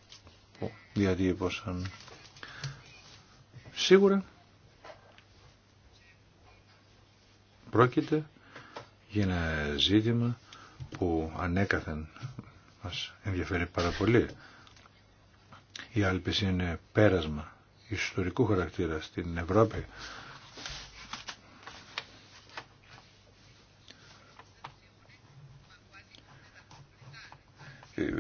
που διατύπωσαν. Σίγουρα πρόκειται για ένα ζήτημα που ανέκαθεν μας ενδιαφέρει πάρα πολύ. Η άλπιση είναι πέρασμα ιστορικού χαρακτήρα στην Ευρώπη. Ε,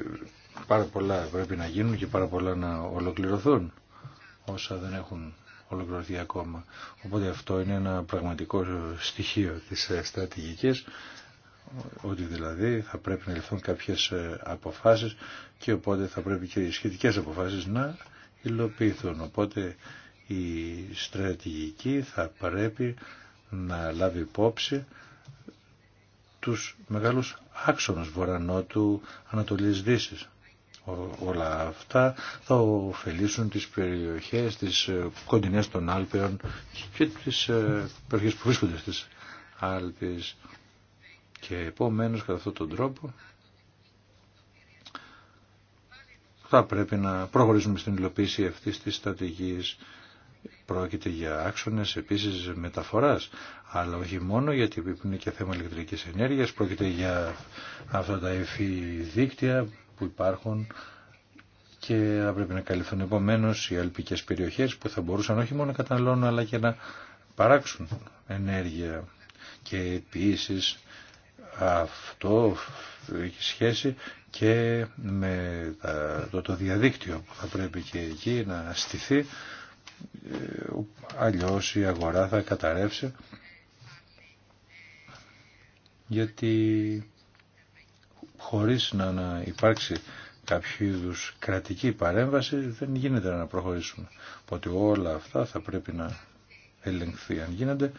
πάρα πολλά πρέπει να γίνουν και πάρα πολλά να ολοκληρωθούν όσα δεν έχουν ολοκληρωθεί ακόμα. Οπότε αυτό είναι ένα πραγματικό στοιχείο της ε, στρατηγικής ότι δηλαδή θα πρέπει να ληφθούν κάποιες ε, αποφάσεις και οπότε θα πρέπει και οι σχετικές αποφάσεις να υλοποιηθούν. Οπότε η στρατηγική θα πρέπει να λάβει υπόψη τους μεγάλους άξονες του Ανατολής Δύσης. Όλα αυτά θα ωφελήσουν τις περιοχές, τις ε, κοντινές των Άλπαιων και τις ε, περιοχές που βρίσκονται στις Άλπες και επομένως κατά αυτόν τον τρόπο θα πρέπει να προχωρήσουμε στην υλοποίηση αυτής της στρατηγικής. Πρόκειται για άξονες επίση μεταφοράς, αλλά όχι μόνο γιατί είναι και θέμα ηλεκτρική ενέργεια, πρόκειται για αυτά τα εφή δίκτυα που υπάρχουν και θα πρέπει να καλυφθούν επομένω οι αλπικές περιοχές που θα μπορούσαν όχι μόνο να καταναλώνουν αλλά και να παράξουν ενέργεια και επίση αυτό έχει σχέση και με το, το διαδίκτυο που θα πρέπει και εκεί να στηθεί ε, αλλιώς η αγορά θα καταρρεύσει γιατί χωρίς να, να υπάρξει κάποιο είδου κρατική παρέμβαση δεν γίνεται να προχωρήσουμε. Οπότε όλα αυτά θα πρέπει να ελεγχθεί αν γίνεται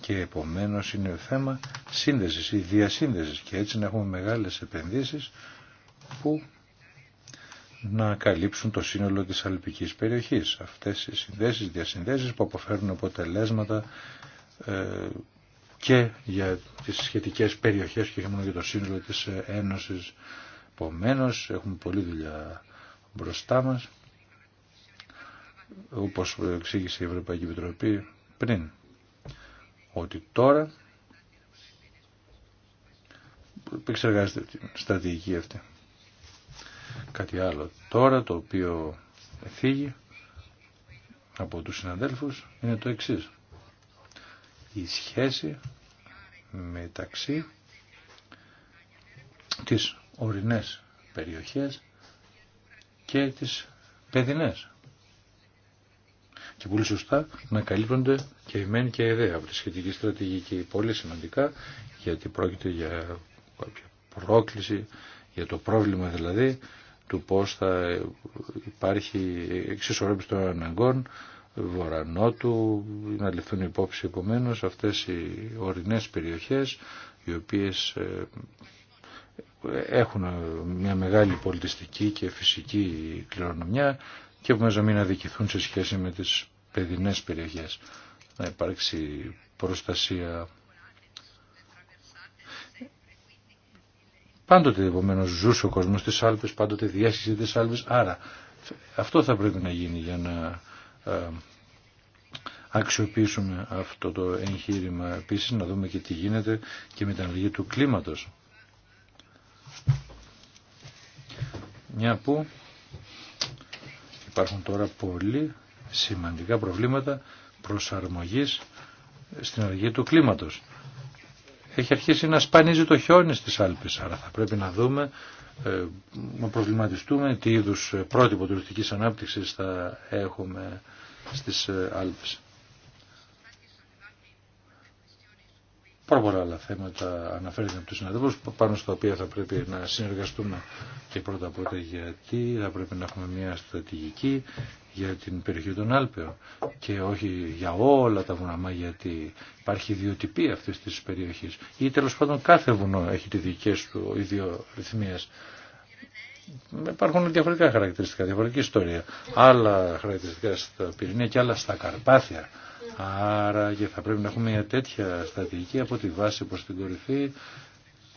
και επομένως είναι θέμα σύνδεσης ή διασύνδεσης και έτσι να έχουμε μεγάλες επενδύσεις που να καλύψουν το σύνολο της αλπικής περιοχής. Αυτές οι συνδέσεις, διασυνδέσεις που αποφέρουν αποτελέσματα ε, και για τις σχετικές περιοχές και μόνο για το σύνολο της ε, Ένωσης. Επομένω, έχουμε πολλή δουλειά μπροστά μας, όπως εξήγησε η Ευρωπαϊκή Επιτροπή πριν, ότι τώρα εξεργάζεται την στρατηγική αυτή κάτι άλλο τώρα το οποίο φύγει από τους συναδέλφους είναι το εξής. Η σχέση μεταξύ τις ορεινές περιοχές και τις παιδινές. Και πολύ σωστά να καλύπτονται και η ΜΕΝ και η δε από τη σχετική στρατηγική. Πολύ σημαντικά γιατί πρόκειται για κάποια πρόκληση, για το πρόβλημα δηλαδή του πώς θα υπάρχει εξισορρόπηση των αναγκών βορανότου, να ληφθούν υπόψη επομένως αυτές οι ορεινές περιοχές οι οποίες ε, έχουν μια μεγάλη πολιτιστική και φυσική κληρονομιά και που να μην αδικηθούν σε σχέση με τις παιδινές περιοχές. Να υπάρξει προστασία Πάντοτε επομένω ζούσε ο κόσμο στι άλπε, πάντοτε διέσχισε τι άλπε. Άρα αυτό θα πρέπει να γίνει για να ε, αξιοποιήσουμε αυτό το εγχείρημα. Επίση να δούμε και τι γίνεται και με την αλλαγή του κλίματο. Μια που υπάρχουν τώρα πολύ σημαντικά προβλήματα προσαρμογής στην αλλαγή του κλίματος έχει αρχίσει να σπανίζει το χιόνι στις Άλπες. Άρα θα πρέπει να δούμε, ε, να προβληματιστούμε τι είδους ε, πρότυπο τουριστικής ανάπτυξης θα έχουμε στις ε, Άλπες. Πάρα πολλά άλλα θέματα αναφέρεται από τους συναδέλφους πάνω στα οποία θα πρέπει να συνεργαστούμε και πρώτα όλα γιατί θα πρέπει να έχουμε μια στρατηγική για την περιοχή των Άλπαιων και όχι για όλα τα βουνά γιατί υπάρχει ιδιοτυπία αυτή τη περιοχή. ή τέλο πάντων κάθε βουνό έχει τι δικέ του ιδιορυθμίε. Υπάρχουν διαφορετικά χαρακτηριστικά, διαφορετική ιστορία. Άλλα χαρακτηριστικά στα Πυρηνία και άλλα στα Καρπάθια. Άρα και θα πρέπει να έχουμε μια τέτοια στρατηγική από τη βάση προς την κορυφή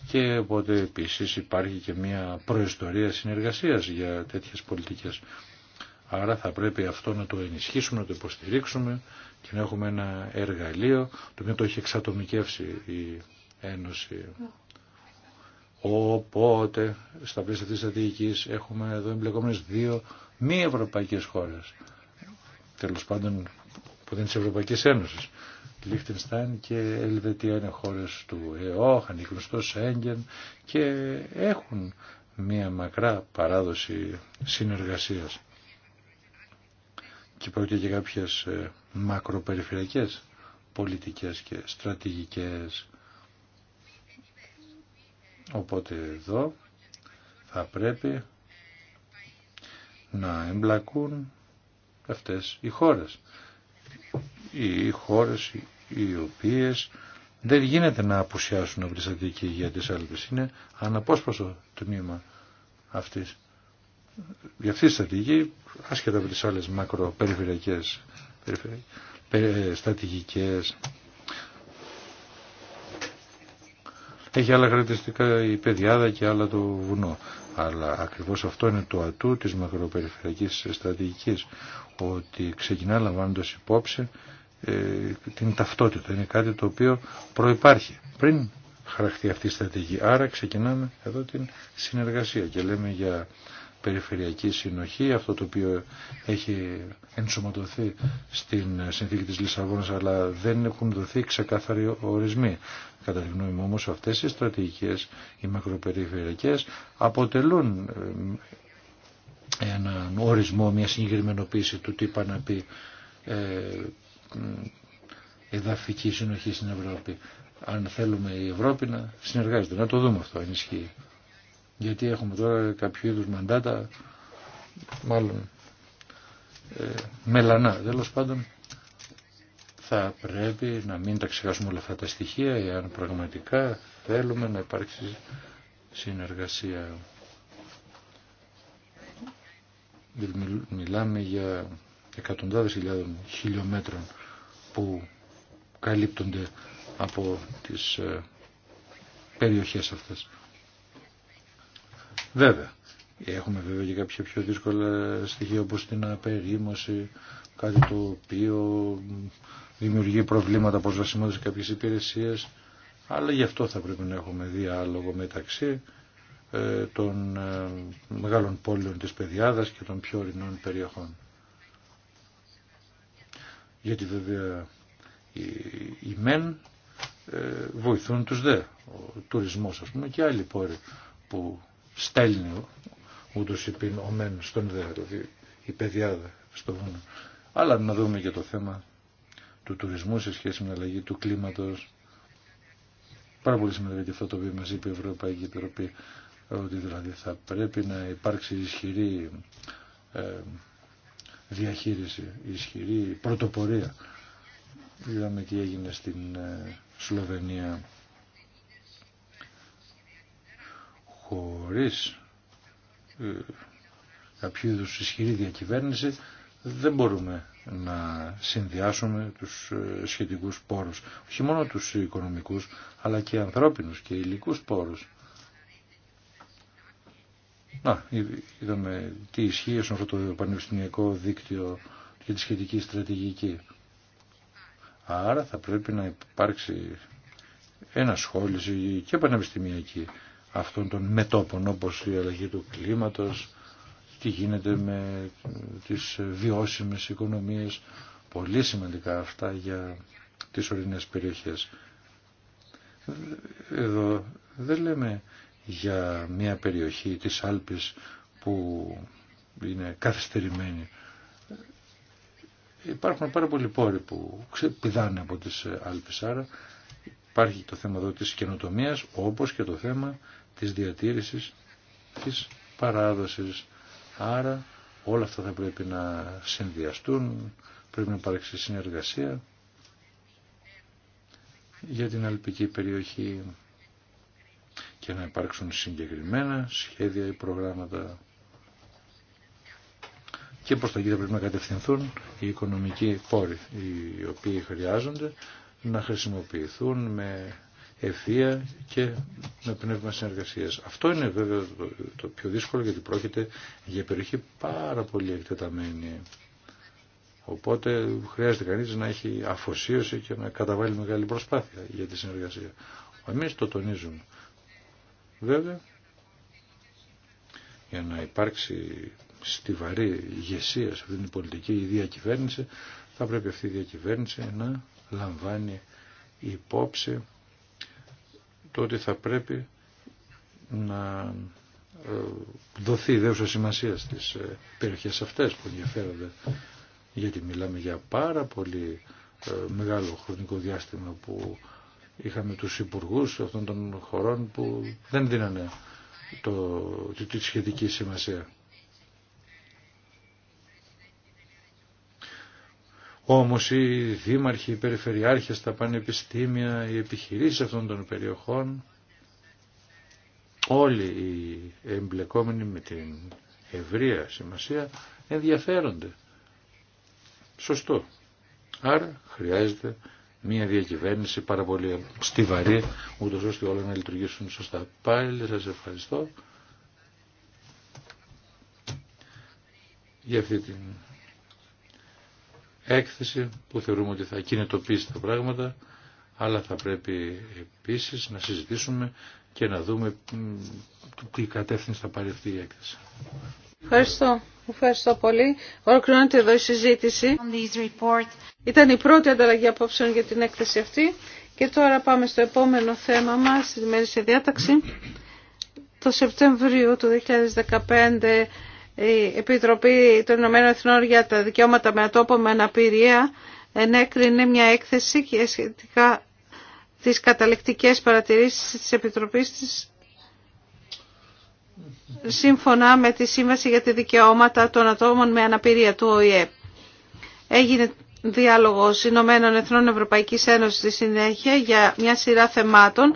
και οπότε επίσης υπάρχει και μια προϊστορία συνεργασίας για τέτοιες πολιτικές. Άρα θα πρέπει αυτό να το ενισχύσουμε, να το υποστηρίξουμε και να έχουμε ένα εργαλείο το οποίο το έχει εξατομικεύσει η Ένωση. Οπότε, στα πλαίσια της στρατηγικής έχουμε εδώ εμπλεκόμενες δύο μη ευρωπαϊκές χώρες. Τέλος πάντων, που δεν είναι της Ευρωπαϊκής Ένωσης. Λίχτενστάιν και Ελβετία είναι χώρες του ΕΟΧ, ανήκουν στο Σέγγεν και έχουν μία μακρά παράδοση συνεργασίας και πρόκειται για κάποιες ε, μακροπεριφερειακές πολιτικές και στρατηγικές. Οπότε εδώ θα πρέπει να εμπλακούν αυτές οι χώρες. Οι χώρες οι οποίες δεν γίνεται να απουσιάσουν από τη στρατηγική για τις άλλες. Είναι αναπόσπαστο τμήμα αυτής για αυτή τη στρατηγική, άσχετα από τις άλλες μακροπεριφερειακές στρατηγικές, έχει άλλα χαρακτηριστικά η Παιδιάδα και άλλα το βουνό. Αλλά ακριβώς αυτό είναι το ατού της μακροπεριφερειακής στρατηγικής, ότι ξεκινά λαμβάνοντας υπόψη ε, την ταυτότητα. Είναι κάτι το οποίο προϋπάρχει πριν χαραχτεί αυτή η στρατηγική. Άρα ξεκινάμε εδώ την συνεργασία και λέμε για περιφερειακή συνοχή, αυτό το οποίο έχει ενσωματωθεί στην συνθήκη της Λισαβόνας, αλλά δεν έχουν δοθεί ξεκάθαροι ορισμοί. Κατά τη γνώμη μου όμως αυτές οι στρατηγικές, οι μακροπεριφερειακές, αποτελούν ε, έναν ορισμό, μια συγκεκριμενοποίηση του τι είπα να πει ε, εδαφική συνοχή στην Ευρώπη. Αν θέλουμε η Ευρώπη να συνεργάζεται, να το δούμε αυτό, ενισχύει γιατί έχουμε τώρα κάποιο είδους μαντάτα, μάλλον ε, μελανά. Τέλο πάντων, θα πρέπει να μην τα ξεχάσουμε όλα αυτά τα στοιχεία, εάν πραγματικά θέλουμε να υπάρξει συνεργασία. Μιλάμε για εκατοντάδες χιλιάδων χιλιόμετρων που καλύπτονται από τις ε, περιοχές αυτές. Βέβαια, έχουμε βέβαια και κάποια πιο δύσκολα στοιχεία όπως την απερίμωση, κάτι το οποίο δημιουργεί προβλήματα προσβασιμότητας κάποιες υπηρεσίες, αλλά γι' αυτό θα πρέπει να έχουμε διάλογο μεταξύ ε, των ε, μεγάλων πόλεων της Παιδιάδας και των πιο ορεινών περιοχών. Γιατί βέβαια οι μεν ε, βοηθούν τους δε. Ο τουρισμός ας πούμε και άλλοι πόροι που στέλνει ούτως είπε ο μεν στον ΔΕΑ, δηλαδή η παιδιάδα στο βουνό. Αλλά να δούμε και το θέμα του τουρισμού σε σχέση με την αλλαγή του κλίματος. Πάρα πολύ σημαντικό και αυτό το οποίο μας είπε η Ευρωπαϊκή Επιτροπή ότι δηλαδή θα πρέπει να υπάρξει ισχυρή ε, διαχείριση, ισχυρή πρωτοπορία. Είδαμε τι έγινε στην ε, Σλοβενία χωρίς ε, κάποιο είδου ισχυρή διακυβέρνηση δεν μπορούμε να συνδυάσουμε τους ε, σχετικούς πόρους. Όχι μόνο τους οικονομικούς, αλλά και ανθρώπινους και υλικούς πόρους. Να, είδαμε τι ισχύει σε αυτό το πανεπιστημιακό δίκτυο για τη σχετική στρατηγική. Άρα θα πρέπει να υπάρξει σχόλιο και πανεπιστημιακή αυτών των μετόπων όπως η αλλαγή του κλίματος, τι γίνεται με τις βιώσιμες οικονομίες, πολύ σημαντικά αυτά για τις ορεινές περιοχές. Εδώ δεν λέμε για μια περιοχή της Άλπης που είναι καθυστερημένη. Υπάρχουν πάρα πολλοί πόροι που ξεπηδάνε από τις Άλπεις... άρα Υπάρχει το θέμα εδώ της καινοτομίας, όπως και το θέμα της διατήρησης της παράδοσης. Άρα όλα αυτά θα πρέπει να συνδυαστούν, πρέπει να υπάρξει συνεργασία για την αλπική περιοχή και να υπάρξουν συγκεκριμένα σχέδια ή προγράμματα και προς τα εκεί θα πρέπει να κατευθυνθούν οι οικονομικοί πόροι οι οποίοι χρειάζονται να χρησιμοποιηθούν με ευθεία και με πνεύμα συνεργασία. Αυτό είναι βέβαια το, πιο δύσκολο γιατί πρόκειται για περιοχή πάρα πολύ εκτεταμένη. Οπότε χρειάζεται κανείς να έχει αφοσίωση και να καταβάλει μεγάλη προσπάθεια για τη συνεργασία. Εμείς το τονίζουμε. Βέβαια, για να υπάρξει στιβαρή ηγεσία σε αυτήν την πολιτική διακυβέρνηση, θα πρέπει αυτή η διακυβέρνηση να λαμβάνει υπόψη το ότι θα πρέπει να ε, δοθεί ιδέουσα σημασία στις ε, περιοχές αυτές που ενδιαφέρονται γιατί μιλάμε για πάρα πολύ ε, μεγάλο χρονικό διάστημα που είχαμε τους υπουργούς αυτών των χωρών που δεν δίνανε το, τη, τη σχετική σημασία. Όμως οι δήμαρχοι, οι περιφερειάρχες, τα πανεπιστήμια, οι επιχειρήσεις αυτών των περιοχών, όλοι οι εμπλεκόμενοι με την ευρεία σημασία ενδιαφέρονται. Σωστό. Άρα χρειάζεται μια διακυβέρνηση πάρα πολύ στιβαρή, ούτως ώστε όλα να λειτουργήσουν σωστά. Πάλι σας ευχαριστώ για αυτή την έκθεση που θεωρούμε ότι θα κινητοποιήσει τα πράγματα, αλλά θα πρέπει επίσης να συζητήσουμε και να δούμε τι κατεύθυνση θα πάρει αυτή η έκθεση. Ευχαριστώ. Ευχαριστώ πολύ. Ολοκληρώνεται εδώ η συζήτηση. Ήταν η πρώτη ανταλλαγή απόψεων για την έκθεση αυτή. Και τώρα πάμε στο επόμενο θέμα μας, στη μέρη σε διάταξη. Το Σεπτέμβριο του 2015 η Επιτροπή των Ηνωμένων Εθνών για τα Δικαιώματα με Ατόπο με Αναπηρία ενέκρινε μια έκθεση και σχετικά τις καταληκτικές παρατηρήσεις της Επιτροπής της σύμφωνα με τη Σύμβαση για τα Δικαιώματα των Ατόμων με Αναπηρία του ΟΗΕ. Έγινε διάλογος Ηνωμένων Εθνών Ευρωπαϊκής Ένωσης στη συνέχεια για μια σειρά θεμάτων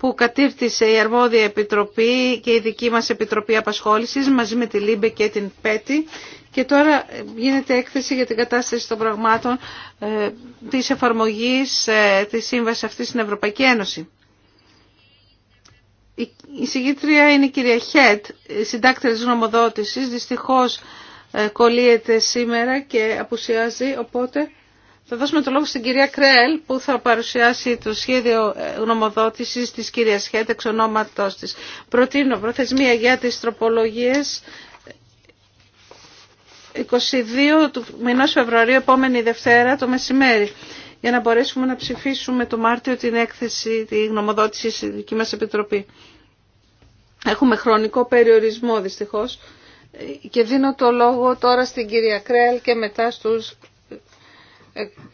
που κατήρθησε η αρμόδια επιτροπή και η δική μας επιτροπή απασχόλησης μαζί με τη ΛΥΜΠΕ και την ΠΕΤΗ και τώρα γίνεται έκθεση για την κατάσταση των πραγμάτων ε, της εφαρμογής ε, της σύμβασης αυτής στην Ευρωπαϊκή Ένωση. Η, η είναι η κυρία Χέτ, συντάκτερης συντάκτρια της νομοδότησης, δυστυχώς ε, κολλείεται σήμερα και απουσιάζει, οπότε θα δώσουμε το λόγο στην κυρία Κρέλ που θα παρουσιάσει το σχέδιο ε, γνωμοδότησης της κυρίας Χέντ εξ ονόματός της. Προτείνω προθεσμία για τις τροπολογίες 22 ε, του μηνός Φεβρουαρίου, επόμενη Δευτέρα το μεσημέρι για να μπορέσουμε να ψηφίσουμε το Μάρτιο την έκθεση, τη γνωμοδότηση στη δική μα Επιτροπή. Έχουμε χρονικό περιορισμό δυστυχώς ε, και δίνω το λόγο τώρα στην κυρία Κρέλ και μετά στους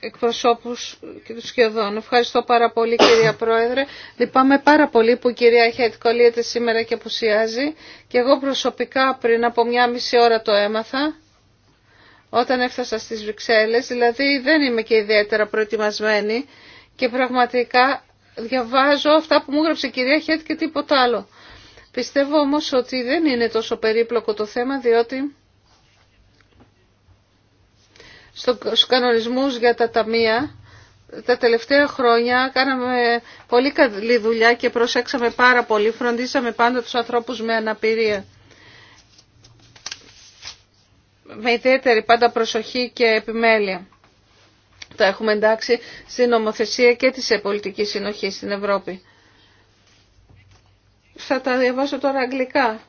εκπροσώπους και τους σχεδόν. Ευχαριστώ πάρα πολύ κυρία Πρόεδρε. Λυπάμαι πάρα πολύ που η κυρία Χέτ σήμερα και απουσιάζει και εγώ προσωπικά πριν από μια μισή ώρα το έμαθα όταν έφτασα στις Βρυξέλλες, δηλαδή δεν είμαι και ιδιαίτερα προετοιμασμένη και πραγματικά διαβάζω αυτά που μου έγραψε η κυρία Χέτ και τίποτα άλλο. Πιστεύω όμως ότι δεν είναι τόσο περίπλοκο το θέμα διότι στους κανονισμούς για τα ταμεία. Τα τελευταία χρόνια κάναμε πολύ καλή δουλειά και προσέξαμε πάρα πολύ. Φροντίσαμε πάντα τους ανθρώπους με αναπηρία. Με ιδιαίτερη πάντα προσοχή και επιμέλεια. Τα έχουμε εντάξει στην νομοθεσία και της πολιτική συνοχή στην Ευρώπη. Θα τα διαβάσω τώρα αγγλικά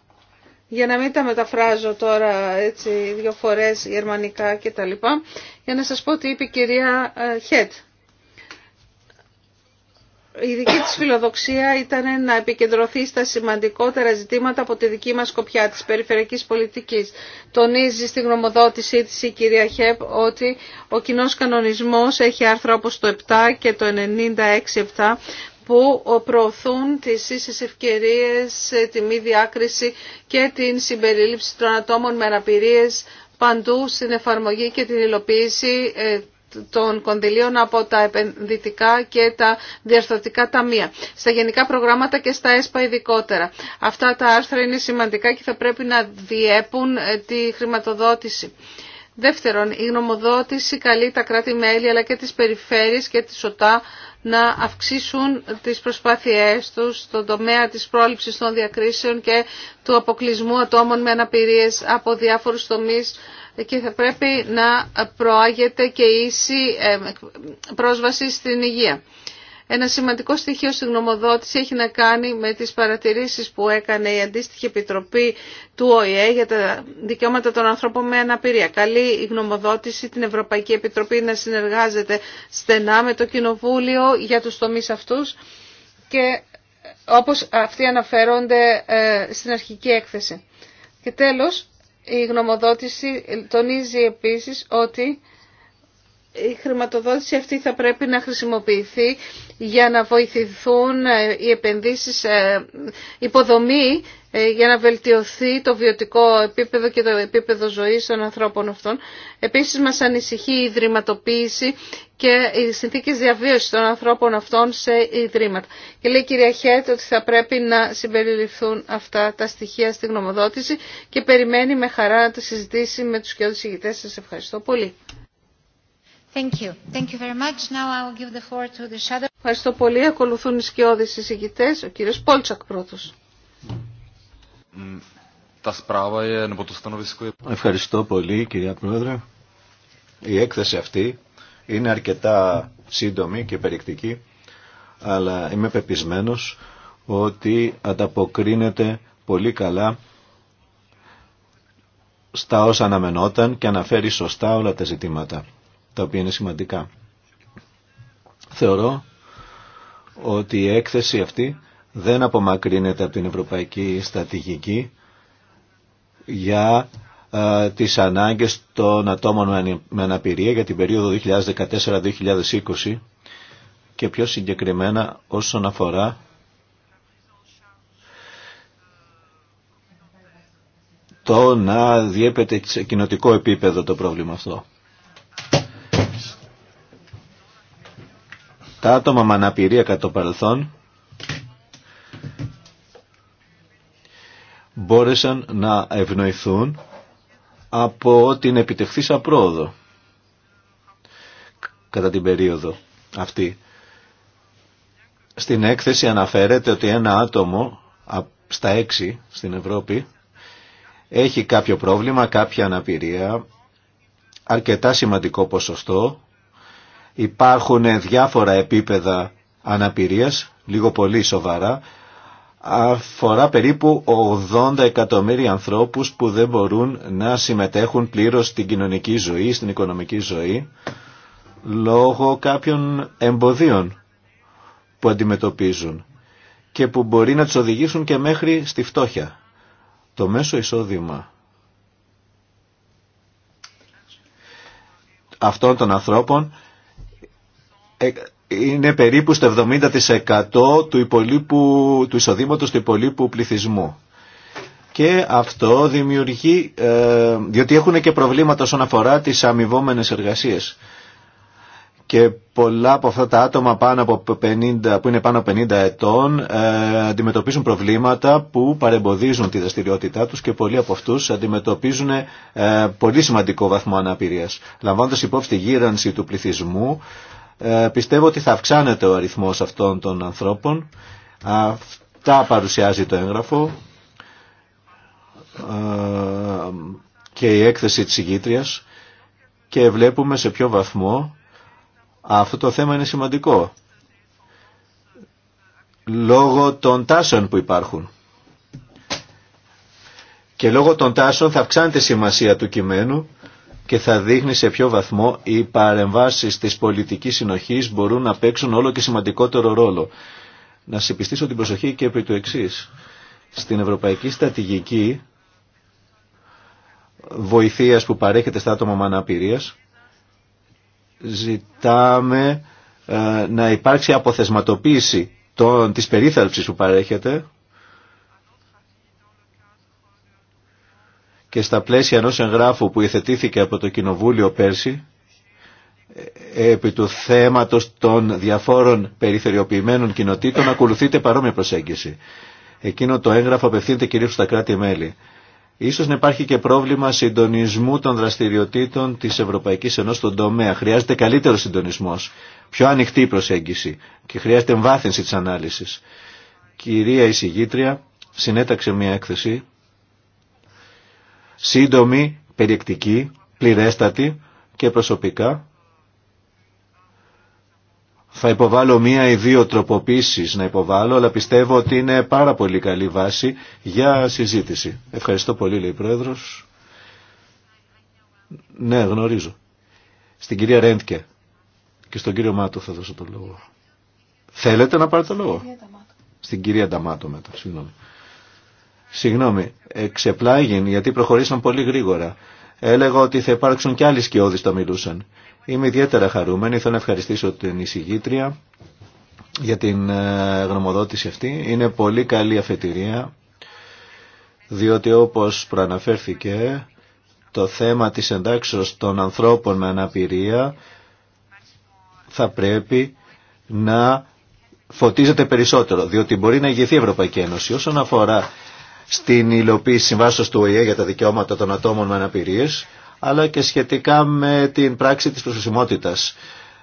για να μην τα μεταφράζω τώρα έτσι δύο φορές γερμανικά και τα λοιπά, για να σας πω τι είπε η κυρία ε, Χέτ. Η δική της φιλοδοξία ήταν να επικεντρωθεί στα σημαντικότερα ζητήματα από τη δική μας κοπιά της περιφερειακής πολιτικής. Τονίζει στην γνωμοδότησή της η κυρία Χέπ ότι ο κοινός κανονισμός έχει άρθρα όπως το 7 και το 96-7 που προωθούν τις ίσες ευκαιρίες, τη μη διάκριση και την συμπερίληψη των ατόμων με αναπηρίες παντού στην εφαρμογή και την υλοποίηση ε, των κονδυλίων από τα επενδυτικά και τα διαστατικά ταμεία. Στα γενικά προγράμματα και στα ΕΣΠΑ ειδικότερα. Αυτά τα άρθρα είναι σημαντικά και θα πρέπει να διέπουν ε, τη χρηματοδότηση. Δεύτερον, η γνωμοδότηση καλεί τα κράτη-μέλη αλλά και τις περιφέρειες και τις ΟΤΑ να αυξήσουν τις προσπάθειές τους στον τομέα της πρόληψης των διακρίσεων και του αποκλεισμού ατόμων με αναπηρίες από διάφορους τομείς και θα πρέπει να προάγεται και ίση ε, πρόσβαση στην υγεία. Ένα σημαντικό στοιχείο στην γνωμοδότηση έχει να κάνει με τις παρατηρήσεις που έκανε η αντίστοιχη επιτροπή του ΟΗΕ για τα δικαιώματα των ανθρώπων με αναπηρία. Καλή η γνωμοδότηση την Ευρωπαϊκή Επιτροπή να συνεργάζεται στενά με το Κοινοβούλιο για τους τομείς αυτούς και όπως αυτοί αναφέρονται ε, στην αρχική έκθεση. Και τέλος, η γνωμοδότηση τονίζει επίσης ότι η χρηματοδότηση αυτή θα πρέπει να χρησιμοποιηθεί για να βοηθηθούν ε, οι επενδύσεις ε, υποδομή ε, για να βελτιωθεί το βιωτικό επίπεδο και το επίπεδο ζωής των ανθρώπων αυτών. Επίσης μας ανησυχεί η ιδρυματοποίηση και οι συνθήκες διαβίωσης των ανθρώπων αυτών σε ιδρύματα. Και λέει η κυρία Χέτ ότι θα πρέπει να συμπεριληφθούν αυτά τα στοιχεία στη γνωμοδότηση και περιμένει με χαρά να τη συζητήσει με τους και ηγητές. Σας ευχαριστώ πολύ. Ευχαριστώ πολύ. Ακολουθούν οι σκιώδεις συζητητές. Ο κύριος Πόλτσακ πρώτος. Ευχαριστώ πολύ κυρία Πρόεδρε. Η έκθεση αυτή είναι αρκετά σύντομη και περιεκτική, αλλά είμαι πεπισμένος ότι ανταποκρίνεται πολύ καλά στα όσα αναμενόταν και αναφέρει σωστά όλα τα ζητήματα τα οποία είναι σημαντικά. Θεωρώ ότι η έκθεση αυτή δεν απομακρύνεται από την Ευρωπαϊκή στρατηγική για ε, τις ανάγκες των ατόμων με αναπηρία για την περίοδο 2014-2020 και πιο συγκεκριμένα όσον αφορά το να διέπεται σε κοινοτικό επίπεδο το πρόβλημα αυτό. Τα άτομα με αναπηρία κατά το παρελθόν μπόρεσαν να ευνοηθούν από την επιτευχθήσα πρόοδο κατά την περίοδο αυτή. Στην έκθεση αναφέρεται ότι ένα άτομο στα έξι στην Ευρώπη έχει κάποιο πρόβλημα, κάποια αναπηρία, αρκετά σημαντικό ποσοστό Υπάρχουν διάφορα επίπεδα αναπηρίας, λίγο πολύ σοβαρά, αφορά περίπου 80 εκατομμύρια ανθρώπους που δεν μπορούν να συμμετέχουν πλήρως στην κοινωνική ζωή, στην οικονομική ζωή, λόγω κάποιων εμποδίων που αντιμετωπίζουν και που μπορεί να τους οδηγήσουν και μέχρι στη φτώχεια. Το μέσο εισόδημα αυτών των ανθρώπων ε, είναι περίπου στο 70% του, υπολείπου, του εισοδήματος του υπολείπου πληθυσμού. Και αυτό δημιουργεί, ε, διότι έχουν και προβλήματα όσον αφορά τις αμοιβόμενε εργασίες. Και πολλά από αυτά τα άτομα πάνω από 50, που είναι πάνω από 50 ετών ε, αντιμετωπίζουν προβλήματα που παρεμποδίζουν τη δραστηριότητά τους και πολλοί από αυτούς αντιμετωπίζουν ε, πολύ σημαντικό βαθμό αναπηρίας. Λαμβάνοντας υπόψη τη γύρανση του πληθυσμού, ε, πιστεύω ότι θα αυξάνεται ο αριθμός αυτών των ανθρώπων. Αυτά παρουσιάζει το έγγραφο ε, και η έκθεση της ηγήτριας και βλέπουμε σε ποιο βαθμό αυτό το θέμα είναι σημαντικό λόγω των τάσεων που υπάρχουν. Και λόγω των τάσεων θα αυξάνεται η σημασία του κειμένου και θα δείχνει σε ποιο βαθμό οι παρεμβάσεις της πολιτικής συνοχής μπορούν να παίξουν όλο και σημαντικότερο ρόλο. Να συμπιστήσω την προσοχή και επί του εξή. Στην Ευρωπαϊκή Στρατηγική βοηθείας που παρέχεται στα άτομα με αναπηρία, ζητάμε ε, να υπάρξει αποθεσματοποίηση των, της περίθαλψης που παρέχεται και στα πλαίσια ενός εγγράφου που υθετήθηκε από το Κοινοβούλιο πέρσι ε, επί του θέματος των διαφόρων περιθεριοποιημένων κοινοτήτων ακολουθείται παρόμοια προσέγγιση. Εκείνο το έγγραφο απευθύνεται κυρίως στα κράτη-μέλη. Ίσως να υπάρχει και πρόβλημα συντονισμού των δραστηριοτήτων της Ευρωπαϊκής Ενώσης στον τομέα. Χρειάζεται καλύτερο συντονισμός, πιο ανοιχτή προσέγγιση και χρειάζεται εμβάθυνση της ανάλυσης. Κυρία εισηγήτρια συνέταξε μια έκθεση σύντομη, περιεκτική, πληρέστατη και προσωπικά. Θα υποβάλω μία ή δύο τροποποίησεις να υποβάλω, αλλά πιστεύω ότι είναι πάρα πολύ καλή βάση για συζήτηση. Ευχαριστώ πολύ, λέει η δυο τροποποιησεις να υποβαλω αλλα πιστευω οτι ειναι παρα πολυ καλη βαση για συζητηση ευχαριστω πολυ λεει προεδρος Ναι, γνωρίζω. Στην κυρία Ρέντκε και στον κύριο Μάτο θα δώσω το λόγο. Θέλετε να πάρετε το λόγο. Στην κυρία Νταμάτο μετά, συγγνώμη. Συγγνώμη, ξεπλάγιν γιατί προχωρήσαν πολύ γρήγορα. Έλεγα ότι θα υπάρξουν και άλλοι σκιώδεις το μιλούσαν. Είμαι ιδιαίτερα χαρούμενη, θέλω να ευχαριστήσω την εισηγήτρια για την ε, γνωμοδότηση αυτή. Είναι πολύ καλή αφετηρία, διότι όπως προαναφέρθηκε, το θέμα της εντάξεως των ανθρώπων με αναπηρία θα πρέπει να φωτίζεται περισσότερο, διότι μπορεί να ηγηθεί η Ευρωπαϊκή Ένωση. Όσον αφορά στην υλοποίηση συμβάσεως του ΟΗΕ για τα δικαιώματα των ατόμων με αναπηρίες, αλλά και σχετικά με την πράξη της προσωσιμότητας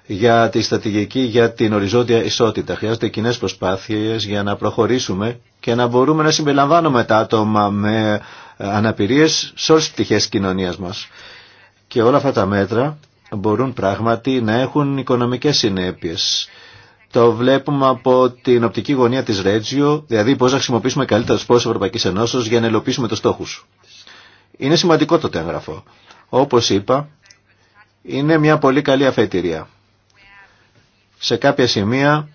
για τη στρατηγική για την οριζόντια ισότητα. Χρειάζονται κοινέ προσπάθειες για να προχωρήσουμε και να μπορούμε να συμπεριλαμβάνουμε τα άτομα με ε, αναπηρίες σε όλες τις πτυχές κοινωνίας μας. Και όλα αυτά τα μέτρα μπορούν πράγματι να έχουν οικονομικές συνέπειες το βλέπουμε από την οπτική γωνία της Ρέτζιο, δηλαδή πώς να χρησιμοποιήσουμε καλύτερα τους πόρους Ευρωπαϊκής Ενώσεως για να ελοπίσουμε τους στόχους. Είναι σημαντικό το έγγραφο. Όπως είπα, είναι μια πολύ καλή αφετηρία. Σε κάποια σημεία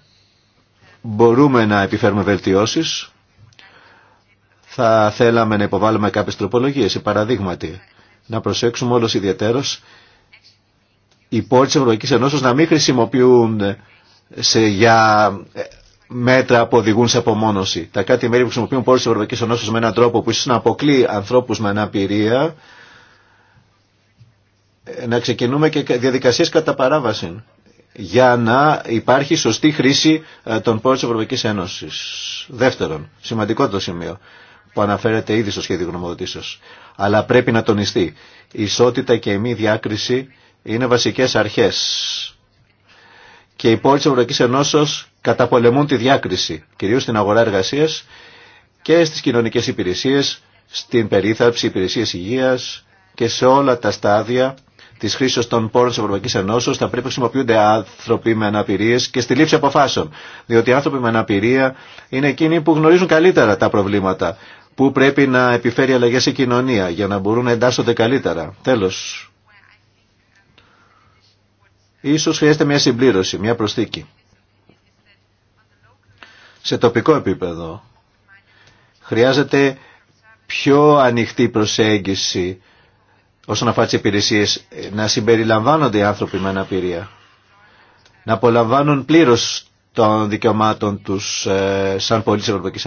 μπορούμε να επιφέρουμε βελτιώσεις. Θα θέλαμε να υποβάλουμε κάποιες τροπολογίες ή παραδείγματι. Να προσέξουμε όλος ιδιαίτερος οι πόροι Ευρωπαϊκής Ενώσεως να μην χρησιμοποιούν σε, για ε, μέτρα που οδηγούν σε απομόνωση. Τα κάτι μέρη που χρησιμοποιούν πόρου τη Ευρωπαϊκή Ενώση με έναν τρόπο που ίσω να αποκλεί ανθρώπου με αναπηρία, ε, να ξεκινούμε και διαδικασίε κατά παράβαση για να υπάρχει σωστή χρήση ε, των πόρων τη Ευρωπαϊκή Ένωση. Δεύτερον, σημαντικό το σημείο που αναφέρεται ήδη στο σχέδιο γνωμοδοτήσεω. Αλλά πρέπει να τονιστεί. ισότητα και η μη διάκριση είναι βασικέ αρχέ και οι πόλεις της Ευρωπαϊκής Ενώσεως καταπολεμούν τη διάκριση, κυρίως στην αγορά εργασίας και στις κοινωνικές υπηρεσίες, στην περίθαψη υπηρεσίες υγείας και σε όλα τα στάδια της χρήσης των πόρων τη Ευρωπαϊκή Ενώσεως θα πρέπει να χρησιμοποιούνται άνθρωποι με αναπηρίε και στη λήψη αποφάσεων. Διότι οι άνθρωποι με αναπηρία είναι εκείνοι που γνωρίζουν καλύτερα τα προβλήματα, που πρέπει να επιφέρει αλλαγές η κοινωνία για να μπορούν να εντάσσονται καλύτερα. Τέλο, Ίσως χρειάζεται μια συμπλήρωση, μια προσθήκη. Σε τοπικό επίπεδο χρειάζεται πιο ανοιχτή προσέγγιση όσον αφορά τις υπηρεσίες, να συμπεριλαμβάνονται οι άνθρωποι με αναπηρία, να απολαμβάνουν πλήρως των δικαιωμάτων τους ε, σαν πολίτες της Ευρωπαϊκής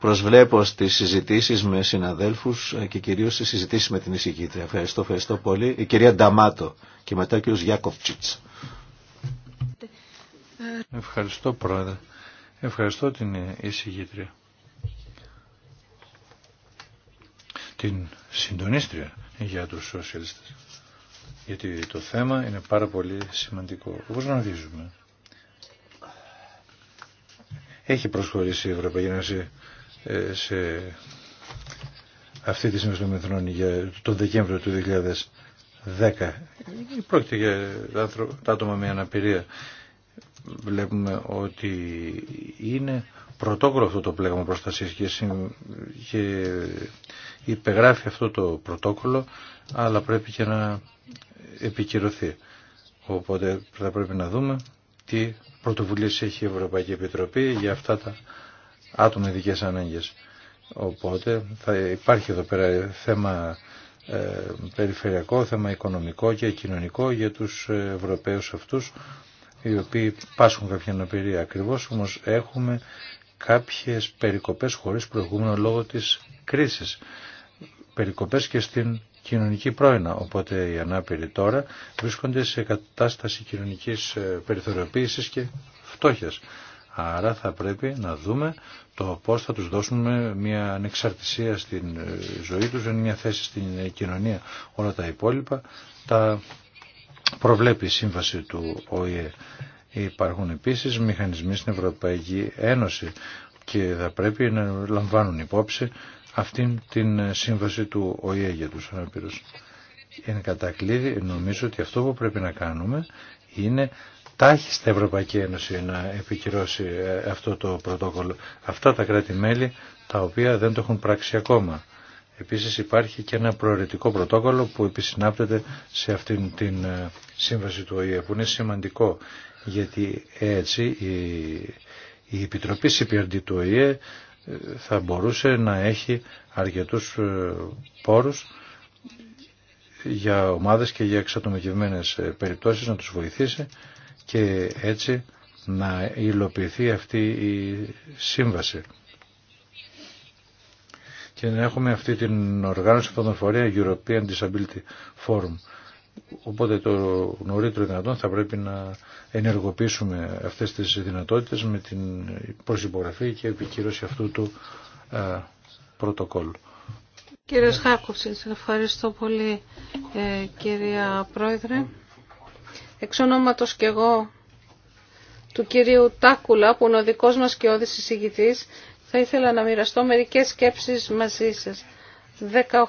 Προσβλέπω στις συζητήσεις με συναδέλφους ε, και κυρίως στις συζητήσεις με την εισηγήτρια. Ευχαριστώ, ευχαριστώ πολύ. Η κυρία Νταμάτο και μετά ο κύριος Γιάκοφτσιτς. Ευχαριστώ πρόεδρε. Ευχαριστώ την ε, εισηγήτρια. Την συντονίστρια για τους σοσιαλιστές. Γιατί το θέμα είναι πάρα πολύ σημαντικό. Όπως γνωρίζουμε. Έχει προσχωρήσει η Ευρωπαϊκή Ένωση ε, σε αυτή τη την για τον Δεκέμβριο του 2010. Πρόκειται για τα άτομα με αναπηρία. Βλέπουμε ότι είναι πρωτόκολλο αυτό το πλέγμα προστασίας και, και υπεγράφει αυτό το πρωτόκολλο, αλλά πρέπει και να επικυρωθεί. Οπότε θα πρέπει να δούμε τι πρωτοβουλίες έχει η Ευρωπαϊκή Επιτροπή για αυτά τα άτομα ειδικέ ανάγκες. Οπότε θα υπάρχει εδώ πέρα θέμα ε, περιφερειακό, θέμα οικονομικό και κοινωνικό για τους Ευρωπαίους αυτούς οι οποίοι πάσχουν κάποια αναπηρία. Ακριβώς όμως έχουμε κάποιες περικοπές χωρίς προηγούμενο λόγω της κρίσης. Περικοπές και στην κοινωνική πρόηνα. Οπότε οι ανάπηροι τώρα βρίσκονται σε κατάσταση κοινωνικής ε, περιθωριοποίησης και φτώχειας. Άρα θα πρέπει να δούμε το πώς θα τους δώσουμε μια ανεξαρτησία στην ε, ζωή τους, μια θέση στην ε, κοινωνία. Όλα τα υπόλοιπα τα προβλέπει η σύμβαση του ΟΗΕ. Υπάρχουν επίσης μηχανισμοί στην Ευρωπαϊκή Ένωση και θα πρέπει να λαμβάνουν υπόψη αυτήν την ε, σύμβαση του ΟΗΕ για τους αναπήρους. Εν κατακλείδη νομίζω ότι αυτό που πρέπει να κάνουμε είναι στην Ευρωπαϊκή Ένωση να επικυρώσει ε, αυτό το πρωτόκολλο. Αυτά τα κράτη-μέλη τα οποία δεν το έχουν πράξει ακόμα. Επίσης υπάρχει και ένα προαιρετικό πρωτόκολλο που επισυνάπτεται σε αυτήν την ε, σύμβαση του ΟΗΕ που είναι σημαντικό γιατί έτσι η, η Επιτροπή CPRD του ΟΗΕ ε, θα μπορούσε να έχει αρκετούς πόρους για ομάδες και για εξατομικευμένες περιπτώσεις να τους βοηθήσει και έτσι να υλοποιηθεί αυτή η σύμβαση. Και να έχουμε αυτή την οργάνωση φωτοφορία European Disability Forum. Οπότε το νωρίτερο δυνατόν θα πρέπει να ενεργοποιήσουμε αυτές τις δυνατότητες με την προσυπογραφή και επικύρωση αυτού του ε, πρωτοκόλλου. Κύριος σας ευχαριστώ πολύ ε, κυρία Πρόεδρε. Εξ ονόματος και εγώ του κυρίου Τάκουλα που είναι ο δικός μας και ο θα ήθελα να μοιραστώ μερικές σκέψεις μαζί σας.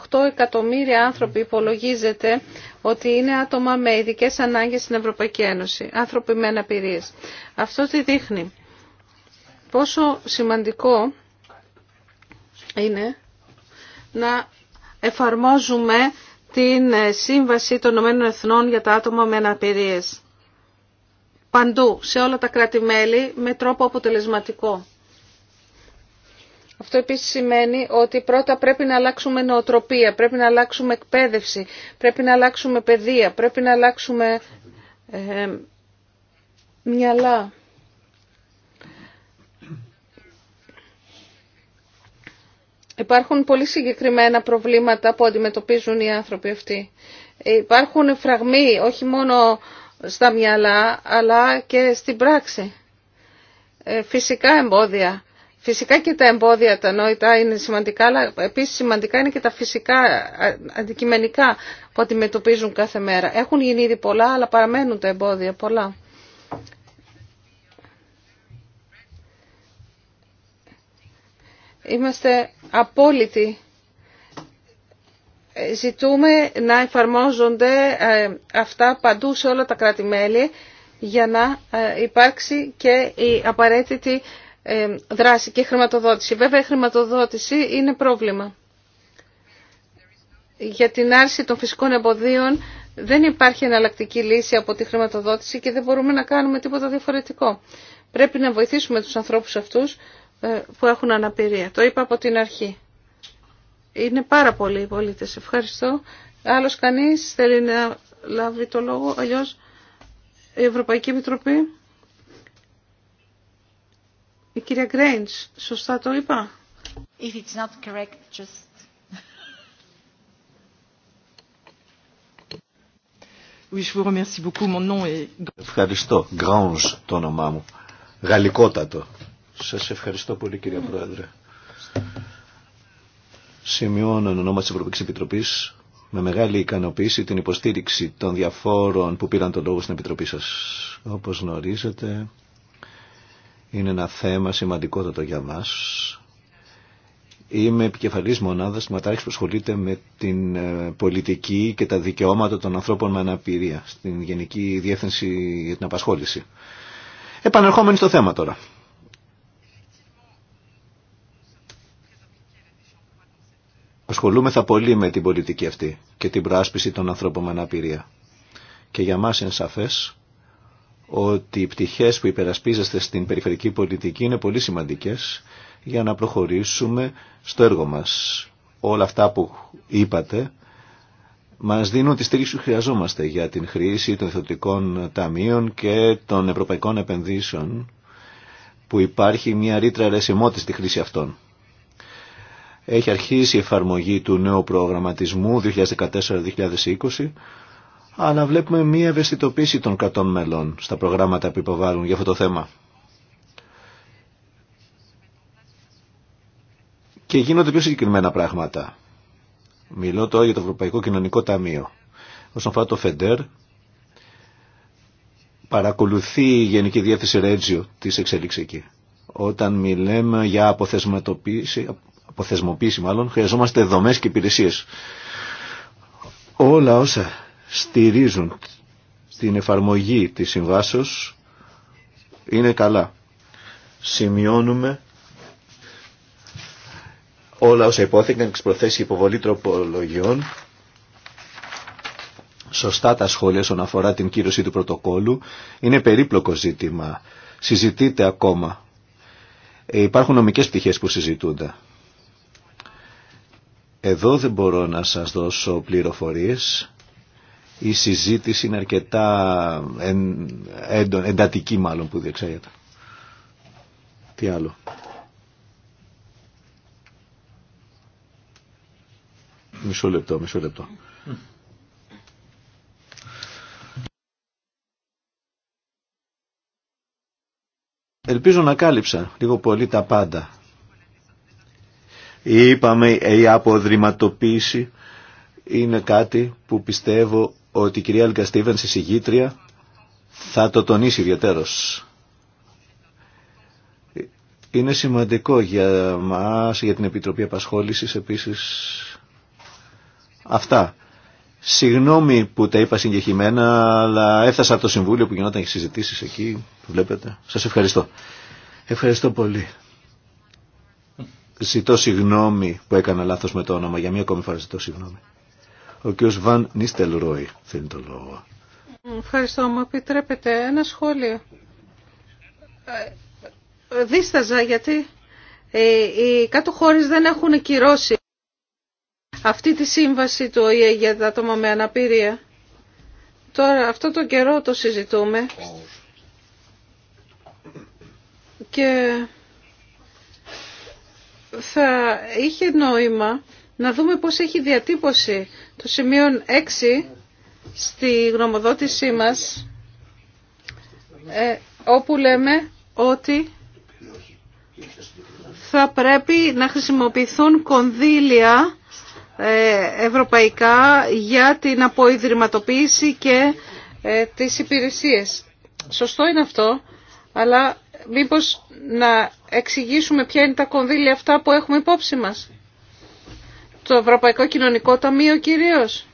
18 εκατομμύρια άνθρωποι υπολογίζεται ότι είναι άτομα με ειδικέ ανάγκες στην Ευρωπαϊκή Ένωση, άνθρωποι με αναπηρίες. Αυτό τι δείχνει. Πόσο σημαντικό είναι να εφαρμόζουμε την ε, Σύμβαση των Ηνωμένων Εθνών για τα άτομα με αναπηρίες. Παντού, σε όλα τα κράτη-μέλη, με τρόπο αποτελεσματικό. Αυτό επίσης σημαίνει ότι πρώτα πρέπει να αλλάξουμε νοοτροπία, πρέπει να αλλάξουμε εκπαίδευση, πρέπει να αλλάξουμε παιδεία, πρέπει να αλλάξουμε ε, μυαλά. Υπάρχουν πολύ συγκεκριμένα προβλήματα που αντιμετωπίζουν οι άνθρωποι αυτοί. Υπάρχουν φραγμοί όχι μόνο στα μυαλά αλλά και στην πράξη. Ε, φυσικά εμπόδια. Φυσικά και τα εμπόδια τα νόητα είναι σημαντικά, αλλά επίσης σημαντικά είναι και τα φυσικά αντικειμενικά που αντιμετωπίζουν κάθε μέρα. Έχουν γίνει ήδη πολλά, αλλά παραμένουν τα εμπόδια πολλά. Είμαστε απόλυτοι. Ε, ζητούμε να εφαρμόζονται ε, αυτά παντού σε όλα τα κράτη-μέλη για να ε, υπάρξει και η απαραίτητη δράση και χρηματοδότηση. Βέβαια η χρηματοδότηση είναι πρόβλημα. Για την άρση των φυσικών εμποδίων δεν υπάρχει εναλλακτική λύση από τη χρηματοδότηση και δεν μπορούμε να κάνουμε τίποτα διαφορετικό. Πρέπει να βοηθήσουμε τους ανθρώπους αυτούς ε, που έχουν αναπηρία. Το είπα από την αρχή. Είναι πάρα πολλοί οι πολίτες. Ευχαριστώ. Άλλος κανείς θέλει να λάβει το λόγο, αλλιώς η Ευρωπαϊκή Επιτροπή. Η κυρία Γκρέιντς, σωστά το είπα. Ευχαριστώ. Γκρέιντς το όνομά μου. Γαλλικότατο. Σας ευχαριστώ πολύ κύριε Πρόεδρε. Σημειώνω εν ονόμα της Ευρωπαϊκής Επιτροπής με μεγάλη ικανοποίηση την υποστήριξη των διαφόρων που πήραν τον λόγο στην Επιτροπή σας. Όπως γνωρίζετε, είναι ένα θέμα σημαντικότατο για μας. Είμαι επικεφαλής μονάδας ματάρχης που ασχολείται με την ε, πολιτική και τα δικαιώματα των ανθρώπων με αναπηρία στην Γενική Διεύθυνση για την Απασχόληση. Επανερχόμενοι στο θέμα τώρα. Ασχολούμεθα πολύ με την πολιτική αυτή και την προάσπιση των ανθρώπων με αναπηρία. Και για μας είναι σαφές ότι οι πτυχές που υπερασπίζεστε στην περιφερική πολιτική είναι πολύ σημαντικές για να προχωρήσουμε στο έργο μας. Όλα αυτά που είπατε μας δίνουν τη στήριξη που χρειαζόμαστε για την χρήση των ιδιωτικών ταμείων και των ευρωπαϊκών επενδύσεων που υπάρχει μια ρήτρα ρεσιμότητα στη χρήση αυτών. Έχει αρχίσει η εφαρμογή του νέου προγραμματισμού 2014-2020, αλλά βλέπουμε μία ευαισθητοποίηση των κρατών μελών στα προγράμματα που υποβάλλουν για αυτό το θέμα. Και γίνονται πιο συγκεκριμένα πράγματα. Μιλώ τώρα για το Ευρωπαϊκό Κοινωνικό Ταμείο. Όσον αφορά το ΦΕΝΤΕΡ, παρακολουθεί η Γενική Διεύθυνση Ρέτζιο τη εξέλιξη εκεί. Όταν μιλάμε για αποθεσματοποίηση, αποθεσμοποίηση μάλλον, χρειαζόμαστε δομές και υπηρεσίες. Όλα όσα στηρίζουν στην εφαρμογή της συμβάσεως είναι καλά. Σημειώνουμε όλα όσα υπόθηκαν εξ προθέσει υποβολή τροπολογιών σωστά τα σχόλια όσον αφορά την κύρωση του πρωτοκόλλου Είναι περίπλοκο ζήτημα. Συζητείται ακόμα. Ε, υπάρχουν νομικές πτυχές που συζητούνται. Εδώ δεν μπορώ να σας δώσω πληροφορίες. Η συζήτηση είναι αρκετά εν, εντατική μάλλον που διεξάγεται. Τι άλλο. Μισό λεπτό, μισό λεπτό. Ελπίζω να κάλυψα λίγο πολύ τα πάντα. Είπαμε η αποδρυματοποίηση είναι κάτι που πιστεύω ότι η κυρία Στίβενς, η συγγήτρια, θα το τονίσει ιδιαίτερος. Είναι σημαντικό για μας, για την Επιτροπή Απασχόλησης επίσης. Αυτά. Συγγνώμη που τα είπα συγκεχημένα αλλά έφτασα από το Συμβούλιο που γινόταν και συζητήσεις εκεί, βλέπετε. Σας ευχαριστώ. Ευχαριστώ πολύ. Ζητώ συγγνώμη που έκανα λάθος με το όνομα. Για μία ακόμη φορά ζητώ συγγνώμη. Ο κ. Βαν Νίστελ Ρόι θέλει το λόγο. Ευχαριστώ. Μου επιτρέπετε ένα σχόλιο. Ε, ε, δίσταζα γιατί ε, οι κάτω χώρες δεν έχουν κυρώσει αυτή τη σύμβαση του ΟΗΕ για τα άτομα με αναπηρία. Τώρα αυτό το καιρό το συζητούμε. Και θα είχε νόημα να δούμε πώς έχει διατύπωση το σημείο 6 στη γνωμοδότησή μας ε, όπου λέμε ότι θα πρέπει να χρησιμοποιηθούν κονδύλια ε, ευρωπαϊκά για την αποϊδρυματοποίηση και ε, τις υπηρεσίες. Σωστό είναι αυτό, αλλά μήπως να εξηγήσουμε ποια είναι τα κονδύλια αυτά που έχουμε υπόψη μας. Το Ευρωπαϊκό Κοινωνικό Ταμείο κυρίως.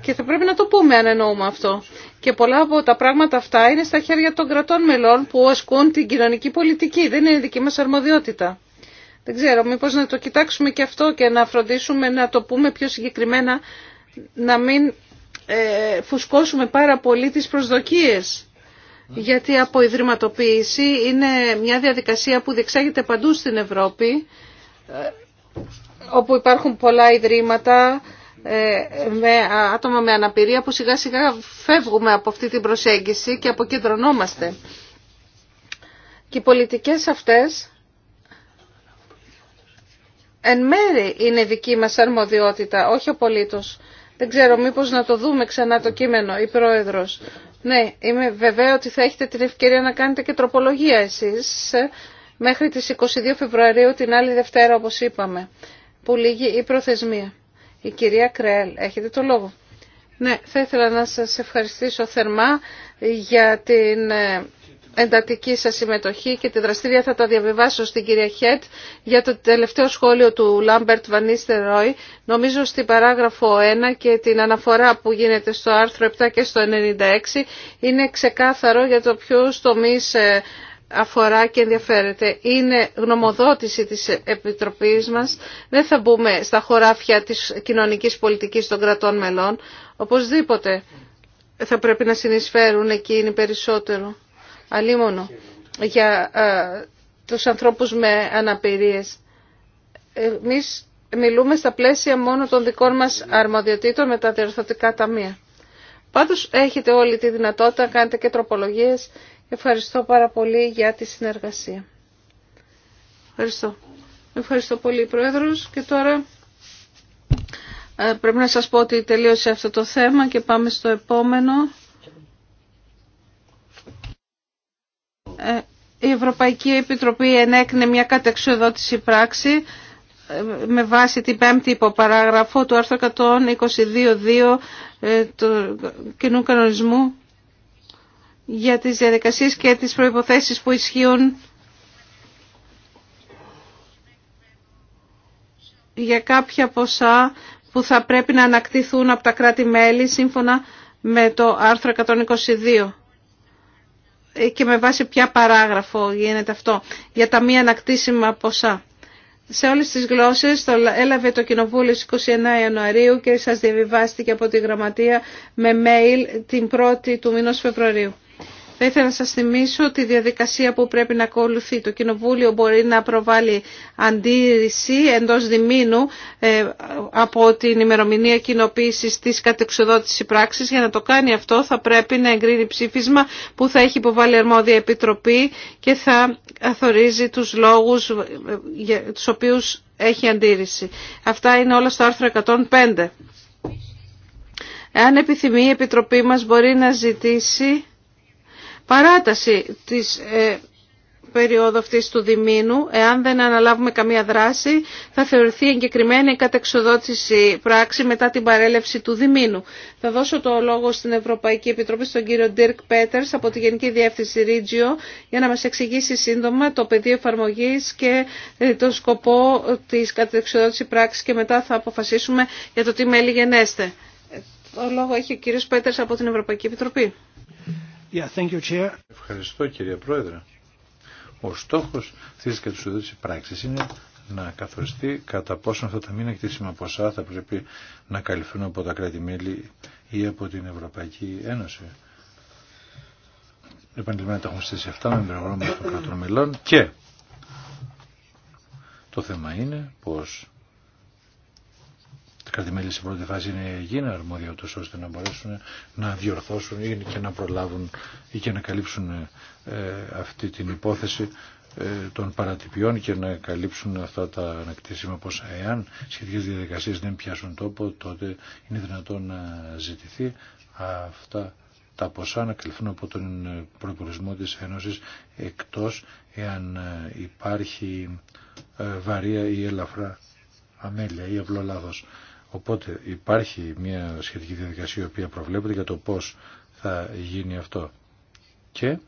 Και θα πρέπει να το πούμε αν εννοούμε αυτό. Και πολλά από τα πράγματα αυτά είναι στα χέρια των κρατών μελών που ασκούν την κοινωνική πολιτική. Δεν είναι δική μας αρμοδιότητα. Δεν ξέρω, μήπως να το κοιτάξουμε και αυτό και να φροντίσουμε να το πούμε πιο συγκεκριμένα, να μην ε, φουσκώσουμε πάρα πολύ τις προσδοκίες γιατί η αποϊδρυματοποίηση είναι μια διαδικασία που διεξάγεται παντού στην Ευρώπη, ε, όπου υπάρχουν πολλά ιδρύματα ε, με άτομα με αναπηρία που σιγά σιγά φεύγουμε από αυτή την προσέγγιση και αποκεντρωνόμαστε. Και οι πολιτικές αυτές εν μέρη είναι δική μας αρμοδιότητα, όχι ο απολύτως. Δεν ξέρω μήπως να το δούμε ξανά το κείμενο. Η Πρόεδρος, ναι, είμαι βέβαια ότι θα έχετε την ευκαιρία να κάνετε και τροπολογία εσείς ε, μέχρι τις 22 Φεβρουαρίου την άλλη Δευτέρα όπως είπαμε που λύγει η προθεσμία. Η κυρία Κρέλ, έχετε το λόγο. Ναι, θα ήθελα να σας ευχαριστήσω θερμά για την ε, εντατική σας συμμετοχή και τη δραστήρια θα τα διαβιβάσω στην κυρία Χέτ για το τελευταίο σχόλιο του Λάμπερτ Βανίστερ Ρόι. Νομίζω στην παράγραφο 1 και την αναφορά που γίνεται στο άρθρο 7 και στο 96 είναι ξεκάθαρο για το ποιο τομεί ε, αφορά και ενδιαφέρεται. Είναι γνωμοδότηση της Επιτροπής μας. Δεν θα μπούμε στα χωράφια της κοινωνικής πολιτικής των κρατών μελών. Οπωσδήποτε θα πρέπει να συνεισφέρουν εκείνοι περισσότερο αλίμονο για ε, τους ανθρώπους με αναπηρίες. Εμείς μιλούμε στα πλαίσια μόνο των δικών μας αρμοδιοτήτων με τα διορθωτικά ταμεία. Πάντως έχετε όλη τη δυνατότητα, κάνετε και τροπολογίες. Ευχαριστώ πάρα πολύ για τη συνεργασία. Ευχαριστώ. Ευχαριστώ πολύ Πρόεδρος και τώρα ε, πρέπει να σας πω ότι τελείωσε αυτό το θέμα και πάμε στο επόμενο. Ε, η Ευρωπαϊκή Επιτροπή ενέκνε μια κατεξοδότηση πράξη ε, με βάση την πέμπτη υποπαράγραφο του άρθρου 122.2 ε, του κοινού κανονισμού για τις διαδικασίες και τις προϋποθέσεις που ισχύουν για κάποια ποσά που θα πρέπει να ανακτηθούν από τα κράτη-μέλη σύμφωνα με το άρθρο 122 και με βάση ποια παράγραφο γίνεται αυτό για τα μη ανακτήσιμα ποσά. Σε όλες τις γλώσσες το έλαβε το Κοινοβούλιο στις 29 Ιανουαρίου και σας διαβιβάστηκε από τη Γραμματεία με mail την 1η του μηνός Φεβρουαρίου. Θα ήθελα να σας θυμίσω τη διαδικασία που πρέπει να ακολουθεί. Το Κοινοβούλιο μπορεί να προβάλλει αντίρρηση εντός διμήνου ε, από την ημερομηνία κοινοποίηση της κατεξοδότηση πράξης. Για να το κάνει αυτό θα πρέπει να εγκρίνει ψήφισμα που θα έχει υποβάλει αρμόδια επιτροπή και θα αθορίζει τους λόγους ε, για τους οποίους έχει αντίρρηση. Αυτά είναι όλα στο άρθρο 105. Εάν επιθυμεί η Επιτροπή μας μπορεί να ζητήσει παράταση της ε, περίοδου αυτής του διμήνου, εάν δεν αναλάβουμε καμία δράση, θα θεωρηθεί εγκεκριμένη η κατεξοδότηση πράξη μετά την παρέλευση του διμήνου. Θα δώσω το λόγο στην Ευρωπαϊκή Επιτροπή στον κύριο Dirk Πέτερς από τη Γενική Διεύθυνση Ρίτζιο για να μας εξηγήσει σύντομα το πεδίο εφαρμογής και ε, τον σκοπό της κατεξοδότηση πράξης και μετά θα αποφασίσουμε για το τι μέλη γενέστε. Το λόγο έχει ο κύριος Πέτερς από την Ευρωπαϊκή Επιτροπή. Ευχαριστώ κύριε Πρόεδρε. Ο στόχο τη και της ουδέτης πράξης είναι να καθοριστεί κατά πόσο αυτά τα μήνα κτίσιμα ποσά θα πρέπει να καλυφθούν από τα κράτη-μέλη ή από την Ευρωπαϊκή Ένωση. Επανειλημμένα τα έχουμε στήσει αυτά με των κρατών μελών και το θέμα είναι πως κρατημέλη σε πρώτη φάση είναι γίνα αρμόδια ώστε να μπορέσουν να διορθώσουν ή και να προλάβουν ή και να καλύψουν ε, αυτή την υπόθεση ε, των παρατυπιών και να καλύψουν αυτά τα ανακτήσιμα πόσα εάν σχετικές διαδικασίες δεν πιάσουν τόπο τότε είναι δυνατόν να ζητηθεί αυτά τα ποσά να καλυφθούν από τον προπολισμό της Ένωσης εκτός εάν ε, υπάρχει βαρία ή ελαφρά αμέλεια ή απλό λάθος. Οπότε υπάρχει μια σχετική διαδικασία η οποία προβλέπεται για το πώς θα γίνει αυτό. Και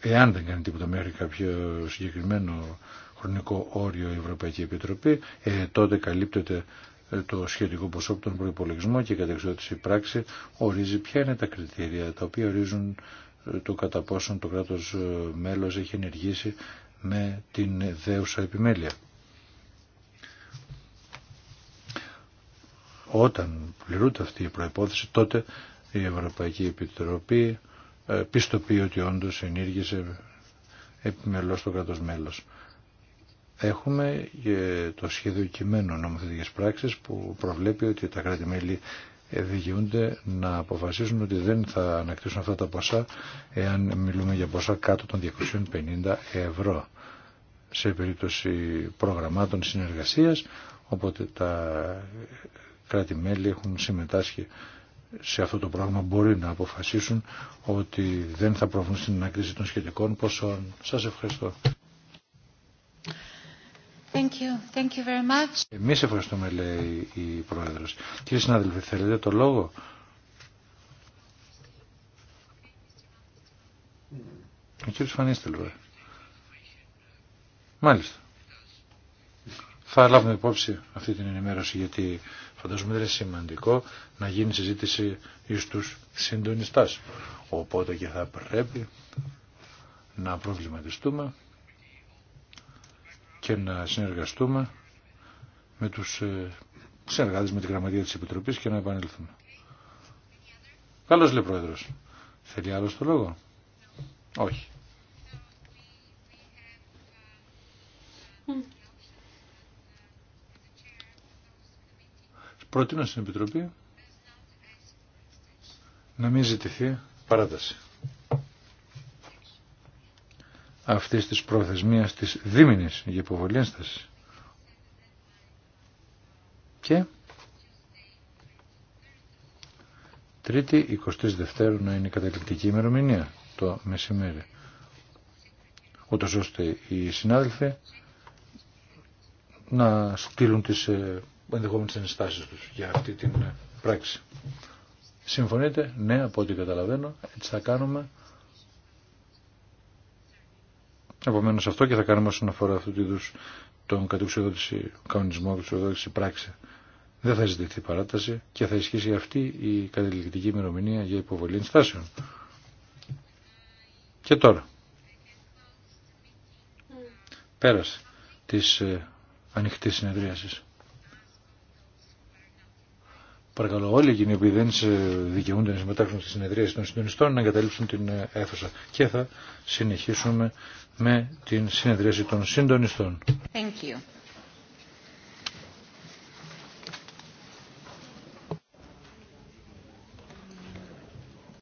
εάν δεν κάνει τίποτα μέχρι κάποιο συγκεκριμένο χρονικό όριο η Ευρωπαϊκή Επιτροπή, ε, τότε καλύπτεται ε, το σχετικό ποσό από τον και η κατεξοδότηση πράξη ορίζει ποια είναι τα κριτήρια τα οποία ορίζουν ε, το κατά πόσον το κράτος ε, μέλος έχει ενεργήσει με την δέουσα επιμέλεια. Όταν πληρούνται αυτή η προϋπόθεση, τότε η Ευρωπαϊκή Επιτροπή ε, πιστοποιεί ότι όντως ενήργησε επιμελώς το κράτος μέλος. Έχουμε και το σχέδιο κειμένου νομοθετικής πράξης που προβλέπει ότι τα κράτη-μέλη διηγούνται να αποφασίσουν ότι δεν θα ανακτήσουν αυτά τα ποσά εάν μιλούμε για ποσά κάτω των 250 ευρώ σε περίπτωση προγραμμάτων συνεργασίας οπότε τα κράτη-μέλη έχουν συμμετάσχει σε αυτό το πράγμα μπορεί να αποφασίσουν ότι δεν θα προβούν στην ανακρίση των σχετικών ποσών. Σας ευχαριστώ. Thank you. Thank you very much. Εμείς ευχαριστούμε, λέει η Πρόεδρος. Κύριε συνάδελφοι, θέλετε το λόγο. Ο κύριος Φανίστελ, Μάλιστα. Θα λάβουμε υπόψη αυτή την ενημέρωση γιατί Φαντάζομαι είναι σημαντικό να γίνει συζήτηση εις τους συντονιστάς. Οπότε και θα πρέπει να προβληματιστούμε και να συνεργαστούμε με τους ε, συνεργάτες με την Γραμματεία της Επιτροπής και να επανέλθουμε. Καλώς λέει Πρόεδρος. Θέλει άλλο το λόγο. Όχι. προτείνω στην Επιτροπή να μην ζητηθεί παράταση Αυτή τη προθεσμίας της δίμηνη για υποβολή ένσταση. Και Τρίτη, 20 Δευτέρου να είναι η κατακλητική ημερομηνία το μεσημέρι. Ούτω ώστε οι συνάδελφοι να στείλουν τις ε, ενδεχόμενε ενστάσει του για αυτή την ε, πράξη. Συμφωνείτε, ναι, από ό,τι καταλαβαίνω, έτσι θα κάνουμε. Επομένω αυτό και θα κάνουμε όσον αφορά αυτού του είδου τον κατεξοδότηση κανονισμό, κατεξοδότηση πράξη. Δεν θα ζητηθεί παράταση και θα ισχύσει αυτή η καταληκτική ημερομηνία για υποβολή ενστάσεων. Και τώρα. Mm. Πέρασε της ε, ανοιχτής συνεδρίασης. Παρακαλώ όλοι εκείνοι που δεν δικαιούνται να συμμετάσχουν στη συνεδρία των συντονιστών να εγκαταλείψουν την ε, αίθουσα. Και θα συνεχίσουμε με την συνεδρίαση των συντονιστών. Thank you.